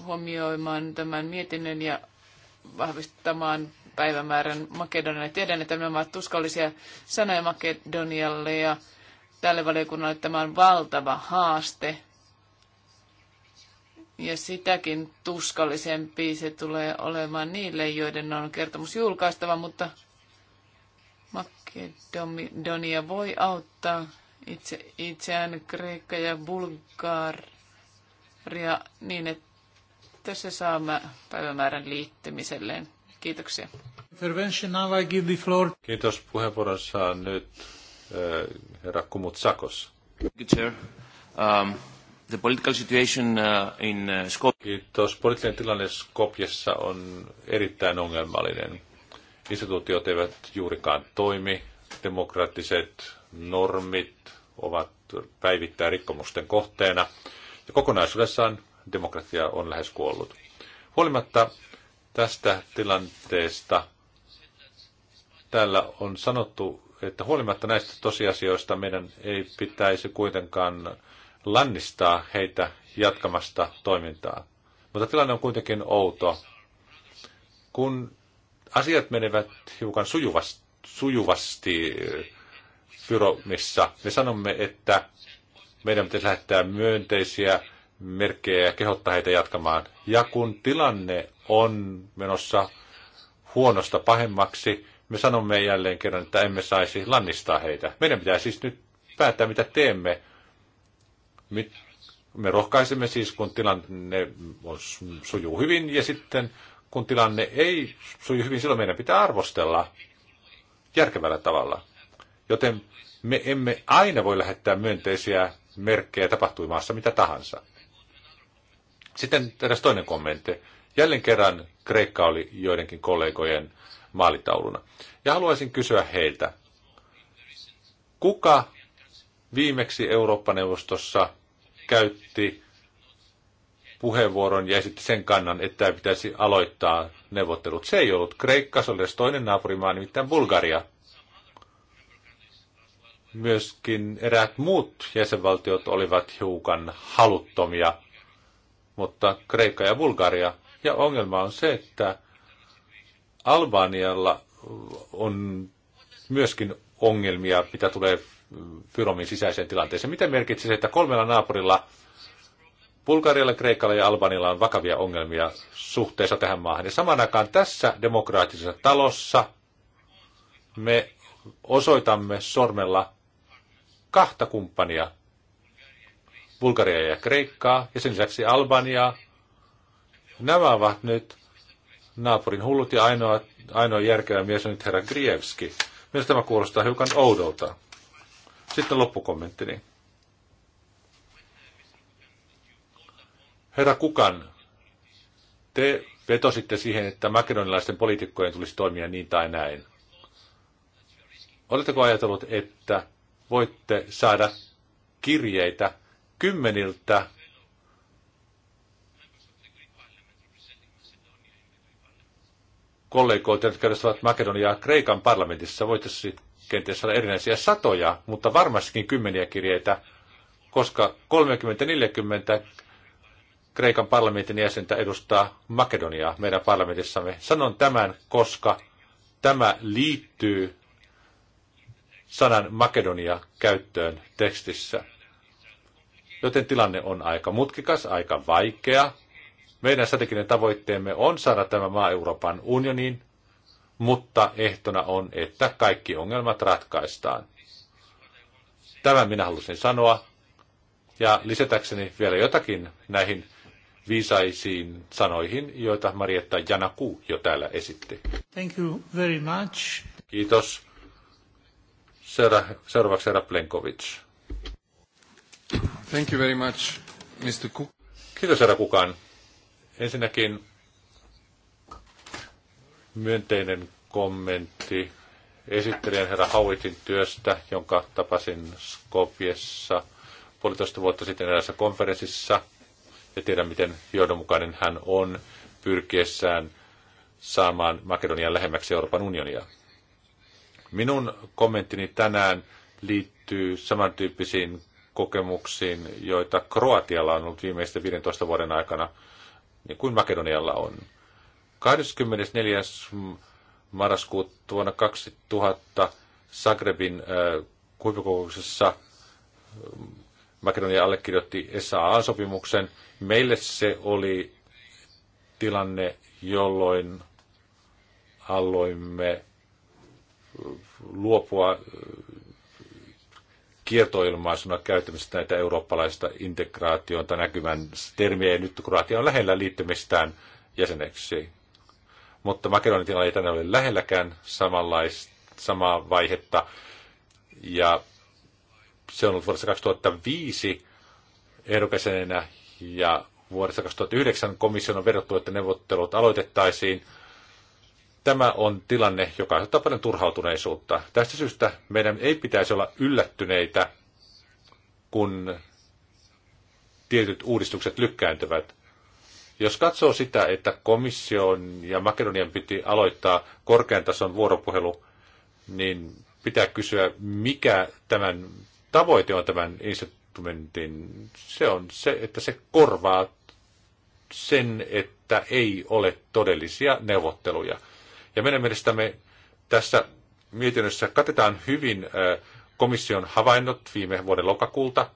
huomioimaan tämän mietinnön ja vahvistamaan päivämäärän Makedonialle. Tiedän, että nämä ovat tuskallisia sanoja Makedonialle ja Tälle valiokunnalle tämä on valtava haaste. Ja sitäkin tuskallisempi se tulee olemaan niille, joiden on kertomus julkaistava, mutta Makedonia voi auttaa itse, itseään Kreikka ja Bulgaria niin, että se saa päivämäärän liittymiselleen. Kiitoksia. Kiitos puheenvuorossaan nyt herra Kumut Sakos. Um, the political situation uh, in uh, Kiitos. Poliittinen tilanne Skopjessa on erittäin ongelmallinen. Instituutiot eivät juurikaan toimi. Demokraattiset normit ovat päivittäin rikkomusten kohteena. Ja kokonaisuudessaan demokratia on lähes kuollut. Huolimatta tästä tilanteesta täällä on sanottu, että huolimatta näistä tosiasioista meidän ei pitäisi kuitenkaan lannistaa heitä jatkamasta toimintaa. Mutta tilanne on kuitenkin outo. Kun asiat menevät hiukan sujuvasti, sujuvasti eh, Fyromissa, me sanomme, että meidän pitäisi lähettää myönteisiä merkkejä ja kehottaa heitä jatkamaan. Ja kun tilanne on menossa huonosta pahemmaksi, me sanomme jälleen kerran, että emme saisi lannistaa heitä. Meidän pitää siis nyt päättää, mitä teemme. Me rohkaisemme siis, kun tilanne sujuu hyvin, ja sitten kun tilanne ei suju hyvin, silloin meidän pitää arvostella järkevällä tavalla. Joten me emme aina voi lähettää myönteisiä merkkejä tapahtuimaassa mitä tahansa. Sitten tässä toinen kommentti. Jälleen kerran Kreikka oli joidenkin kollegojen maalitauluna. Ja haluaisin kysyä heiltä, kuka viimeksi Eurooppa-neuvostossa käytti puheenvuoron ja esitti sen kannan, että pitäisi aloittaa neuvottelut. Se ei ollut Kreikka, se oli edes toinen naapurimaa, nimittäin Bulgaria. Myöskin eräät muut jäsenvaltiot olivat hiukan haluttomia, mutta Kreikka ja Bulgaria. Ja ongelma on se, että Albanialla on myöskin ongelmia, mitä tulee Fyromin sisäiseen tilanteeseen. Mitä merkitsee että kolmella naapurilla, Bulgarialla, Kreikalla ja Albanialla on vakavia ongelmia suhteessa tähän maahan. Ja samaan aikaan tässä demokraattisessa talossa me osoitamme sormella kahta kumppania, Bulgaria ja Kreikkaa, ja sen lisäksi Albaniaa. Nämä ovat nyt naapurin hullut ja ainoa, ainoa järkevä mies on nyt herra Grievski. Myös tämä kuulostaa hiukan oudolta. Sitten loppukommenttini. Herra Kukan, te vetositte siihen, että makedonilaisten poliitikkojen tulisi toimia niin tai näin. Oletteko ajatellut, että voitte saada kirjeitä kymmeniltä kollegoita, jotka edustavat Makedoniaa Kreikan parlamentissa. Voitaisiin kenties saada erinäisiä satoja, mutta varmastikin kymmeniä kirjeitä, koska 30-40 Kreikan parlamentin jäsentä edustaa Makedoniaa meidän parlamentissamme. Sanon tämän, koska tämä liittyy sanan Makedonia käyttöön tekstissä. Joten tilanne on aika mutkikas, aika vaikea, meidän strateginen tavoitteemme on saada tämä maa Euroopan unioniin, mutta ehtona on, että kaikki ongelmat ratkaistaan. Tämän minä halusin sanoa. Ja lisätäkseni vielä jotakin näihin viisaisiin sanoihin, joita Marietta Janaku jo täällä esitti. Thank you very much. Kiitos. Seura- seuraavaksi herra Plenkovic. Thank you very much, Mr. Kiitos herra Kukan. Ensinnäkin myönteinen kommentti esittelijän herra Hauitin työstä, jonka tapasin Skopiessa puolitoista vuotta sitten eräässä konferenssissa. Ja tiedän, miten johdonmukainen hän on pyrkiessään saamaan Makedonian lähemmäksi Euroopan unionia. Minun kommenttini tänään liittyy samantyyppisiin kokemuksiin, joita Kroatialla on ollut viimeisten 15 vuoden aikana – niin kuin Makedonialla on. 24. marraskuuta vuonna 2000 Zagrebin huippukokouksessa Makedonia allekirjoitti SAA-sopimuksen. Meille se oli tilanne, jolloin aloimme luopua kiertoilmaisuna käyttämistä näitä eurooppalaista integraatiota näkyvän termiä, ja nyt Kroatia on lähellä liittymistään jäseneksi. Mutta Makedonin tilanne ei tänne ole lähelläkään samanlaista, samaa vaihetta, ja se on ollut vuodesta 2005 ehdokäsenenä, ja vuodesta 2009 komission on verrattu, että neuvottelut aloitettaisiin – Tämä on tilanne, joka aiheuttaa paljon turhautuneisuutta. Tästä syystä meidän ei pitäisi olla yllättyneitä, kun tietyt uudistukset lykkääntyvät. Jos katsoo sitä, että komission ja Makedonian piti aloittaa korkean tason vuoropuhelu, niin pitää kysyä, mikä tämän tavoite on tämän instrumentin. Se on se, että se korvaa sen, että ei ole todellisia neuvotteluja. Ja meidän mielestämme tässä mietinnössä katetaan hyvin komission havainnot viime vuoden lokakuulta,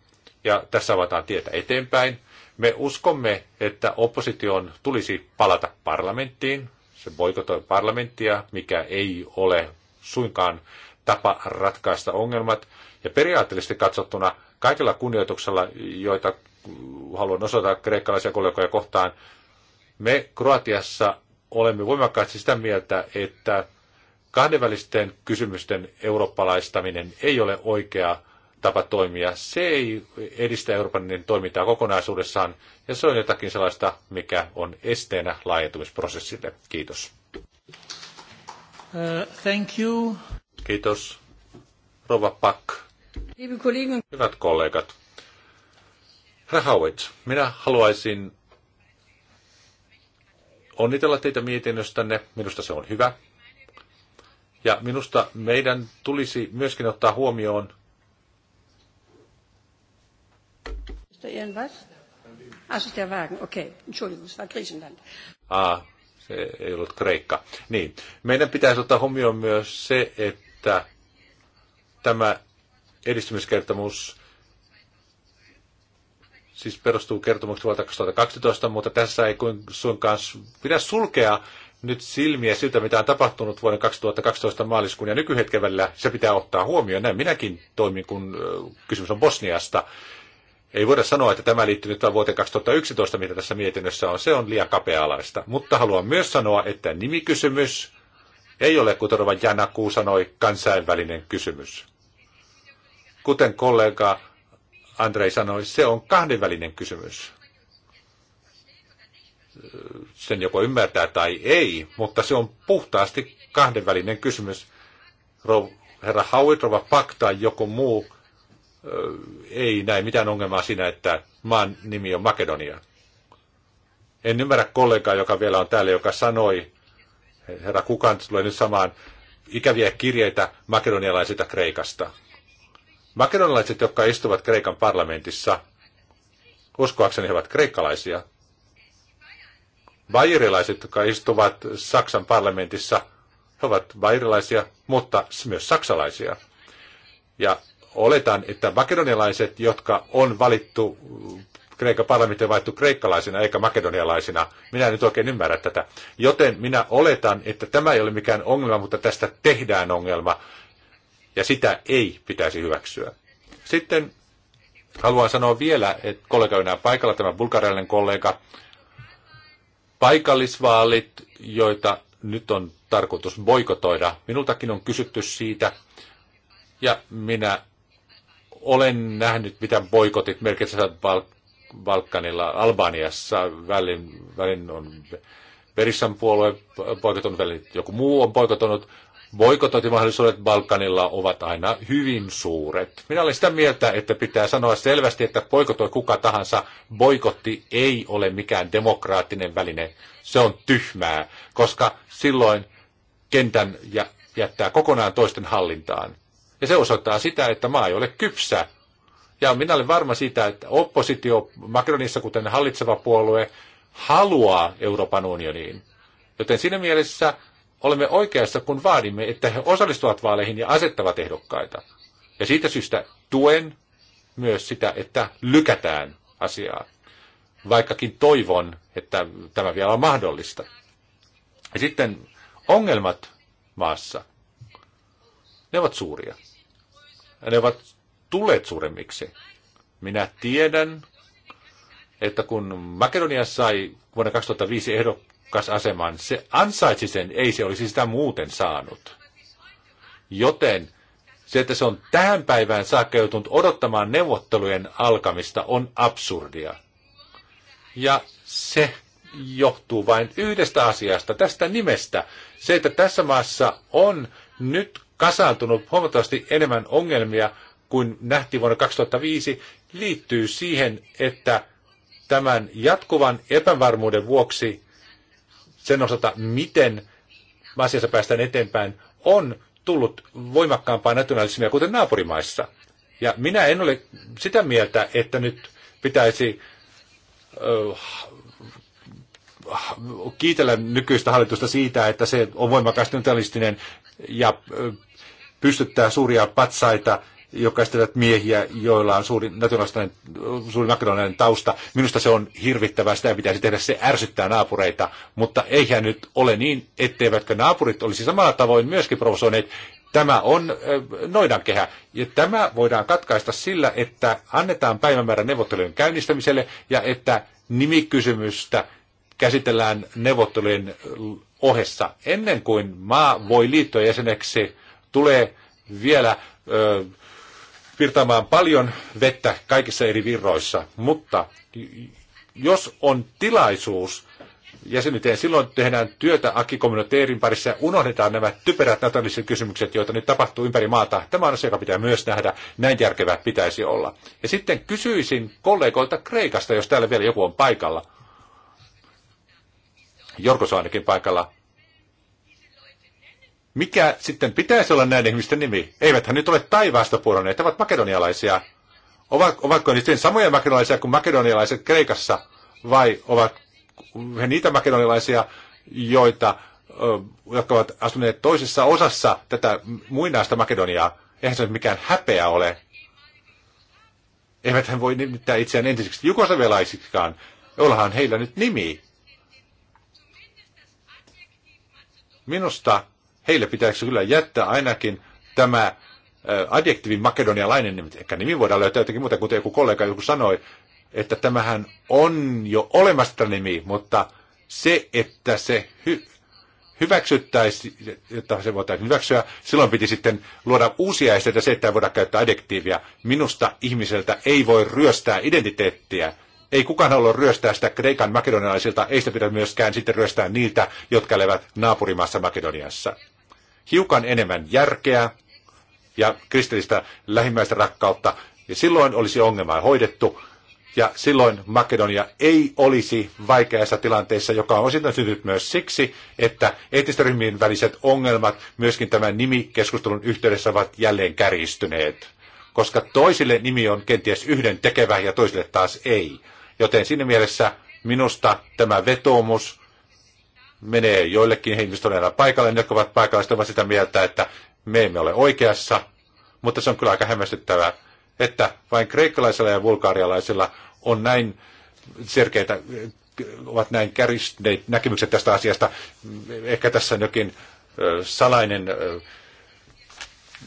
ja tässä avataan tietä eteenpäin. Me uskomme, että opposition tulisi palata parlamenttiin, se boikotoi parlamenttia, mikä ei ole suinkaan tapa ratkaista ongelmat. Ja periaatteellisesti katsottuna kaikilla kunnioituksella, joita haluan osoittaa kreikkalaisia kollegoja kohtaan, me Kroatiassa olemme voimakkaasti sitä mieltä, että kahdenvälisten kysymysten eurooppalaistaminen ei ole oikea tapa toimia. Se ei edistä Euroopan toimintaa kokonaisuudessaan, ja se on jotakin sellaista, mikä on esteenä laajentumisprosessille. Kiitos. Uh, thank you. Kiitos. Rova Pak. Hyvät kollegat. Herra Howitz, minä haluaisin onnitella teitä mietinnöstänne. Minusta se on hyvä. Ja minusta meidän tulisi myöskin ottaa huomioon ah, Wagen, okei. Ah, se ei ollut Kreikka. Niin. Meidän pitäisi ottaa huomioon myös se, että tämä edistymiskertomus siis perustuu kertomuksesta vuodelta 2012, mutta tässä ei suinkaan pidä sulkea nyt silmiä siltä, mitä on tapahtunut vuoden 2012 maaliskuun ja nykyhetken välillä. Se pitää ottaa huomioon. Näin minäkin toimin, kun kysymys on Bosniasta. Ei voida sanoa, että tämä liittyy nyt vain vuoteen 2011, mitä tässä mietinnössä on. Se on liian kapea-alaista. Mutta haluan myös sanoa, että nimikysymys ei ole, kuten Rova Janakuu sanoi, kansainvälinen kysymys. Kuten kollega Andrei sanoi, se on kahdenvälinen kysymys. Sen joko ymmärtää tai ei, mutta se on puhtaasti kahdenvälinen kysymys. Herra Howard, Rova Pak tai joku muu ei näe mitään ongelmaa siinä, että maan nimi on Makedonia. En ymmärrä kollegaa, joka vielä on täällä, joka sanoi, herra Kukan tulee nyt samaan, ikäviä kirjeitä makedonialaisilta Kreikasta. Makedonalaiset, jotka istuvat Kreikan parlamentissa, uskoakseni he ovat kreikkalaisia. Bairilaiset, jotka istuvat Saksan parlamentissa, he ovat bairilaisia, mutta myös saksalaisia. Ja oletan, että makedonialaiset, jotka on valittu Kreikan parlamentti on valittu kreikkalaisina eikä makedonialaisina. Minä en nyt oikein ymmärrä tätä. Joten minä oletan, että tämä ei ole mikään ongelma, mutta tästä tehdään ongelma ja sitä ei pitäisi hyväksyä. Sitten haluan sanoa vielä, että kollega on paikalla, tämä bulgarialainen kollega, paikallisvaalit, joita nyt on tarkoitus boikotoida. Minultakin on kysytty siitä, ja minä olen nähnyt, mitä boikotit merkitsevät Balk- Balkanilla, Albaniassa. Välin, välin on Perissan puolue boikotunut, välin joku muu on boikotunut. Boikotointimahdollisuudet Balkanilla ovat aina hyvin suuret. Minä olen sitä mieltä, että pitää sanoa selvästi, että boikotoi kuka tahansa. Boikotti ei ole mikään demokraattinen väline. Se on tyhmää, koska silloin kentän ja jättää kokonaan toisten hallintaan. Ja se osoittaa sitä, että maa ei ole kypsä. Ja minä olen varma siitä, että oppositio Macronissa, kuten hallitseva puolue, haluaa Euroopan unioniin. Joten siinä mielessä olemme oikeassa, kun vaadimme, että he osallistuvat vaaleihin ja asettavat ehdokkaita. Ja siitä syystä tuen myös sitä, että lykätään asiaa, vaikkakin toivon, että tämä vielä on mahdollista. Ja sitten ongelmat maassa, ne ovat suuria. Ne ovat tulleet suuremmiksi. Minä tiedän, että kun Makedonia sai vuonna 2005 ehdok- arvokas aseman. Se ansaitsi sen, ei se olisi sitä muuten saanut. Joten se, että se on tähän päivään saakka joutunut odottamaan neuvottelujen alkamista, on absurdia. Ja se johtuu vain yhdestä asiasta, tästä nimestä. Se, että tässä maassa on nyt kasaantunut huomattavasti enemmän ongelmia kuin nähtiin vuonna 2005, liittyy siihen, että tämän jatkuvan epävarmuuden vuoksi sen osalta, miten asiassa päästään eteenpäin, on tullut voimakkaampaa nationalismia, kuten naapurimaissa. Ja minä en ole sitä mieltä, että nyt pitäisi ö, kiitellä nykyistä hallitusta siitä, että se on voimakkaasti nationalistinen ja ö, pystyttää suuria patsaita jotka esittelevät miehiä, joilla on suuri, suuri makedonialainen tausta. Minusta se on hirvittävää, sitä pitäisi tehdä, se ärsyttää naapureita, mutta eihän nyt ole niin, etteivätkö naapurit olisi samalla tavoin myöskin provosoineet. Tämä on noidankehä, ja tämä voidaan katkaista sillä, että annetaan päivämäärä neuvottelujen käynnistämiselle, ja että nimikysymystä käsitellään neuvottelujen ohessa. Ennen kuin maa voi liittyä jäseneksi, tulee vielä ö, virtaamaan paljon vettä kaikissa eri virroissa, mutta jos on tilaisuus jäsenyyteen, silloin tehdään työtä akkikommuniteerin parissa ja unohdetaan nämä typerät natalliset kysymykset, joita nyt tapahtuu ympäri maata. Tämä on asia, joka pitää myös nähdä. Näin järkevää pitäisi olla. Ja sitten kysyisin kollegoilta Kreikasta, jos täällä vielä joku on paikalla. Jorkos on ainakin paikalla. Mikä sitten pitäisi olla näiden ihmisten nimi? Eiväthän nyt ole taivaasta pudonneet, ovat makedonialaisia. Ovat, ovatko ne sitten samoja makedonialaisia kuin makedonialaiset Kreikassa? Vai ovat he niitä makedonialaisia, joita, jotka ovat asuneet toisessa osassa tätä muinaista Makedoniaa? Eihän se ole mikään häpeä ole. Eivät hän voi nimittää itseään entisiksi jugoslavialaisiksikaan. ollaan heillä nyt nimi. Minusta heille pitäisi kyllä jättää ainakin tämä adjektiivin makedonialainen, niin ehkä nimi voidaan löytää jotenkin muuta, kuten joku kollega joku sanoi, että tämähän on jo olemasta nimi, mutta se, että se hy- hyväksyttäisi, että se voitaisiin hyväksyä, silloin piti sitten luoda uusia esteitä se, että ei voida käyttää adjektiivia. Minusta ihmiseltä ei voi ryöstää identiteettiä. Ei kukaan halua ryöstää sitä kreikan makedonialaisilta, ei sitä pidä myöskään sitten ryöstää niiltä, jotka elävät naapurimaassa Makedoniassa hiukan enemmän järkeä ja kristillistä lähimmäistä rakkautta, ja niin silloin olisi ongelmaa hoidettu, ja silloin Makedonia ei olisi vaikeassa tilanteessa, joka on osittain syntynyt myös siksi, että etnisten ryhmien väliset ongelmat myöskin tämän nimikeskustelun yhteydessä ovat jälleen kärjistyneet. Koska toisille nimi on kenties yhden tekevä ja toisille taas ei. Joten siinä mielessä minusta tämä vetoomus menee joillekin investoinneilla paikalle, ne, jotka ovat paikalliset, ovat sitä mieltä, että me emme ole oikeassa, mutta se on kyllä aika hämmästyttävää, että vain kreikkalaisilla ja vulgaarialaisilla on näin selkeitä, ovat näin käristyneet näkemykset tästä asiasta. Ehkä tässä on jokin salainen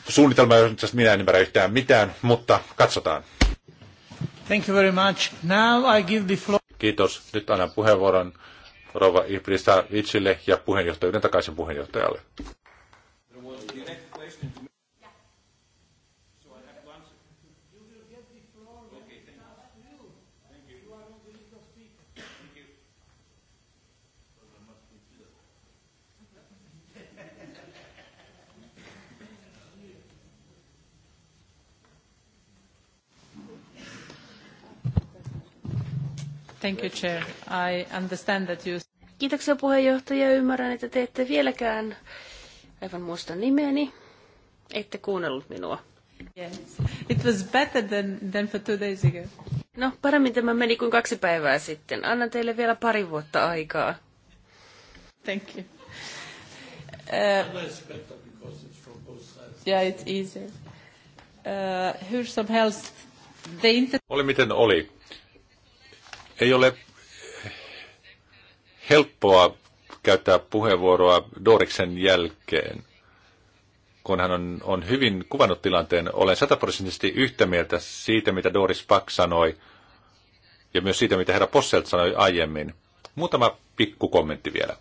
suunnitelma, josta minä en ymmärrä yhtään mitään, mutta katsotaan. Thank you very much. Now I give the floor. Kiitos. Nyt annan puheenvuoron Rova Ibrista Itsille ja puheenjohtajuuden takaisin puheenjohtajalle. Thank you, Chair. I understand that you... Kiitoksia puheenjohtaja. Ymmärrän, että te ette vieläkään aivan muista nimeni. Ette kuunnellut minua. Yes. It was better than, than for two days ago. No, paremmin tämä meni kuin kaksi päivää sitten. Annan teille vielä pari vuotta aikaa. Thank you. Uh, yeah, it's easy. Uh, Hyrsam Health, the inter- Oli miten oli. Ei ole helppoa käyttää puheenvuoroa Doriksen jälkeen, kun hän on, on hyvin kuvannut tilanteen. Olen sataprosenttisesti yhtä mieltä siitä, mitä Doris Pak sanoi, ja myös siitä, mitä herra Posselt sanoi aiemmin. Muutama pikku kommentti vielä.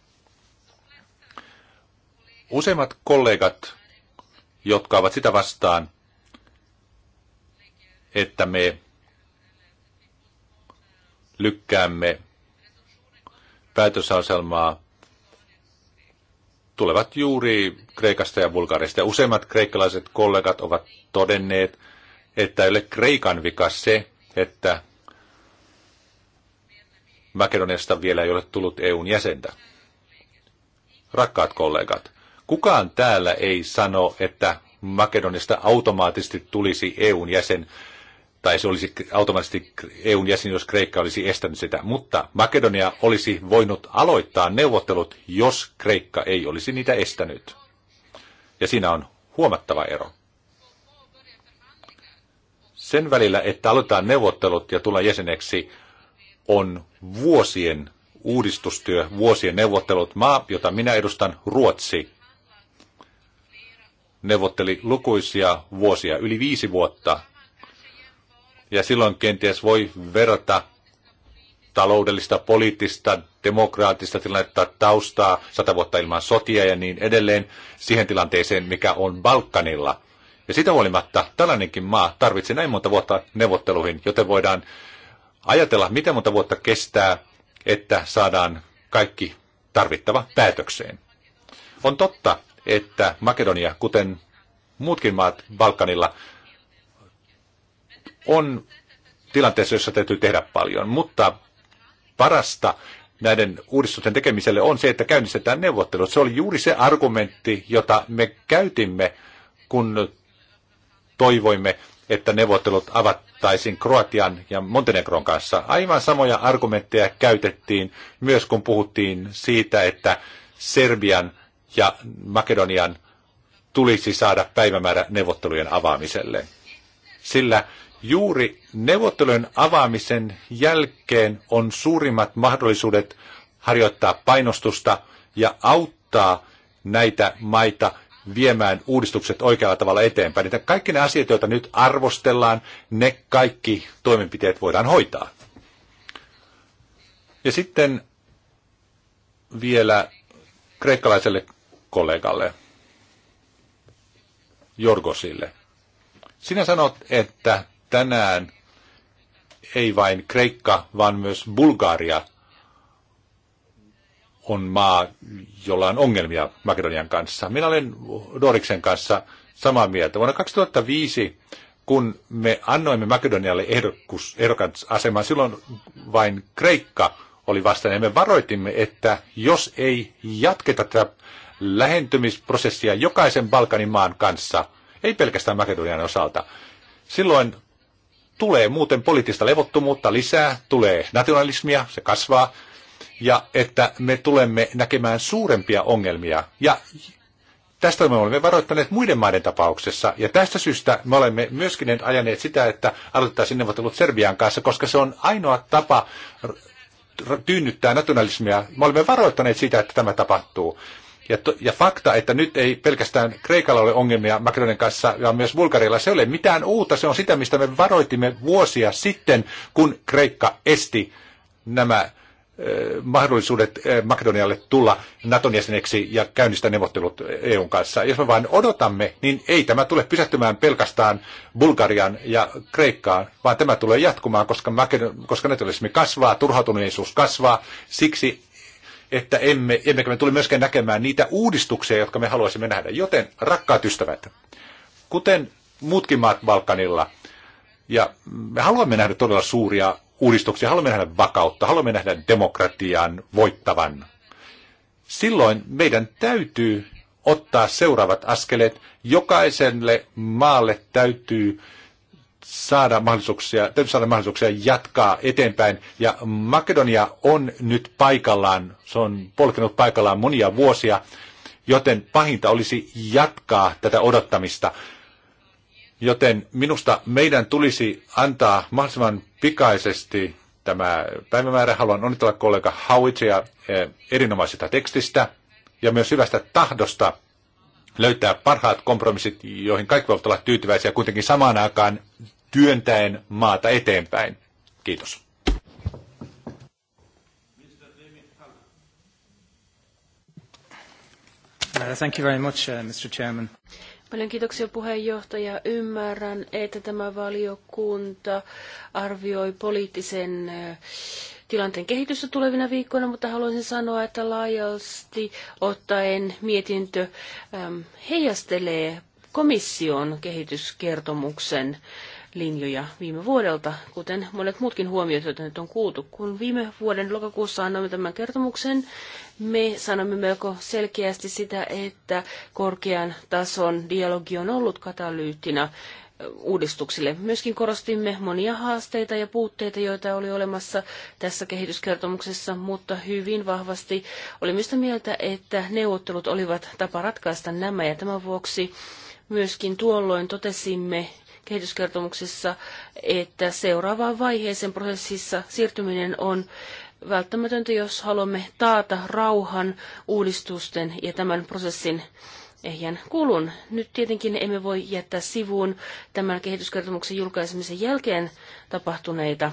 Useimmat kollegat, jotka ovat sitä vastaan, että me lykkäämme päätösaselmaa tulevat juuri Kreikasta ja Bulgariasta. useimmat kreikkalaiset kollegat ovat todenneet, että ei ole Kreikan vika se, että Makedoniasta vielä ei ole tullut EUn jäsentä. Rakkaat kollegat, kukaan täällä ei sano, että Makedonista automaattisesti tulisi EUn jäsen, tai se olisi automaattisesti EUn jäsen, jos Kreikka olisi estänyt sitä. Mutta Makedonia olisi voinut aloittaa neuvottelut, jos Kreikka ei olisi niitä estänyt. Ja siinä on huomattava ero. Sen välillä, että aloitetaan neuvottelut ja tulla jäseneksi, on vuosien uudistustyö, vuosien neuvottelut. Maa, jota minä edustan, Ruotsi, neuvotteli lukuisia vuosia, yli viisi vuotta ja silloin kenties voi verrata taloudellista, poliittista, demokraattista tilannetta, taustaa, sata vuotta ilman sotia ja niin edelleen, siihen tilanteeseen, mikä on Balkanilla. Ja sitä huolimatta tällainenkin maa tarvitsee näin monta vuotta neuvotteluihin, joten voidaan ajatella, miten monta vuotta kestää, että saadaan kaikki tarvittava päätökseen. On totta, että Makedonia, kuten muutkin maat Balkanilla, on tilanteessa, jossa täytyy tehdä paljon, mutta parasta näiden uudistusten tekemiselle on se, että käynnistetään neuvottelut. Se oli juuri se argumentti, jota me käytimme, kun toivoimme, että neuvottelut avattaisiin Kroatian ja Montenegron kanssa. Aivan samoja argumentteja käytettiin myös, kun puhuttiin siitä, että Serbian ja Makedonian tulisi saada päivämäärä neuvottelujen avaamiselle. Sillä juuri neuvottelujen avaamisen jälkeen on suurimmat mahdollisuudet harjoittaa painostusta ja auttaa näitä maita viemään uudistukset oikealla tavalla eteenpäin. Että kaikki ne asiat, joita nyt arvostellaan, ne kaikki toimenpiteet voidaan hoitaa. Ja sitten vielä kreikkalaiselle kollegalle, Jorgosille. Sinä sanot, että tänään ei vain Kreikka, vaan myös Bulgaria on maa, jolla on ongelmia Makedonian kanssa. Minä olen Doriksen kanssa samaa mieltä. Vuonna 2005, kun me annoimme Makedonialle ehdokus, aseman, silloin vain Kreikka oli vastaan. me varoitimme, että jos ei jatketa tätä lähentymisprosessia jokaisen Balkanin maan kanssa, ei pelkästään Makedonian osalta, silloin tulee muuten poliittista levottomuutta lisää, tulee nationalismia, se kasvaa, ja että me tulemme näkemään suurempia ongelmia. Ja tästä me olemme varoittaneet muiden maiden tapauksessa, ja tästä syystä me olemme myöskin ajaneet sitä, että aloitettaisiin neuvottelut Serbian kanssa, koska se on ainoa tapa tyynnyttää nationalismia. Me olemme varoittaneet sitä, että tämä tapahtuu. Ja, to, ja fakta, että nyt ei pelkästään Kreikalla ole ongelmia Makedonian kanssa, vaan myös Bulgarialla, se ei ole mitään uutta. Se on sitä, mistä me varoitimme vuosia sitten, kun Kreikka esti nämä mahdollisuudet Makedonialle tulla Naton jäseneksi ja käynnistää neuvottelut EUn kanssa. Jos me vain odotamme, niin ei tämä tule pysähtymään pelkästään Bulgarian ja Kreikkaan, vaan tämä tulee jatkumaan, koska, Makedon, koska nationalismi kasvaa, turhautuneisuus kasvaa. Siksi että emme, emmekä me tule myöskään näkemään niitä uudistuksia, jotka me haluaisimme nähdä. Joten, rakkaat ystävät, kuten muutkin maat Balkanilla, ja me haluamme nähdä todella suuria uudistuksia, haluamme nähdä vakautta, haluamme nähdä demokratian voittavan. Silloin meidän täytyy ottaa seuraavat askeleet. Jokaiselle maalle täytyy saada mahdollisuuksia, täytyy saada mahdollisuuksia jatkaa eteenpäin. Ja Makedonia on nyt paikallaan, se on polkenut paikallaan monia vuosia, joten pahinta olisi jatkaa tätä odottamista. Joten minusta meidän tulisi antaa mahdollisimman pikaisesti tämä päivämäärä. Haluan onnitella kollega Howitsia eh, erinomaisesta tekstistä ja myös hyvästä tahdosta löytää parhaat kompromissit, joihin kaikki voivat olla tyytyväisiä. Kuitenkin samaan aikaan työntäen maata eteenpäin. Kiitos. Uh, thank you very much, uh, Mr. Chairman. Paljon kiitoksia puheenjohtaja. Ymmärrän, että tämä valiokunta arvioi poliittisen uh, tilanteen kehitystä tulevina viikkoina, mutta haluaisin sanoa, että laajasti ottaen mietintö um, heijastelee komission kehityskertomuksen linjoja viime vuodelta, kuten monet muutkin huomiot, joita nyt on kuultu. Kun viime vuoden lokakuussa annoimme tämän kertomuksen, me sanomme melko selkeästi sitä, että korkean tason dialogi on ollut katalyyttinä uudistuksille. Myöskin korostimme monia haasteita ja puutteita, joita oli olemassa tässä kehityskertomuksessa, mutta hyvin vahvasti olimme sitä mieltä, että neuvottelut olivat tapa ratkaista nämä ja tämän vuoksi myöskin tuolloin totesimme, kehityskertomuksessa, että seuraavaan vaiheeseen prosessissa siirtyminen on välttämätöntä, jos haluamme taata rauhan, uudistusten ja tämän prosessin ehjän kulun. Nyt tietenkin emme voi jättää sivuun tämän kehityskertomuksen julkaisemisen jälkeen tapahtuneita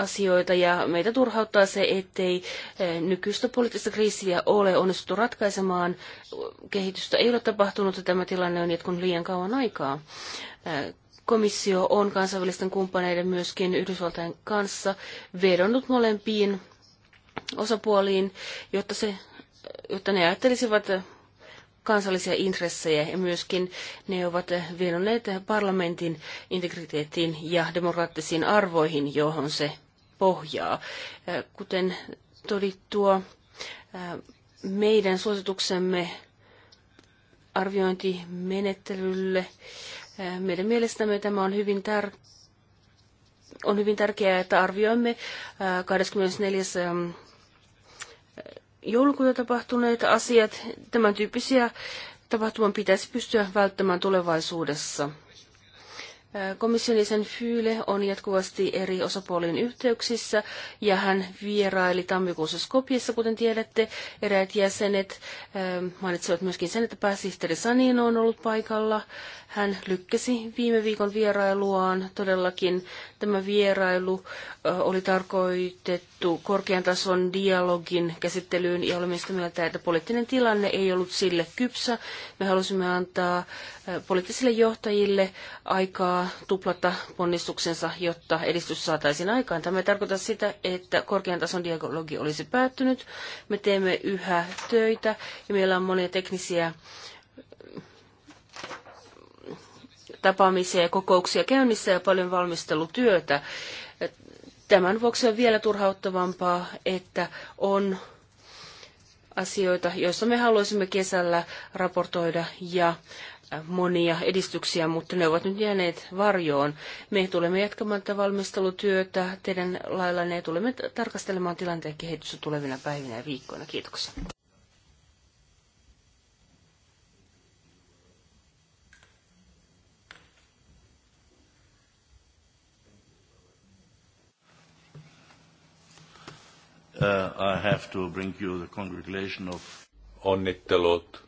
asioita ja meitä turhauttaa se, ettei eh, nykyistä poliittista kriisiä ole onnistuttu ratkaisemaan. Kehitystä ei ole tapahtunut ja tämä tilanne on jatkunut liian kauan aikaa. Eh, komissio on kansainvälisten kumppaneiden myöskin Yhdysvaltain kanssa vedonnut molempiin osapuoliin, jotta, se, jotta ne ajattelisivat kansallisia intressejä ja myöskin ne ovat vienonneet parlamentin integriteettiin ja demokraattisiin arvoihin, johon se pohjaa. Kuten todittua, meidän suosituksemme arviointimenettelylle. Meidän mielestämme tämä on hyvin tär- on hyvin tärkeää, että arvioimme 24 joulukuuta tapahtuneet asiat. Tämän tyyppisiä tapahtuman pitäisi pystyä välttämään tulevaisuudessa. Komission jäsen Fyyle on jatkuvasti eri osapuolien yhteyksissä ja hän vieraili tammikuussa Skopjessa, kuten tiedätte. Eräät jäsenet ähm, mainitsivat myöskin sen, että pääsihteeri Sanino on ollut paikalla. Hän lykkäsi viime viikon vierailuaan. Todellakin tämä vierailu oli tarkoitettu korkean tason dialogin käsittelyyn ja olemme sitä mieltä, että poliittinen tilanne ei ollut sille kypsä. Me halusimme antaa poliittisille johtajille aikaa tuplata ponnistuksensa, jotta edistys saataisiin aikaan. Tämä ei tarkoita sitä, että korkean tason dialogi olisi päättynyt. Me teemme yhä töitä ja meillä on monia teknisiä tapaamisia ja kokouksia käynnissä ja paljon valmistelutyötä. Tämän vuoksi on vielä turhauttavampaa, että on asioita, joista me haluaisimme kesällä raportoida ja monia edistyksiä, mutta ne ovat nyt jääneet varjoon. Me tulemme jatkamaan tätä valmistelutyötä teidän laillanne ja tulemme tarkastelemaan tilanteen kehitystä tulevina päivinä ja viikkoina. Kiitoksia. Uh, I have to bring you the congratulation of... Onnittelut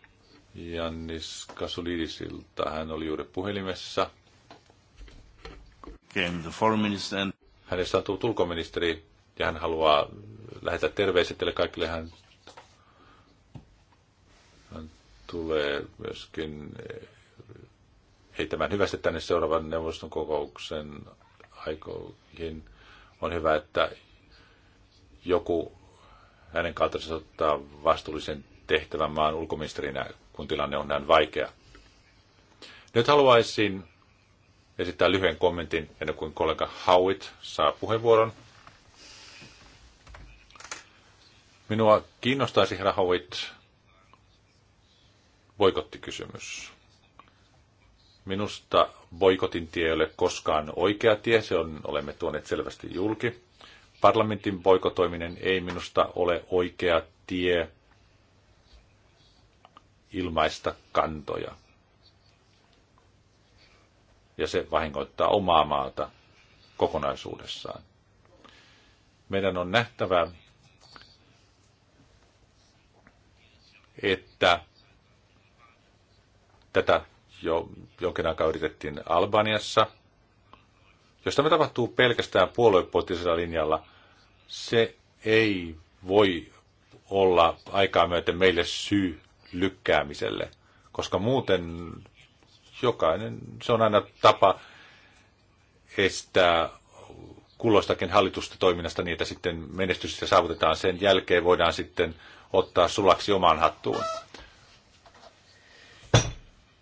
Jannis Kasulidisilta. Hän oli juuri puhelimessa. Came the foreign minister and... Hänestä on tullut ulkoministeri ja hän haluaa lähettää terveiset teille kaikille. Hän, hän tulee myöskin eh, heittämään hyvästi tänne seuraavan neuvoston kokouksen aikoihin. On hyvä, että joku hänen kaltaisensa ottaa vastuullisen tehtävän maan ulkoministerinä, kun tilanne on näin vaikea. Nyt haluaisin esittää lyhyen kommentin ennen kuin kollega Howitt saa puheenvuoron. Minua kiinnostaisi, herra Howitt, boikottikysymys. Minusta boikotin tie ei ole koskaan oikea tie, se on, olemme tuoneet selvästi julki. Parlamentin poikotoiminen ei minusta ole oikea tie ilmaista kantoja. Ja se vahingoittaa omaa maata kokonaisuudessaan. Meidän on nähtävä, että tätä jo jonkin aikaa yritettiin Albaniassa. josta me tapahtuu pelkästään puoluepoliittisella linjalla, se ei voi olla aikaa myöten meille syy lykkäämiselle, koska muuten jokainen, se on aina tapa estää kulloistakin hallitusta toiminnasta niin, että sitten menestystä saavutetaan sen jälkeen, voidaan sitten ottaa sulaksi omaan hattuun.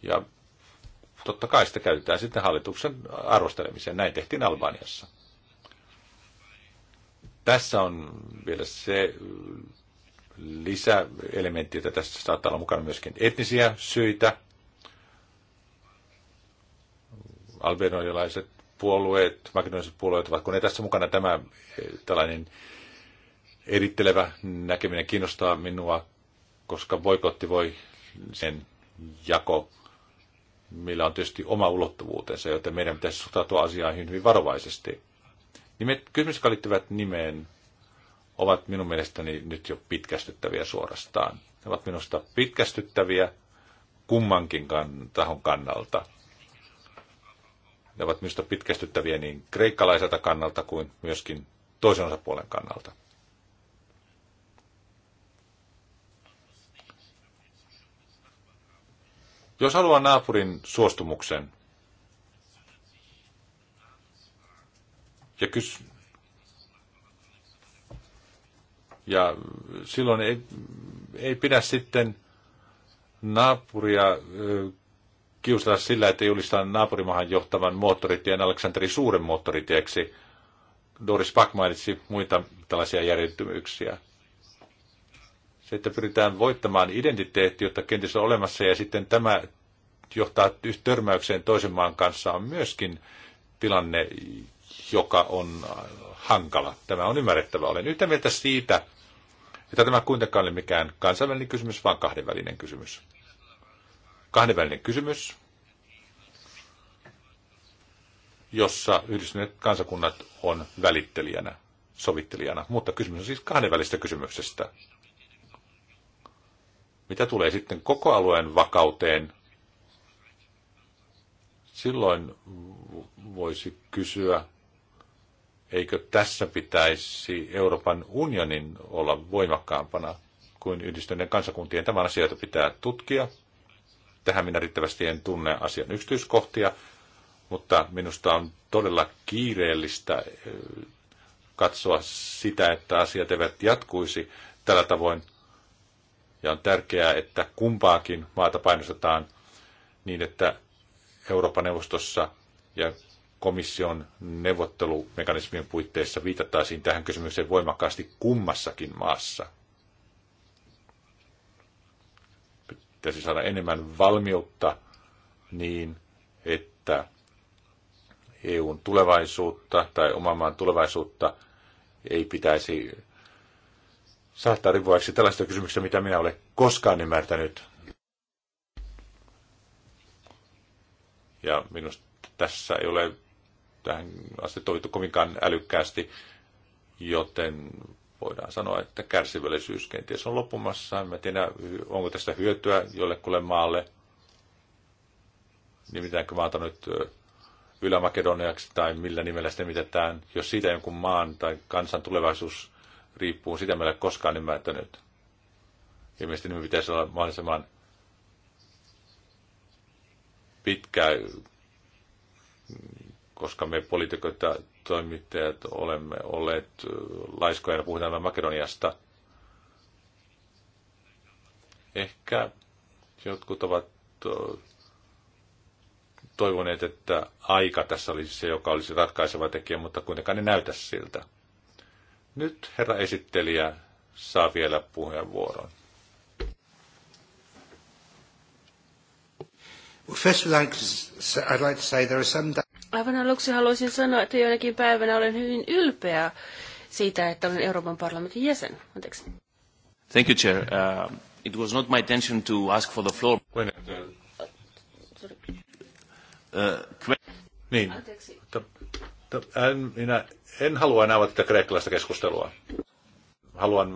Ja totta kai sitä käytetään sitten hallituksen arvostelemiseen. Näin tehtiin Albaniassa. Tässä on vielä se äh, lisäelementti, että tässä saattaa olla mukana myöskin etnisiä syitä. Albinolilaiset puolueet, makedoniset puolueet, ovatko ne tässä mukana tämä äh, tällainen erittelevä näkeminen kiinnostaa minua, koska boikotti voi sen jako, millä on tietysti oma ulottuvuutensa, joten meidän pitäisi suhtautua asiaan hyvin varovaisesti. Nimet, kysymykset, jotka liittyvät nimeen, ovat minun mielestäni nyt jo pitkästyttäviä suorastaan. Ne ovat minusta pitkästyttäviä kummankin kan, tahon kannalta. Ne ovat minusta pitkästyttäviä niin kreikkalaiselta kannalta kuin myöskin toisen osapuolen kannalta. Jos haluaa naapurin suostumuksen, Ja, kys... ja silloin ei, ei pidä sitten naapuria kiusata sillä, että julistaan naapurimahan johtavan moottoritien Aleksanteri Suuren moottoritieksi. Doris Pack mainitsi muita tällaisia järjettömyyksiä. Se, että pyritään voittamaan identiteetti, jotta kenties on olemassa, ja sitten tämä johtaa törmäykseen toisen maan kanssa, on myöskin tilanne, joka on hankala. Tämä on ymmärrettävä. Olen yhtä mieltä siitä, että tämä kuitenkaan ole mikään kansainvälinen kysymys, vaan kahdenvälinen kysymys. Kahdenvälinen kysymys, jossa yhdistyneet kansakunnat on välittelijänä, sovittelijana. Mutta kysymys on siis kahdenvälistä kysymyksestä. Mitä tulee sitten koko alueen vakauteen, silloin voisi kysyä, Eikö tässä pitäisi Euroopan unionin olla voimakkaampana kuin yhdistyneiden kansakuntien? Tämä asia, pitää tutkia. Tähän minä riittävästi en tunne asian yksityiskohtia, mutta minusta on todella kiireellistä eh, katsoa sitä, että asiat eivät jatkuisi tällä tavoin. Ja on tärkeää, että kumpaakin maata painostetaan niin, että Euroopan neuvostossa ja komission neuvottelumekanismien puitteissa viitattaisiin tähän kysymykseen voimakkaasti kummassakin maassa. Pitäisi saada enemmän valmiutta niin, että EUn tulevaisuutta tai oman maan tulevaisuutta ei pitäisi saattaa rivuaiksi tällaista kysymyksiä, mitä minä olen koskaan ymmärtänyt. Ja minusta tässä ei ole tähän asti toimittu kovinkaan älykkäästi, joten voidaan sanoa, että kärsivällisyys kenties on loppumassa. En tiedä, onko tästä hyötyä jollekulle maalle. Nimitäänkö maata nyt ylämakedoniaksi tai millä nimellä sitä mitetään. Jos siitä jonkun maan tai kansan tulevaisuus riippuu, sitä meillä koskaan ymmärtänyt. Niin Ilmeisesti me pitäisi olla mahdollisimman pitkä koska me poliitikot ja toimittajat olemme olleet laiskoja ja puhutaan Makedoniasta. Ehkä jotkut ovat toivoneet, että aika tässä olisi se, joka olisi ratkaiseva tekijä, mutta kuitenkaan ne näytä siltä. Nyt herra esittelijä saa vielä puheenvuoron. Well, first I'd like to say there are some Aivan aluksi haluaisin sanoa, että joinakin päivänä olen hyvin ylpeä siitä, että olen Euroopan parlamentin jäsen. Anteeksi. Thank you, Chair. Uh, it was not my intention to ask for the floor. Uh, niin. En, minä en halua enää avata kreikkalaista keskustelua. Haluan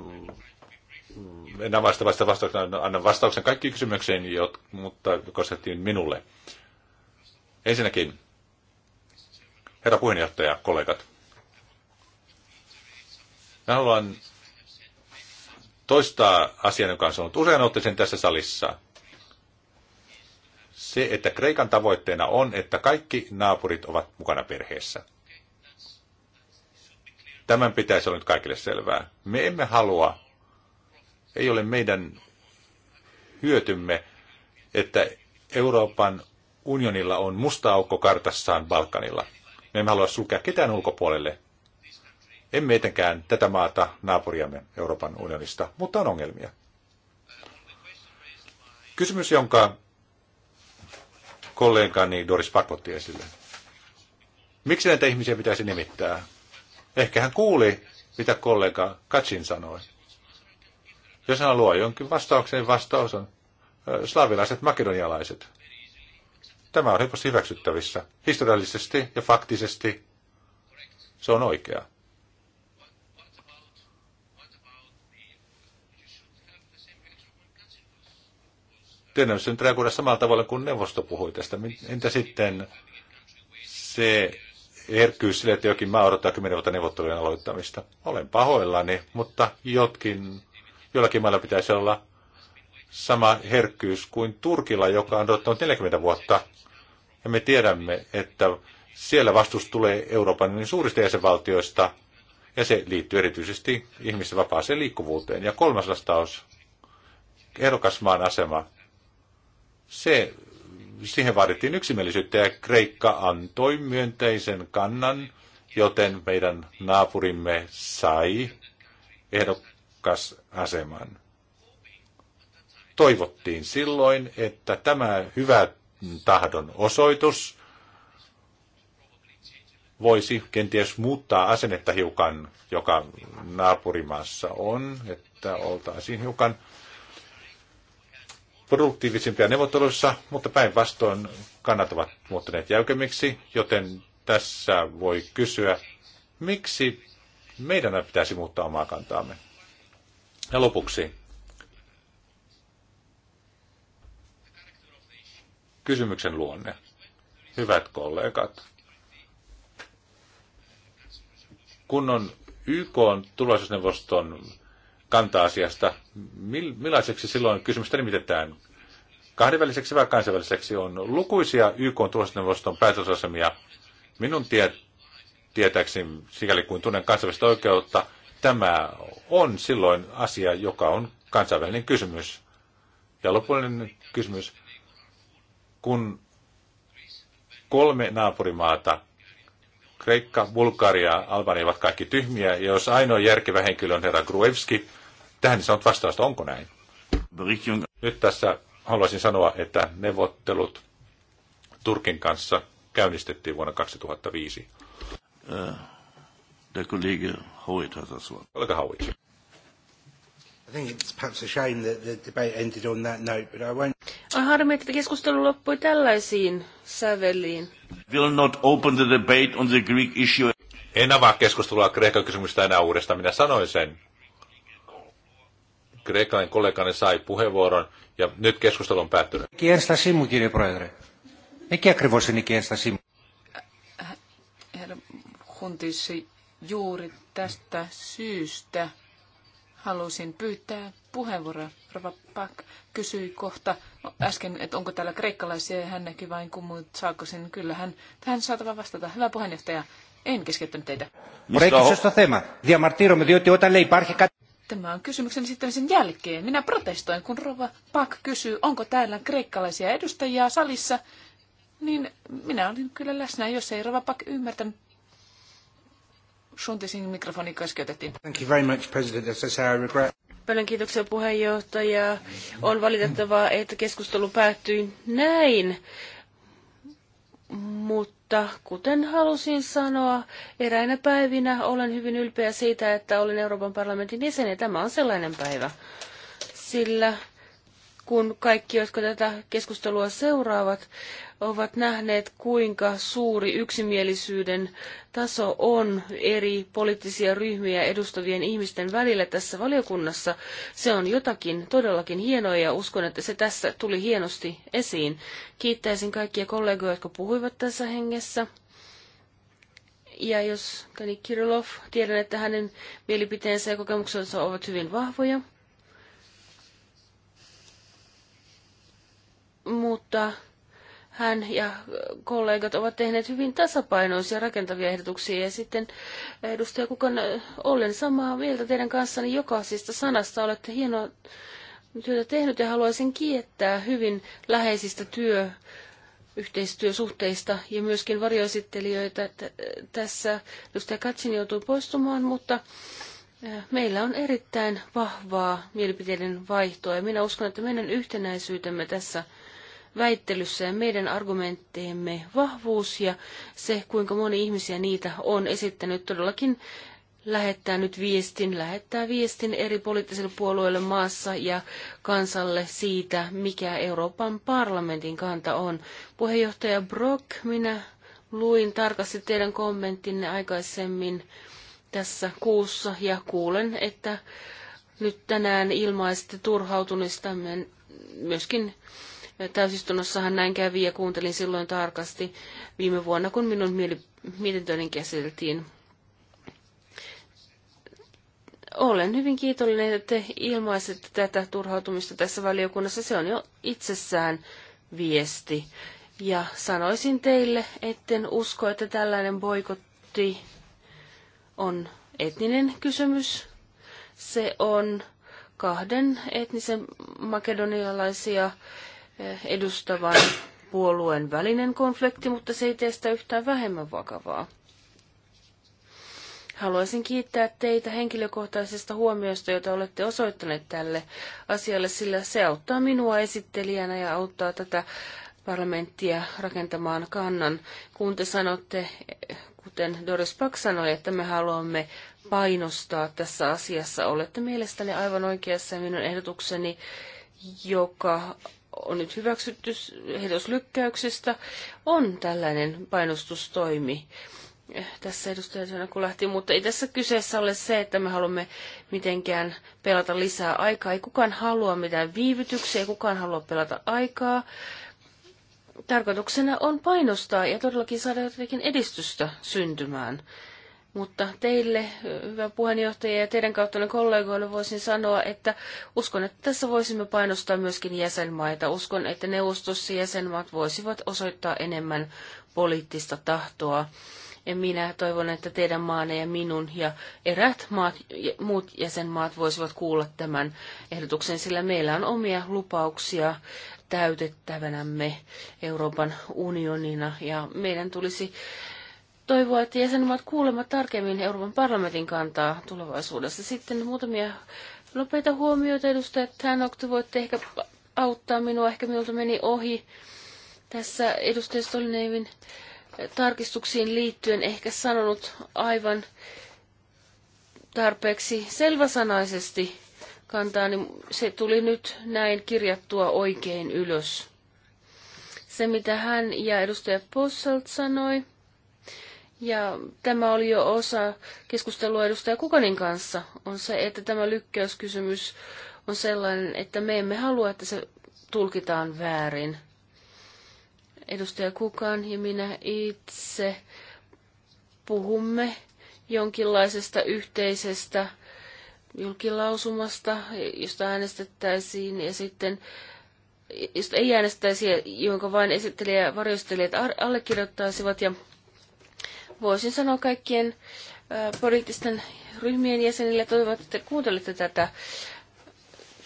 mm, en vasta, vasta, vasta, annan vastauksen kaikkiin kysymyksiin, jotka, mutta koskettiin minulle. Ensinnäkin, Herra puheenjohtaja, kollegat. Mä haluan toistaa asian, joka on sanonut usein sen tässä salissa. Se, että Kreikan tavoitteena on, että kaikki naapurit ovat mukana perheessä. Tämän pitäisi olla nyt kaikille selvää. Me emme halua, ei ole meidän hyötymme, että Euroopan unionilla on musta aukko kartassaan Balkanilla. Me emme halua sulkea ketään ulkopuolelle. Emme etenkään tätä maata, naapuriamme Euroopan unionista, mutta on ongelmia. Kysymys, jonka kollegani Doris pakotti esille. Miksi näitä ihmisiä pitäisi nimittää? Ehkä hän kuuli, mitä kollega Katsin sanoi. Jos hän luo jonkin vastauksen, vastaus on äh, slavilaiset makedonialaiset. Tämä on helposti hyväksyttävissä. Historiallisesti ja faktisesti se on oikea. Tietysti nyt reagoida samalla tavalla kuin neuvosto puhui tästä. Entä sitten se herkkyys sille, että jokin maa odottaa kymmenen vuotta neuvottelujen aloittamista? Olen pahoillani, mutta jotkin, jollakin mailla pitäisi olla sama herkkyys kuin Turkilla, joka on odottanut 40 vuotta ja me tiedämme, että siellä vastus tulee Euroopan niin suurista jäsenvaltioista, ja se liittyy erityisesti ihmisten vapaaseen liikkuvuuteen. Ja kolmas vastaus, ehdokasmaan asema. Se, siihen vaadittiin yksimielisyyttä, ja Kreikka antoi myönteisen kannan, joten meidän naapurimme sai ehdokasaseman. Toivottiin silloin, että tämä hyvä tahdon osoitus voisi kenties muuttaa asennetta hiukan, joka naapurimaassa on, että oltaisiin hiukan produktiivisimpia neuvotteluissa, mutta päinvastoin kannat ovat muuttuneet jäykemmiksi, joten tässä voi kysyä, miksi meidän pitäisi muuttaa omaa kantaamme. Ja lopuksi kysymyksen luonne. Hyvät kollegat, kun on YK on turvallisuusneuvoston kanta-asiasta, millaiseksi silloin kysymystä nimitetään? Kahdenväliseksi vai kansainväliseksi on lukuisia YK on turvallisuusneuvoston päätösasemia. Minun tie, tietääkseni, sikäli kuin tunnen kansainvälistä oikeutta, tämä on silloin asia, joka on kansainvälinen kysymys. Ja lopullinen kysymys, kun kolme naapurimaata, Kreikka, Bulgaria, Albania ovat kaikki tyhmiä, ja jos ainoa järkevä henkilö on herra Gruevski, tähän niin sanot vastausta, onko näin? Nyt tässä haluaisin sanoa, että neuvottelut Turkin kanssa käynnistettiin vuonna 2005. Uh, äh, der Kollege Howitt. I think it's perhaps a shame that the debate ended on that note, but I won't... Harmi, että keskustelu loppui tällaisiin säveliin. Will not open the debate on the Greek issue. En avaa keskustelua Kreikan kysymystä enää uudestaan, minä sanoin sen. Kreikan kollegani sai puheenvuoron ja nyt keskustelu on päättynyt. Kienstasi mun, kirje proedre. Mikä ακριβώς είναι η Herra juuri tästä syystä halusin pyytää puheenvuoroa. Rova Pak kysyi kohta äsken, että onko täällä kreikkalaisia ja hän näki vain kummut saako sen. Kyllä hän, tähän saatava vastata. Hyvä puheenjohtaja, en keskeyttänyt teitä. Tämä on kysymyksen esittämisen jälkeen. Minä protestoin, kun Rova Pak kysyy, onko täällä kreikkalaisia edustajia salissa. Niin minä olin kyllä läsnä, jos ei Rova Pak ymmärtänyt Shuntisin mikrofoni keskeytettiin. Thank you very much, President. As I regret. Paljon kiitoksia puheenjohtaja. On valitettavaa, että keskustelu päättyi näin. Mutta kuten halusin sanoa, eräinä päivinä olen hyvin ylpeä siitä, että olin Euroopan parlamentin jäsen ja tämä on sellainen päivä. Sillä kun kaikki, jotka tätä keskustelua seuraavat, ovat nähneet, kuinka suuri yksimielisyyden taso on eri poliittisia ryhmiä edustavien ihmisten välillä tässä valiokunnassa. Se on jotakin todellakin hienoa ja uskon, että se tässä tuli hienosti esiin. Kiittäisin kaikkia kollegoja, jotka puhuivat tässä hengessä. Ja jos Tani Kirilov, tiedän, että hänen mielipiteensä ja kokemuksensa ovat hyvin vahvoja. mutta hän ja kollegat ovat tehneet hyvin tasapainoisia rakentavia ehdotuksia. Ja sitten edustaja Kukan, olen samaa mieltä teidän kanssanne jokaisesta sanasta. Olette hienoa työtä tehnyt ja haluaisin kiittää hyvin läheisistä työ yhteistyösuhteista ja myöskin varjoesittelijöitä. Tässä edustaja Katsin joutuu poistumaan, mutta eh, meillä on erittäin vahvaa mielipiteiden vaihtoa ja minä uskon, että meidän yhtenäisyytemme tässä – väittelyssä ja meidän argumentteemme vahvuus ja se, kuinka moni ihmisiä niitä on esittänyt todellakin lähettää nyt viestin, lähettää viestin eri poliittisille puolueille maassa ja kansalle siitä, mikä Euroopan parlamentin kanta on. Puheenjohtaja Brock, minä luin tarkasti teidän kommenttinne aikaisemmin tässä kuussa ja kuulen, että nyt tänään ilmaisitte turhautuneista myöskin Täysistunnossahan näin kävi ja kuuntelin silloin tarkasti viime vuonna, kun minun mietintöni käsiteltiin. Olen hyvin kiitollinen, että te ilmaisette tätä turhautumista tässä valiokunnassa. Se on jo itsessään viesti. Ja sanoisin teille, etten usko, että tällainen boikotti on etninen kysymys. Se on kahden etnisen makedonialaisia edustavan puolueen välinen konflikti, mutta se ei teistä yhtään vähemmän vakavaa. Haluaisin kiittää teitä henkilökohtaisesta huomiosta, jota olette osoittaneet tälle asialle, sillä se auttaa minua esittelijänä ja auttaa tätä parlamenttia rakentamaan kannan. Kun te sanotte, kuten Doris Pak sanoi, että me haluamme painostaa tässä asiassa, olette mielestäni aivan oikeassa minun ehdotukseni, joka on nyt hyväksytty heitoslykäyksestä, on tällainen painostustoimi. Tässä edustaja kun lähti, mutta ei tässä kyseessä ole se, että me haluamme mitenkään pelata lisää aikaa. Ei kukaan halua mitään viivytyksiä, ei kukaan halua pelata aikaa. Tarkoituksena on painostaa ja todellakin saada jotenkin edistystä syntymään. Mutta teille, hyvä puheenjohtaja ja teidän kautta kollegoille voisin sanoa, että uskon, että tässä voisimme painostaa myöskin jäsenmaita. Uskon, että neuvostossa jäsenmaat voisivat osoittaa enemmän poliittista tahtoa. Ja minä toivon, että teidän maanne ja minun ja erät maat, muut jäsenmaat voisivat kuulla tämän ehdotuksen, sillä meillä on omia lupauksia täytettävänämme Euroopan unionina ja meidän tulisi toivoa, että jäsenmaat kuulevat tarkemmin Euroopan parlamentin kantaa tulevaisuudessa. Sitten muutamia nopeita huomioita, edustajat Tanok, te voitte ehkä auttaa minua, ehkä minulta meni ohi tässä edustaja Stolineivin tarkistuksiin liittyen ehkä sanonut aivan tarpeeksi selväsanaisesti kantaa, niin se tuli nyt näin kirjattua oikein ylös. Se, mitä hän ja edustaja Posselt sanoi, ja tämä oli jo osa keskustelua edustaja Kukanin kanssa, on se, että tämä lykkäyskysymys on sellainen, että me emme halua, että se tulkitaan väärin. Edustaja Kukan ja minä itse puhumme jonkinlaisesta yhteisestä julkilausumasta, josta äänestettäisiin ja sitten josta ei äänestäisi, jonka vain esittelijä ja varjostelijat allekirjoittaisivat ja voisin sanoa kaikkien poliittisten ryhmien jäsenille, toivon, että kuuntelette tätä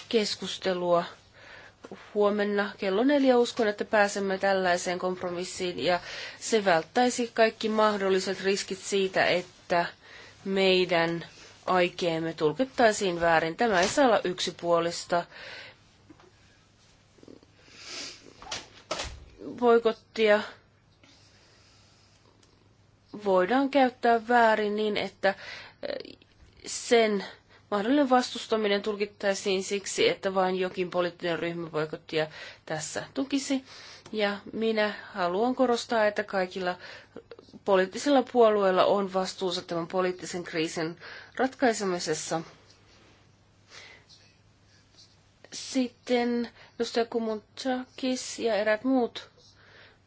keskustelua huomenna kello neljä uskon, että pääsemme tällaiseen kompromissiin ja se välttäisi kaikki mahdolliset riskit siitä, että meidän aikeemme tulkittaisiin väärin. Tämä ei saa olla yksipuolista. boikottia voidaan käyttää väärin niin, että eh, sen mahdollinen vastustaminen tulkittaisiin siksi, että vain jokin poliittinen ryhmä boikottia tässä tukisi. Ja minä haluan korostaa, että kaikilla poliittisilla puolueilla on vastuussa tämän poliittisen kriisin ratkaisemisessa. Sitten edustaja Kumutsakis ja erät muut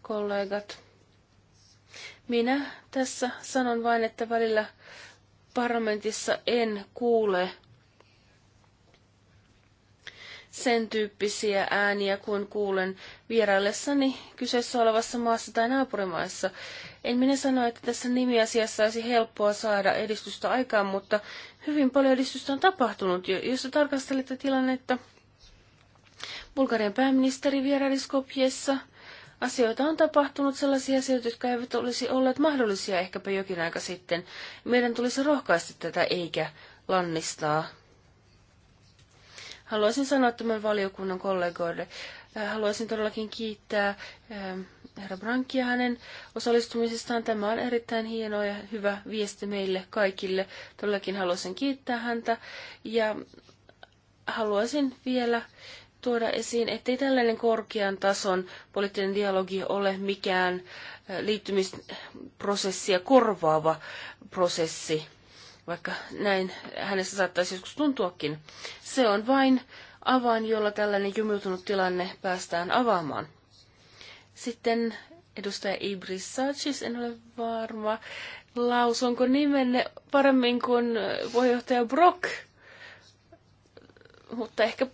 kollegat minä tässä sanon vain, että välillä parlamentissa en kuule sen tyyppisiä ääniä kuin kuulen vieraillessani kyseessä olevassa maassa tai naapurimaissa. En minä sano, että tässä nimiasiassa olisi helppoa saada edistystä aikaan, mutta hyvin paljon edistystä on tapahtunut. Jos tarkastelette tilannetta, Bulgarian pääministeri vieraili Skopjessa – asioita on tapahtunut, sellaisia asioita, jotka eivät olisi olleet mahdollisia ehkäpä jokin aika sitten. Meidän tulisi rohkaista tätä eikä lannistaa. Haluaisin sanoa tämän valiokunnan kollegoille, äh, haluaisin todellakin kiittää ähm, herra Brankia hänen osallistumisestaan. Tämä on erittäin hieno ja hyvä viesti meille kaikille. Todellakin haluaisin kiittää häntä ja haluaisin vielä tuoda esiin, ettei tällainen korkean tason poliittinen dialogi ole mikään liittymisprosessia korvaava prosessi, vaikka näin hänestä saattaisi joskus tuntuakin. Se on vain avain, jolla tällainen jumiutunut tilanne päästään avaamaan. Sitten edustaja Ibris Sachis, en ole varma, lausunko nimenne paremmin kuin puheenjohtaja Brock, mutta ehkä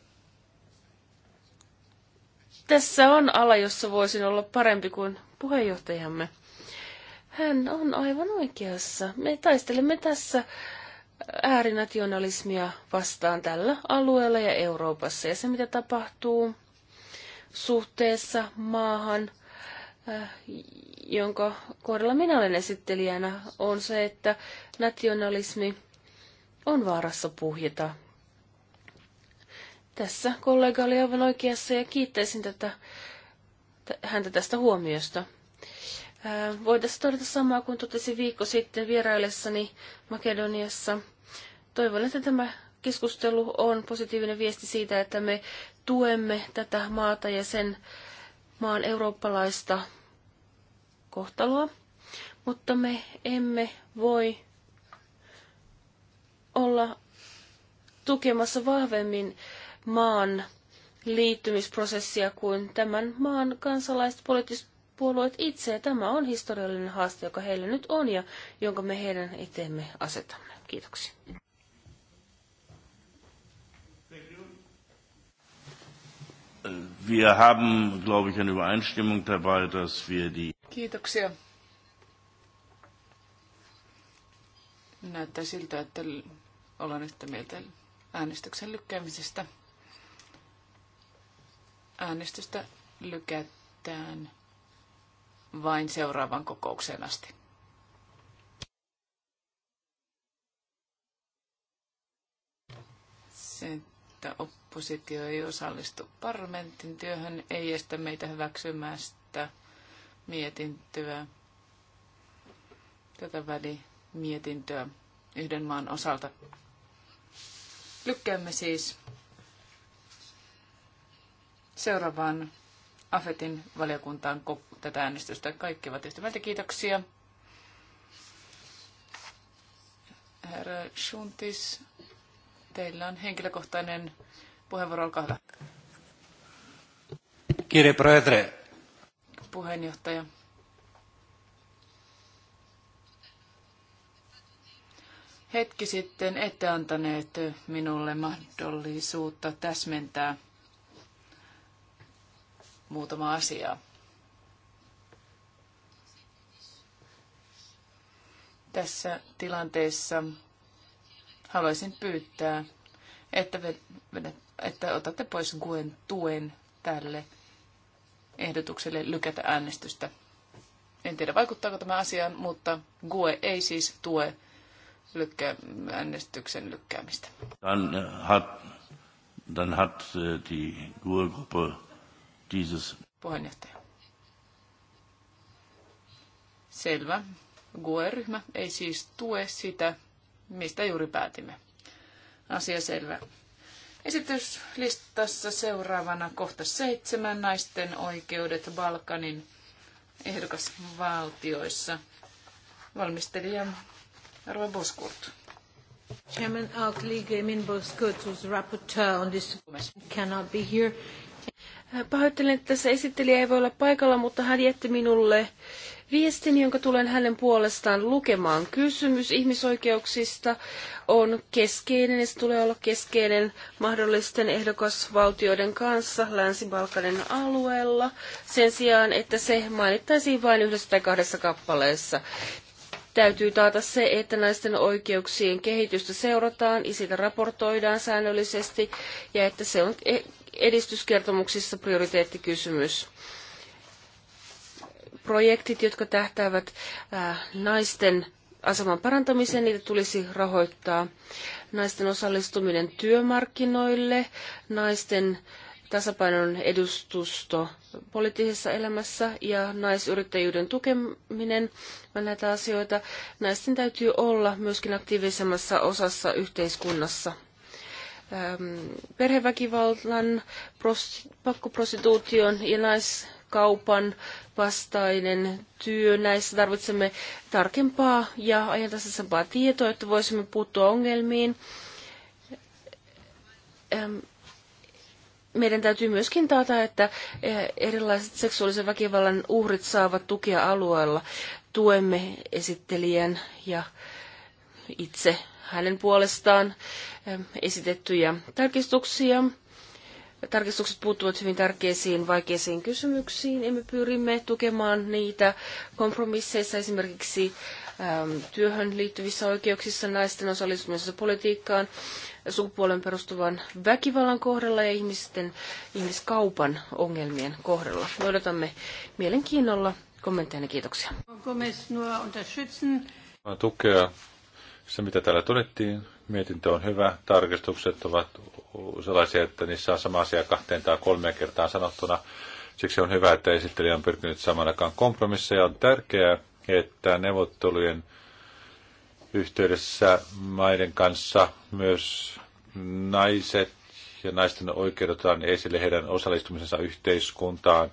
tässä on ala, jossa voisin olla parempi kuin puheenjohtajamme. Hän on aivan oikeassa. Me taistelemme tässä äärinationalismia vastaan tällä alueella ja Euroopassa. Ja se, mitä tapahtuu suhteessa maahan, äh, jonka kohdalla minä olen esittelijänä, on se, että nationalismi on vaarassa puhjeta tässä kollega oli aivan oikeassa ja kiittäisin tätä, häntä tästä huomiosta. Voitaisiin todeta samaa kuin totesin viikko sitten vieraillessani Makedoniassa. Toivon, että tämä keskustelu on positiivinen viesti siitä, että me tuemme tätä maata ja sen maan eurooppalaista kohtaloa, mutta me emme voi olla tukemassa vahvemmin maan liittymisprosessia kuin tämän maan kansalaiset, poliittiset puolueet itse. Ja tämä on historiallinen haaste, joka heillä nyt on ja jonka me heidän eteemme asetamme. Kiitoksia. Wir haben, glaube ich, eine Übereinstimmung dabei, dass wir die. Kiitoksia. Näyttää siltä, että olen yhtä mieltä äänestyksen lykkäämisestä. Äänestystä lykätään vain seuraavan kokoukseen asti. Se, että oppositio ei osallistu parlamentin työhön, ei estä meitä hyväksymästä mietintöä, tätä välimietintöä yhden maan osalta. Lykkäämme siis seuraavaan AFETin valiokuntaan tätä äänestystä. Kaikki ovat ystävältä kiitoksia. Herra Schuntis, teillä on henkilökohtainen puheenvuoro, olkaa hyvä. Kiire Proedre. Puheenjohtaja. Hetki sitten ette antaneet minulle mahdollisuutta täsmentää muutama asia. Tässä tilanteessa haluaisin pyytää, että, että otatte pois kuen tuen tälle ehdotukselle lykätä äänestystä. En tiedä vaikuttaako tämä asiaan, mutta GUE ei siis tue lykkää, äänestyksen lykkäämistä. Dann äh, hat, dann hat äh, die GUE-Gruppe dieses... Puheenjohtaja. Selvä. GUE-ryhmä ei siis tue sitä, mistä juuri päätimme. Asia selvä. Esityslistassa seuraavana kohta seitsemän naisten oikeudet Balkanin ehdokasvaltioissa. Valmistelija Arva Boskurt. Chairman, our colleague Emin Boskurt, who's rapporteur on this, cannot be here. Pahoittelen, että tässä esittelijä ei voi olla paikalla, mutta hän jätti minulle viestin, jonka tulen hänen puolestaan lukemaan. Kysymys ihmisoikeuksista on keskeinen ja se tulee olla keskeinen mahdollisten ehdokasvaltioiden kanssa Länsi-Balkanin alueella sen sijaan, että se mainittaisiin vain yhdessä tai kahdessa kappaleessa. Täytyy taata se, että naisten oikeuksien kehitystä seurataan ja siitä raportoidaan säännöllisesti ja että se on edistyskertomuksissa prioriteettikysymys. Projektit, jotka tähtäävät äh, naisten aseman parantamiseen, niitä tulisi rahoittaa. Naisten osallistuminen työmarkkinoille, naisten tasapainon edustusto poliittisessa elämässä ja naisyrittäjyyden tukeminen on näitä asioita. Naisten täytyy olla myöskin aktiivisemmassa osassa yhteiskunnassa. Ähm, perheväkivallan, pakkoprostituution ja naiskaupan vastainen työ. Näissä tarvitsemme tarkempaa ja ajantasaisempaa tietoa, että voisimme puuttua ongelmiin. Ähm, meidän täytyy myöskin taata, että eh, erilaiset seksuaalisen väkivallan uhrit saavat tukea alueella. Tuemme esittelijän ja itse hänen puolestaan ähm, esitettyjä tarkistuksia. Tarkistukset puuttuvat hyvin tärkeisiin vaikeisiin kysymyksiin ja me pyrimme tukemaan niitä kompromisseissa esimerkiksi ähm, työhön liittyvissä oikeuksissa, naisten osallistumisessa politiikkaan, sukupuolen perustuvan väkivallan kohdalla ja ihmisten ihmiskaupan ongelmien kohdalla. Me odotamme mielenkiinnolla kommentteja ja kiitoksia. Tukea se, mitä täällä todettiin, mietintö on hyvä. Tarkistukset ovat sellaisia, että niissä on sama asia kahteen tai kolmeen kertaan sanottuna. Siksi on hyvä, että esittelijä on pyrkinyt samaan aikaan kompromisseja. On tärkeää, että neuvottelujen yhteydessä maiden kanssa myös naiset ja naisten oikeudet on esille heidän osallistumisensa yhteiskuntaan.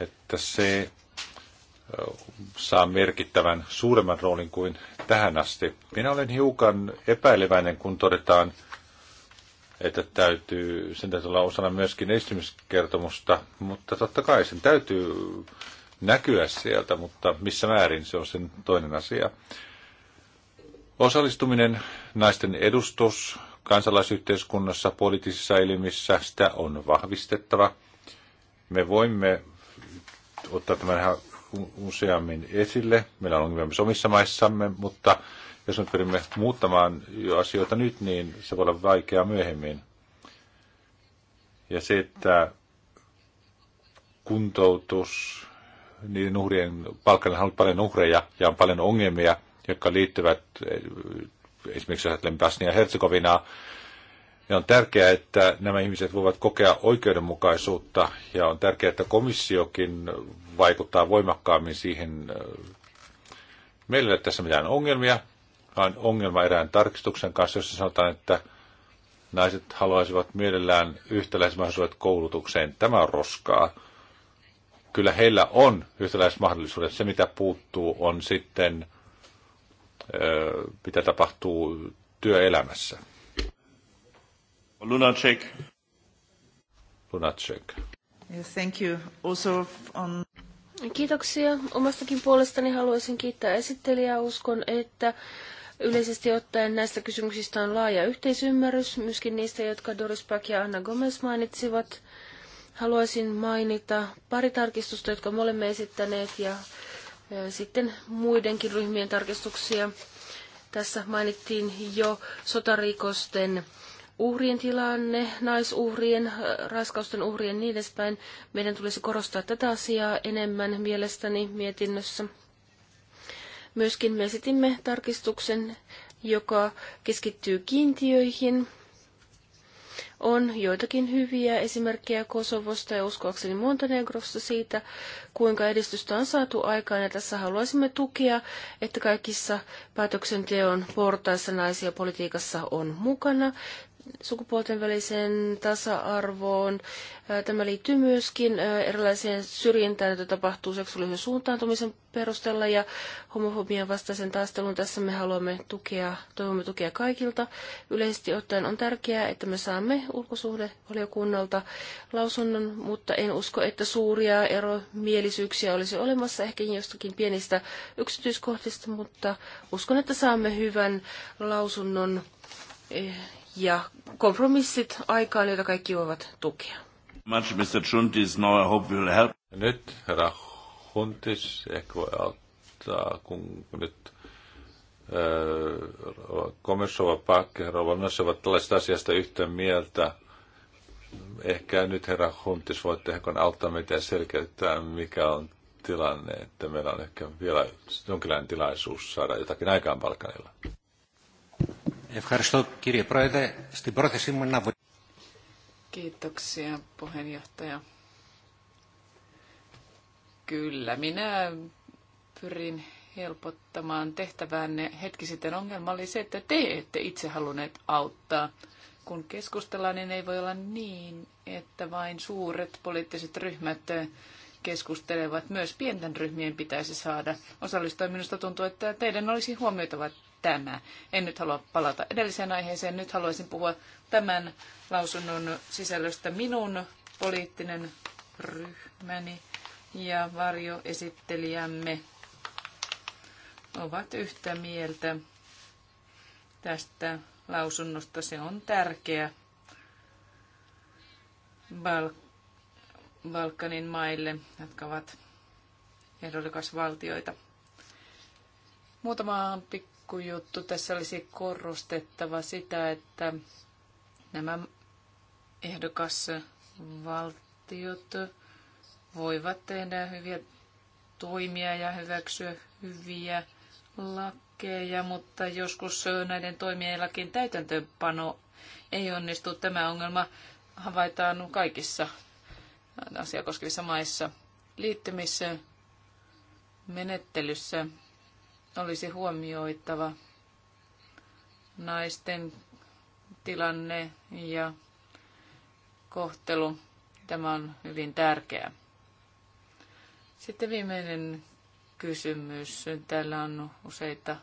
Että se saa merkittävän suuremman roolin kuin tähän asti. Minä olen hiukan epäileväinen, kun todetaan, että täytyy, sen täytyy olla osana myöskin edistymiskertomusta, mutta totta kai sen täytyy näkyä sieltä, mutta missä määrin se on sen toinen asia. Osallistuminen, naisten edustus kansalaisyhteiskunnassa, poliittisissa elimissä, sitä on vahvistettava. Me voimme ottaa tämän useammin esille. Meillä on ongelmia myös omissa maissamme, mutta jos me pyrimme muuttamaan jo asioita nyt, niin se voi olla vaikeaa myöhemmin. Ja se, että kuntoutus, niiden uhrien palkalla on paljon uhreja ja on paljon ongelmia, jotka liittyvät eh, esimerkiksi ajatellen Bosnia ja Herzegovinaa, ja on tärkeää, että nämä ihmiset voivat kokea oikeudenmukaisuutta ja on tärkeää, että komissiokin vaikuttaa voimakkaammin siihen. Äh, meillä ei ole tässä mitään ongelmia, vaan ongelma erään tarkistuksen kanssa, jossa sanotaan, että naiset haluaisivat mielellään yhtäläismahdollisuudet koulutukseen. Tämä on roskaa. Kyllä heillä on yhtäläismahdollisuudet. Se, mitä puuttuu, on sitten, äh, mitä tapahtuu työelämässä. Lunacek. Lunacek. thank you. Also on... Kiitoksia. Omastakin puolestani haluaisin kiittää esittelijää. Uskon, että Yleisesti ottaen näistä kysymyksistä on laaja yhteisymmärrys, myöskin niistä, jotka Doris Pack ja Anna Gomez mainitsivat. Haluaisin mainita pari tarkistusta, jotka me olemme esittäneet ja sitten muidenkin ryhmien tarkistuksia. Tässä mainittiin jo sotarikosten uhrien tilanne, naisuhrien, raskausten uhrien niin edespäin. Meidän tulisi korostaa tätä asiaa enemmän mielestäni mietinnössä. Myöskin me esitimme tarkistuksen, joka keskittyy kiintiöihin. On joitakin hyviä esimerkkejä Kosovosta ja uskoakseni Montenegrosta siitä, kuinka edistystä on saatu aikaan. Ja tässä haluaisimme tukea, että kaikissa päätöksenteon portaissa naisia politiikassa on mukana sukupuolten väliseen tasa-arvoon. Tämä liittyy myöskin erilaiseen syrjintään, jota tapahtuu seksuaalisen suuntaantumisen perusteella ja homofobian vastaisen taistelun. Tässä me haluamme tukea, toivomme tukea kaikilta. Yleisesti ottaen on tärkeää, että me saamme ulkosuhdevaliokunnalta lausunnon, mutta en usko, että suuria eromielisyyksiä olisi olemassa, ehkä jostakin pienistä yksityiskohdista, mutta uskon, että saamme hyvän lausunnon eh, ja kompromissit aikaan, joita kaikki voivat tukea. Much Mr. Chuntis, now I hope help. Nyt herra Huntis ehkä voi auttaa, kun nyt äh, Komissova Pakke, herra Valnas ovat tällaista asiasta yhtä mieltä. Ehkä nyt herra Huntis voitte ehkä auttaa meitä ja selkeyttää, mikä on tilanne, että meillä on ehkä vielä jonkinlainen tilaisuus saada jotakin aikaan Balkanilla. Ευχαριστώ κύριε Πρόεδρε. Στην πρόθεσή μου να Kiitoksia puheenjohtaja. Kyllä, minä pyrin helpottamaan tehtäväänne. Hetki sitten ongelma oli se, että te ette itse halunneet auttaa. Kun keskustellaan, niin ei voi olla niin, että vain suuret poliittiset ryhmät keskustelevat. Myös pienten ryhmien pitäisi saada osallistua. Minusta tuntuu, että teidän olisi huomioitava tämä. En nyt halua palata edelliseen aiheeseen. Nyt haluaisin puhua tämän lausunnon sisällöstä minun poliittinen ryhmäni ja varjoesittelijämme ovat yhtä mieltä tästä lausunnosta. Se on tärkeä Bal- Balkanin maille, jotka ovat ehdollikasvaltioita. Muutama pikku pikkujuttu. Tässä olisi korostettava sitä, että nämä ehdokasvaltiot voivat tehdä hyviä toimia ja hyväksyä hyviä lakkeja, mutta joskus näiden toimijallakin täytäntöönpano ei onnistu. Tämä ongelma havaitaan kaikissa asiakoskevissa maissa liittymissä menettelyssä olisi huomioitava naisten tilanne ja kohtelu. Tämä on hyvin tärkeää. Sitten viimeinen kysymys. Täällä on useita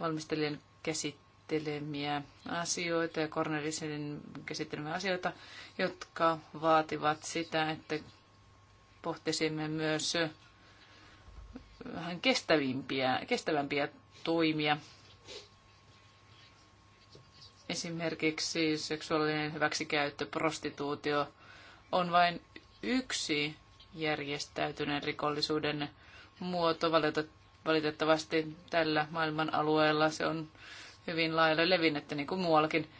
valmistelijan käsittelemiä asioita ja Cornelisenin käsittelemiä asioita, jotka vaativat sitä, että pohtisimme myös vähän kestävimpiä, kestävämpiä toimia. Esimerkiksi seksuaalinen hyväksikäyttö, prostituutio on vain yksi järjestäytyneen rikollisuuden muoto. Valitettavasti tällä maailman alueella se on hyvin laajalle levinnettä, niin kuin muuallakin.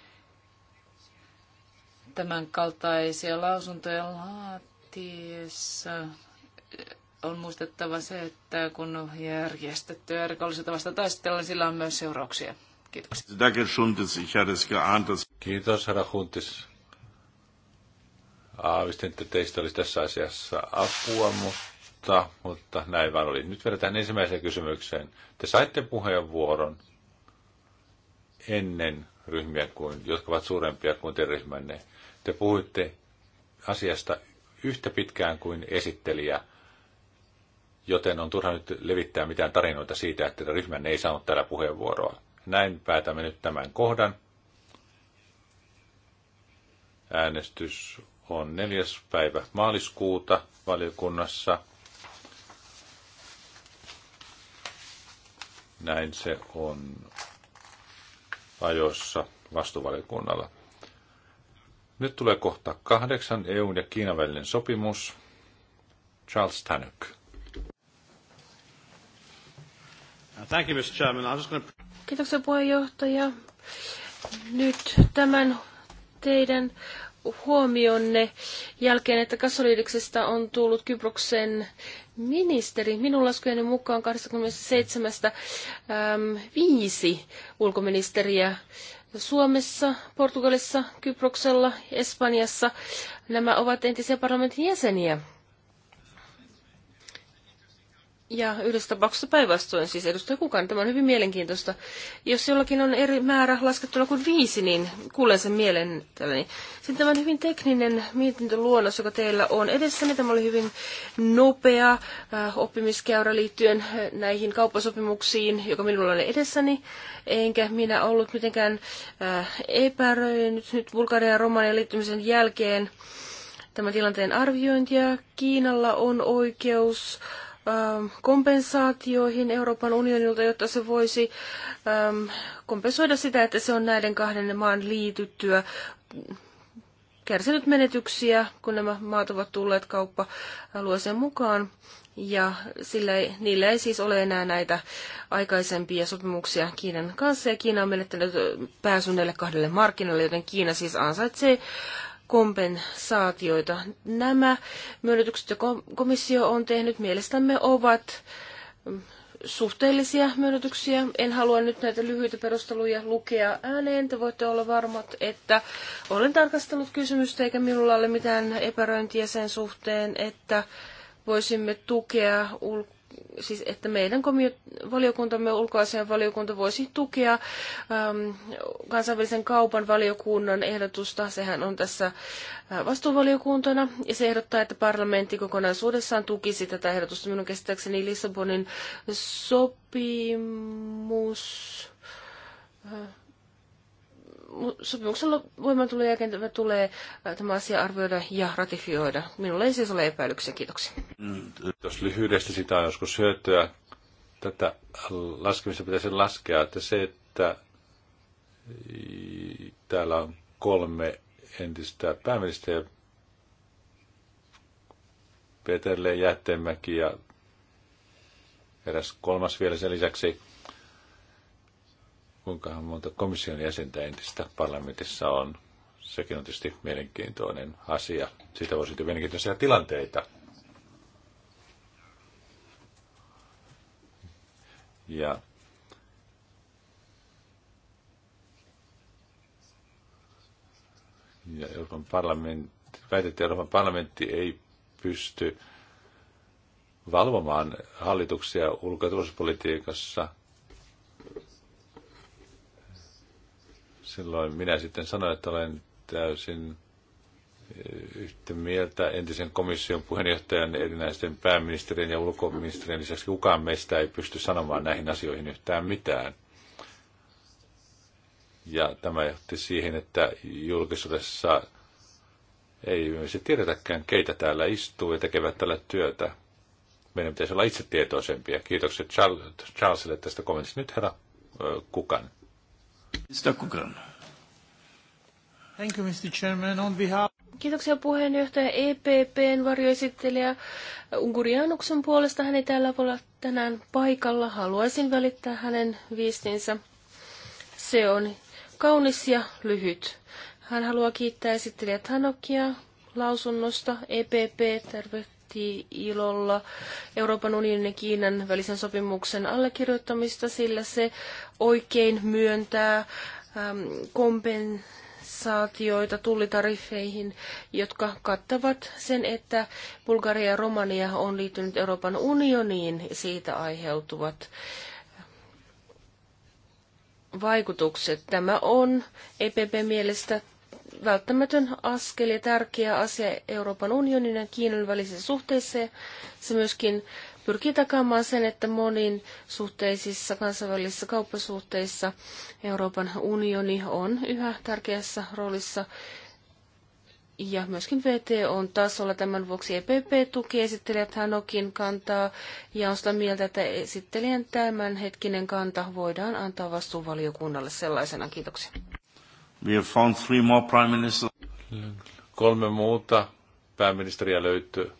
Tämän kaltaisia lausuntoja laatiessa on muistettava se, että kun järjestettyä rikollisuutta vasta taistellaan, sillä on myös seurauksia. Kiitoksia. Kiitos, herra Huntis. Aavistin, että teistä olisi tässä asiassa apua, mutta, mutta näin vaan oli. Nyt vielä tähän ensimmäiseen kysymykseen. Te saitte puheenvuoron ennen ryhmiä, kuin, jotka ovat suurempia kuin te ryhmänne. Te puhuitte asiasta yhtä pitkään kuin esittelijä – joten on turha nyt levittää mitään tarinoita siitä, että ryhmän ei saanut täällä puheenvuoroa. Näin päätämme nyt tämän kohdan. Äänestys on neljäs päivä maaliskuuta valiokunnassa. Näin se on ajoissa vastuvaliokunnalla. Nyt tulee kohta kahdeksan EUn ja Kiinan välinen sopimus. Charles Tannock. Thank you, Mr. Chairman. I'm just Kiitoksia puheenjohtaja. Nyt tämän teidän huomionne jälkeen, että Kasoliideksesta on tullut Kyproksen ministeri. Minun laskujeni mukaan 275 viisi ulkoministeriä Suomessa, Portugalissa, Kyproksella, Espanjassa. Nämä ovat entisiä parlamentin jäseniä. Ja yhdessä tapauksessa päinvastoin, siis edustaja kukaan, tämä on hyvin mielenkiintoista. Jos jollakin on eri määrä laskettuna kuin viisi, niin kuulen sen mielen tälläni. Sitten tämä on hyvin tekninen mietintöluonnos, joka teillä on edessä. Tämä oli hyvin nopea äh, oppimiskäyrä liittyen äh, näihin kauppasopimuksiin, joka minulla oli edessäni. Enkä minä ollut mitenkään äh, epäröinyt nyt Bulgarian ja Romanian liittymisen jälkeen tämän tilanteen arviointia. Kiinalla on oikeus Ähm, kompensaatioihin Euroopan unionilta, jotta se voisi ähm, kompensoida sitä, että se on näiden kahden maan liityttyä kärsinyt menetyksiä, kun nämä maat ovat tulleet kauppa-alueeseen mukaan. Ja sillä ei, niillä ei siis ole enää näitä aikaisempia sopimuksia Kiinan kanssa, ja Kiina on menettänyt pääsyn näille kahdelle markkinoille, joten Kiina siis ansaitsee kompensaatioita. Nämä myönnytykset, joita komissio on tehnyt, mielestämme ovat suhteellisia myönnytyksiä. En halua nyt näitä lyhyitä perusteluja lukea ääneen. Te voitte olla varmat, että olen tarkastellut kysymystä eikä minulla ole mitään epäröintiä sen suhteen, että voisimme tukea ulko- siis että meidän valiokuntamme ulkoasian valiokunta voisi tukea äm, kansainvälisen kaupan valiokunnan ehdotusta. Sehän on tässä äh, vastuuvaliokuntana ja se ehdottaa, että parlamentti kokonaisuudessaan tukisi tätä ehdotusta. Minun käsittääkseni Lissabonin sopimus äh, sopimuksen tulee jälkeen tämä tulee tämä asia arvioida ja ratifioida. Minulla ei siis ole epäilyksiä. Kiitoksia. Jos lyhyesti sitä on joskus hyötyä, tätä laskemista pitäisi laskea, että se, että täällä on kolme entistä pääministeriä, Peterle Jättemäki ja eräs kolmas vielä sen lisäksi – kuinka monta komission jäsentä entistä parlamentissa on. Sekin on tietysti mielenkiintoinen asia. Siitä voi syntyä mielenkiintoisia tilanteita. Ja ja Euroopan parlamentti, väitettiin, Euroopan parlamentti ei pysty valvomaan hallituksia ulko- ja turvallisuuspolitiikassa – Silloin minä sitten sanoin, että olen täysin yhtä mieltä entisen komission puheenjohtajan, erinäisten pääministerien ja ulkoministerien lisäksi kukaan meistä ei pysty sanomaan näihin asioihin yhtään mitään. Ja tämä johti siihen, että julkisuudessa ei se tiedetäkään, keitä täällä istuu ja tekevät tällä työtä. Meidän pitäisi olla itse tietoisempia. Kiitokset Charlesille tästä kommentista. Nyt herra Kukan. Mr. Kukan. Thank you, Mr. Chairman. On behalf... Kiitoksia puheenjohtaja EPPn varjoesittelijä Ungurianuksen puolesta. Hän ei täällä voi olla tänään paikalla. Haluaisin välittää hänen viestinsä. Se on kaunis ja lyhyt. Hän haluaa kiittää esittelijä Tanokia lausunnosta. EPP terve, tervehtii ilolla Euroopan unionin ja Kiinan välisen sopimuksen allekirjoittamista, sillä se oikein myöntää kompensaatioita tullitariffeihin, jotka kattavat sen, että Bulgaria ja Romania on liittynyt Euroopan unioniin siitä aiheutuvat vaikutukset. Tämä on EPP mielestä välttämätön askel ja tärkeä asia Euroopan unionin ja Kiinan välisissä suhteissa. Se myöskin pyrkii takaamaan sen, että monin suhteisissa kansainvälisissä kauppasuhteissa Euroopan unioni on yhä tärkeässä roolissa ja myöskin VT on tasolla. Tämän vuoksi EPP tuki esittelijät Hanokin kantaa ja on sitä mieltä, että esittelijän tämänhetkinen kanta voidaan antaa vastuuvaliokunnalle sellaisena. Kiitoksia. We have found three more prime ministers. Kolme muuta pääministeriä löytyy.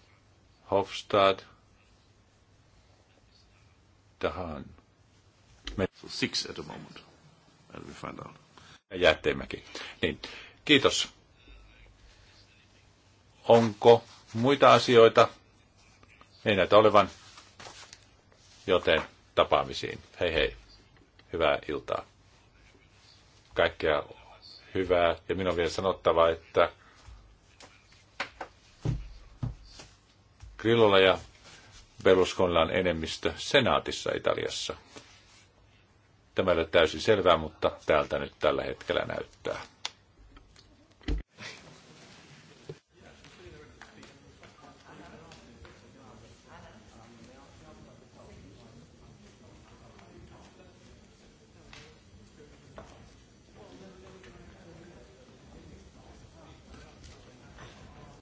Hofstad, Dahan. So six at the moment. And we find out. Jäätteimäki. Niin. Kiitos. Onko muita asioita? Ei näitä olevan. Joten tapaamisiin. Hei hei. Hyvää iltaa. Kaikkea hyvää. Ja minun on vielä sanottava, että Grillolla ja Berlusconilla on enemmistö senaatissa Italiassa. Tämä ei ole täysin selvää, mutta täältä nyt tällä hetkellä näyttää.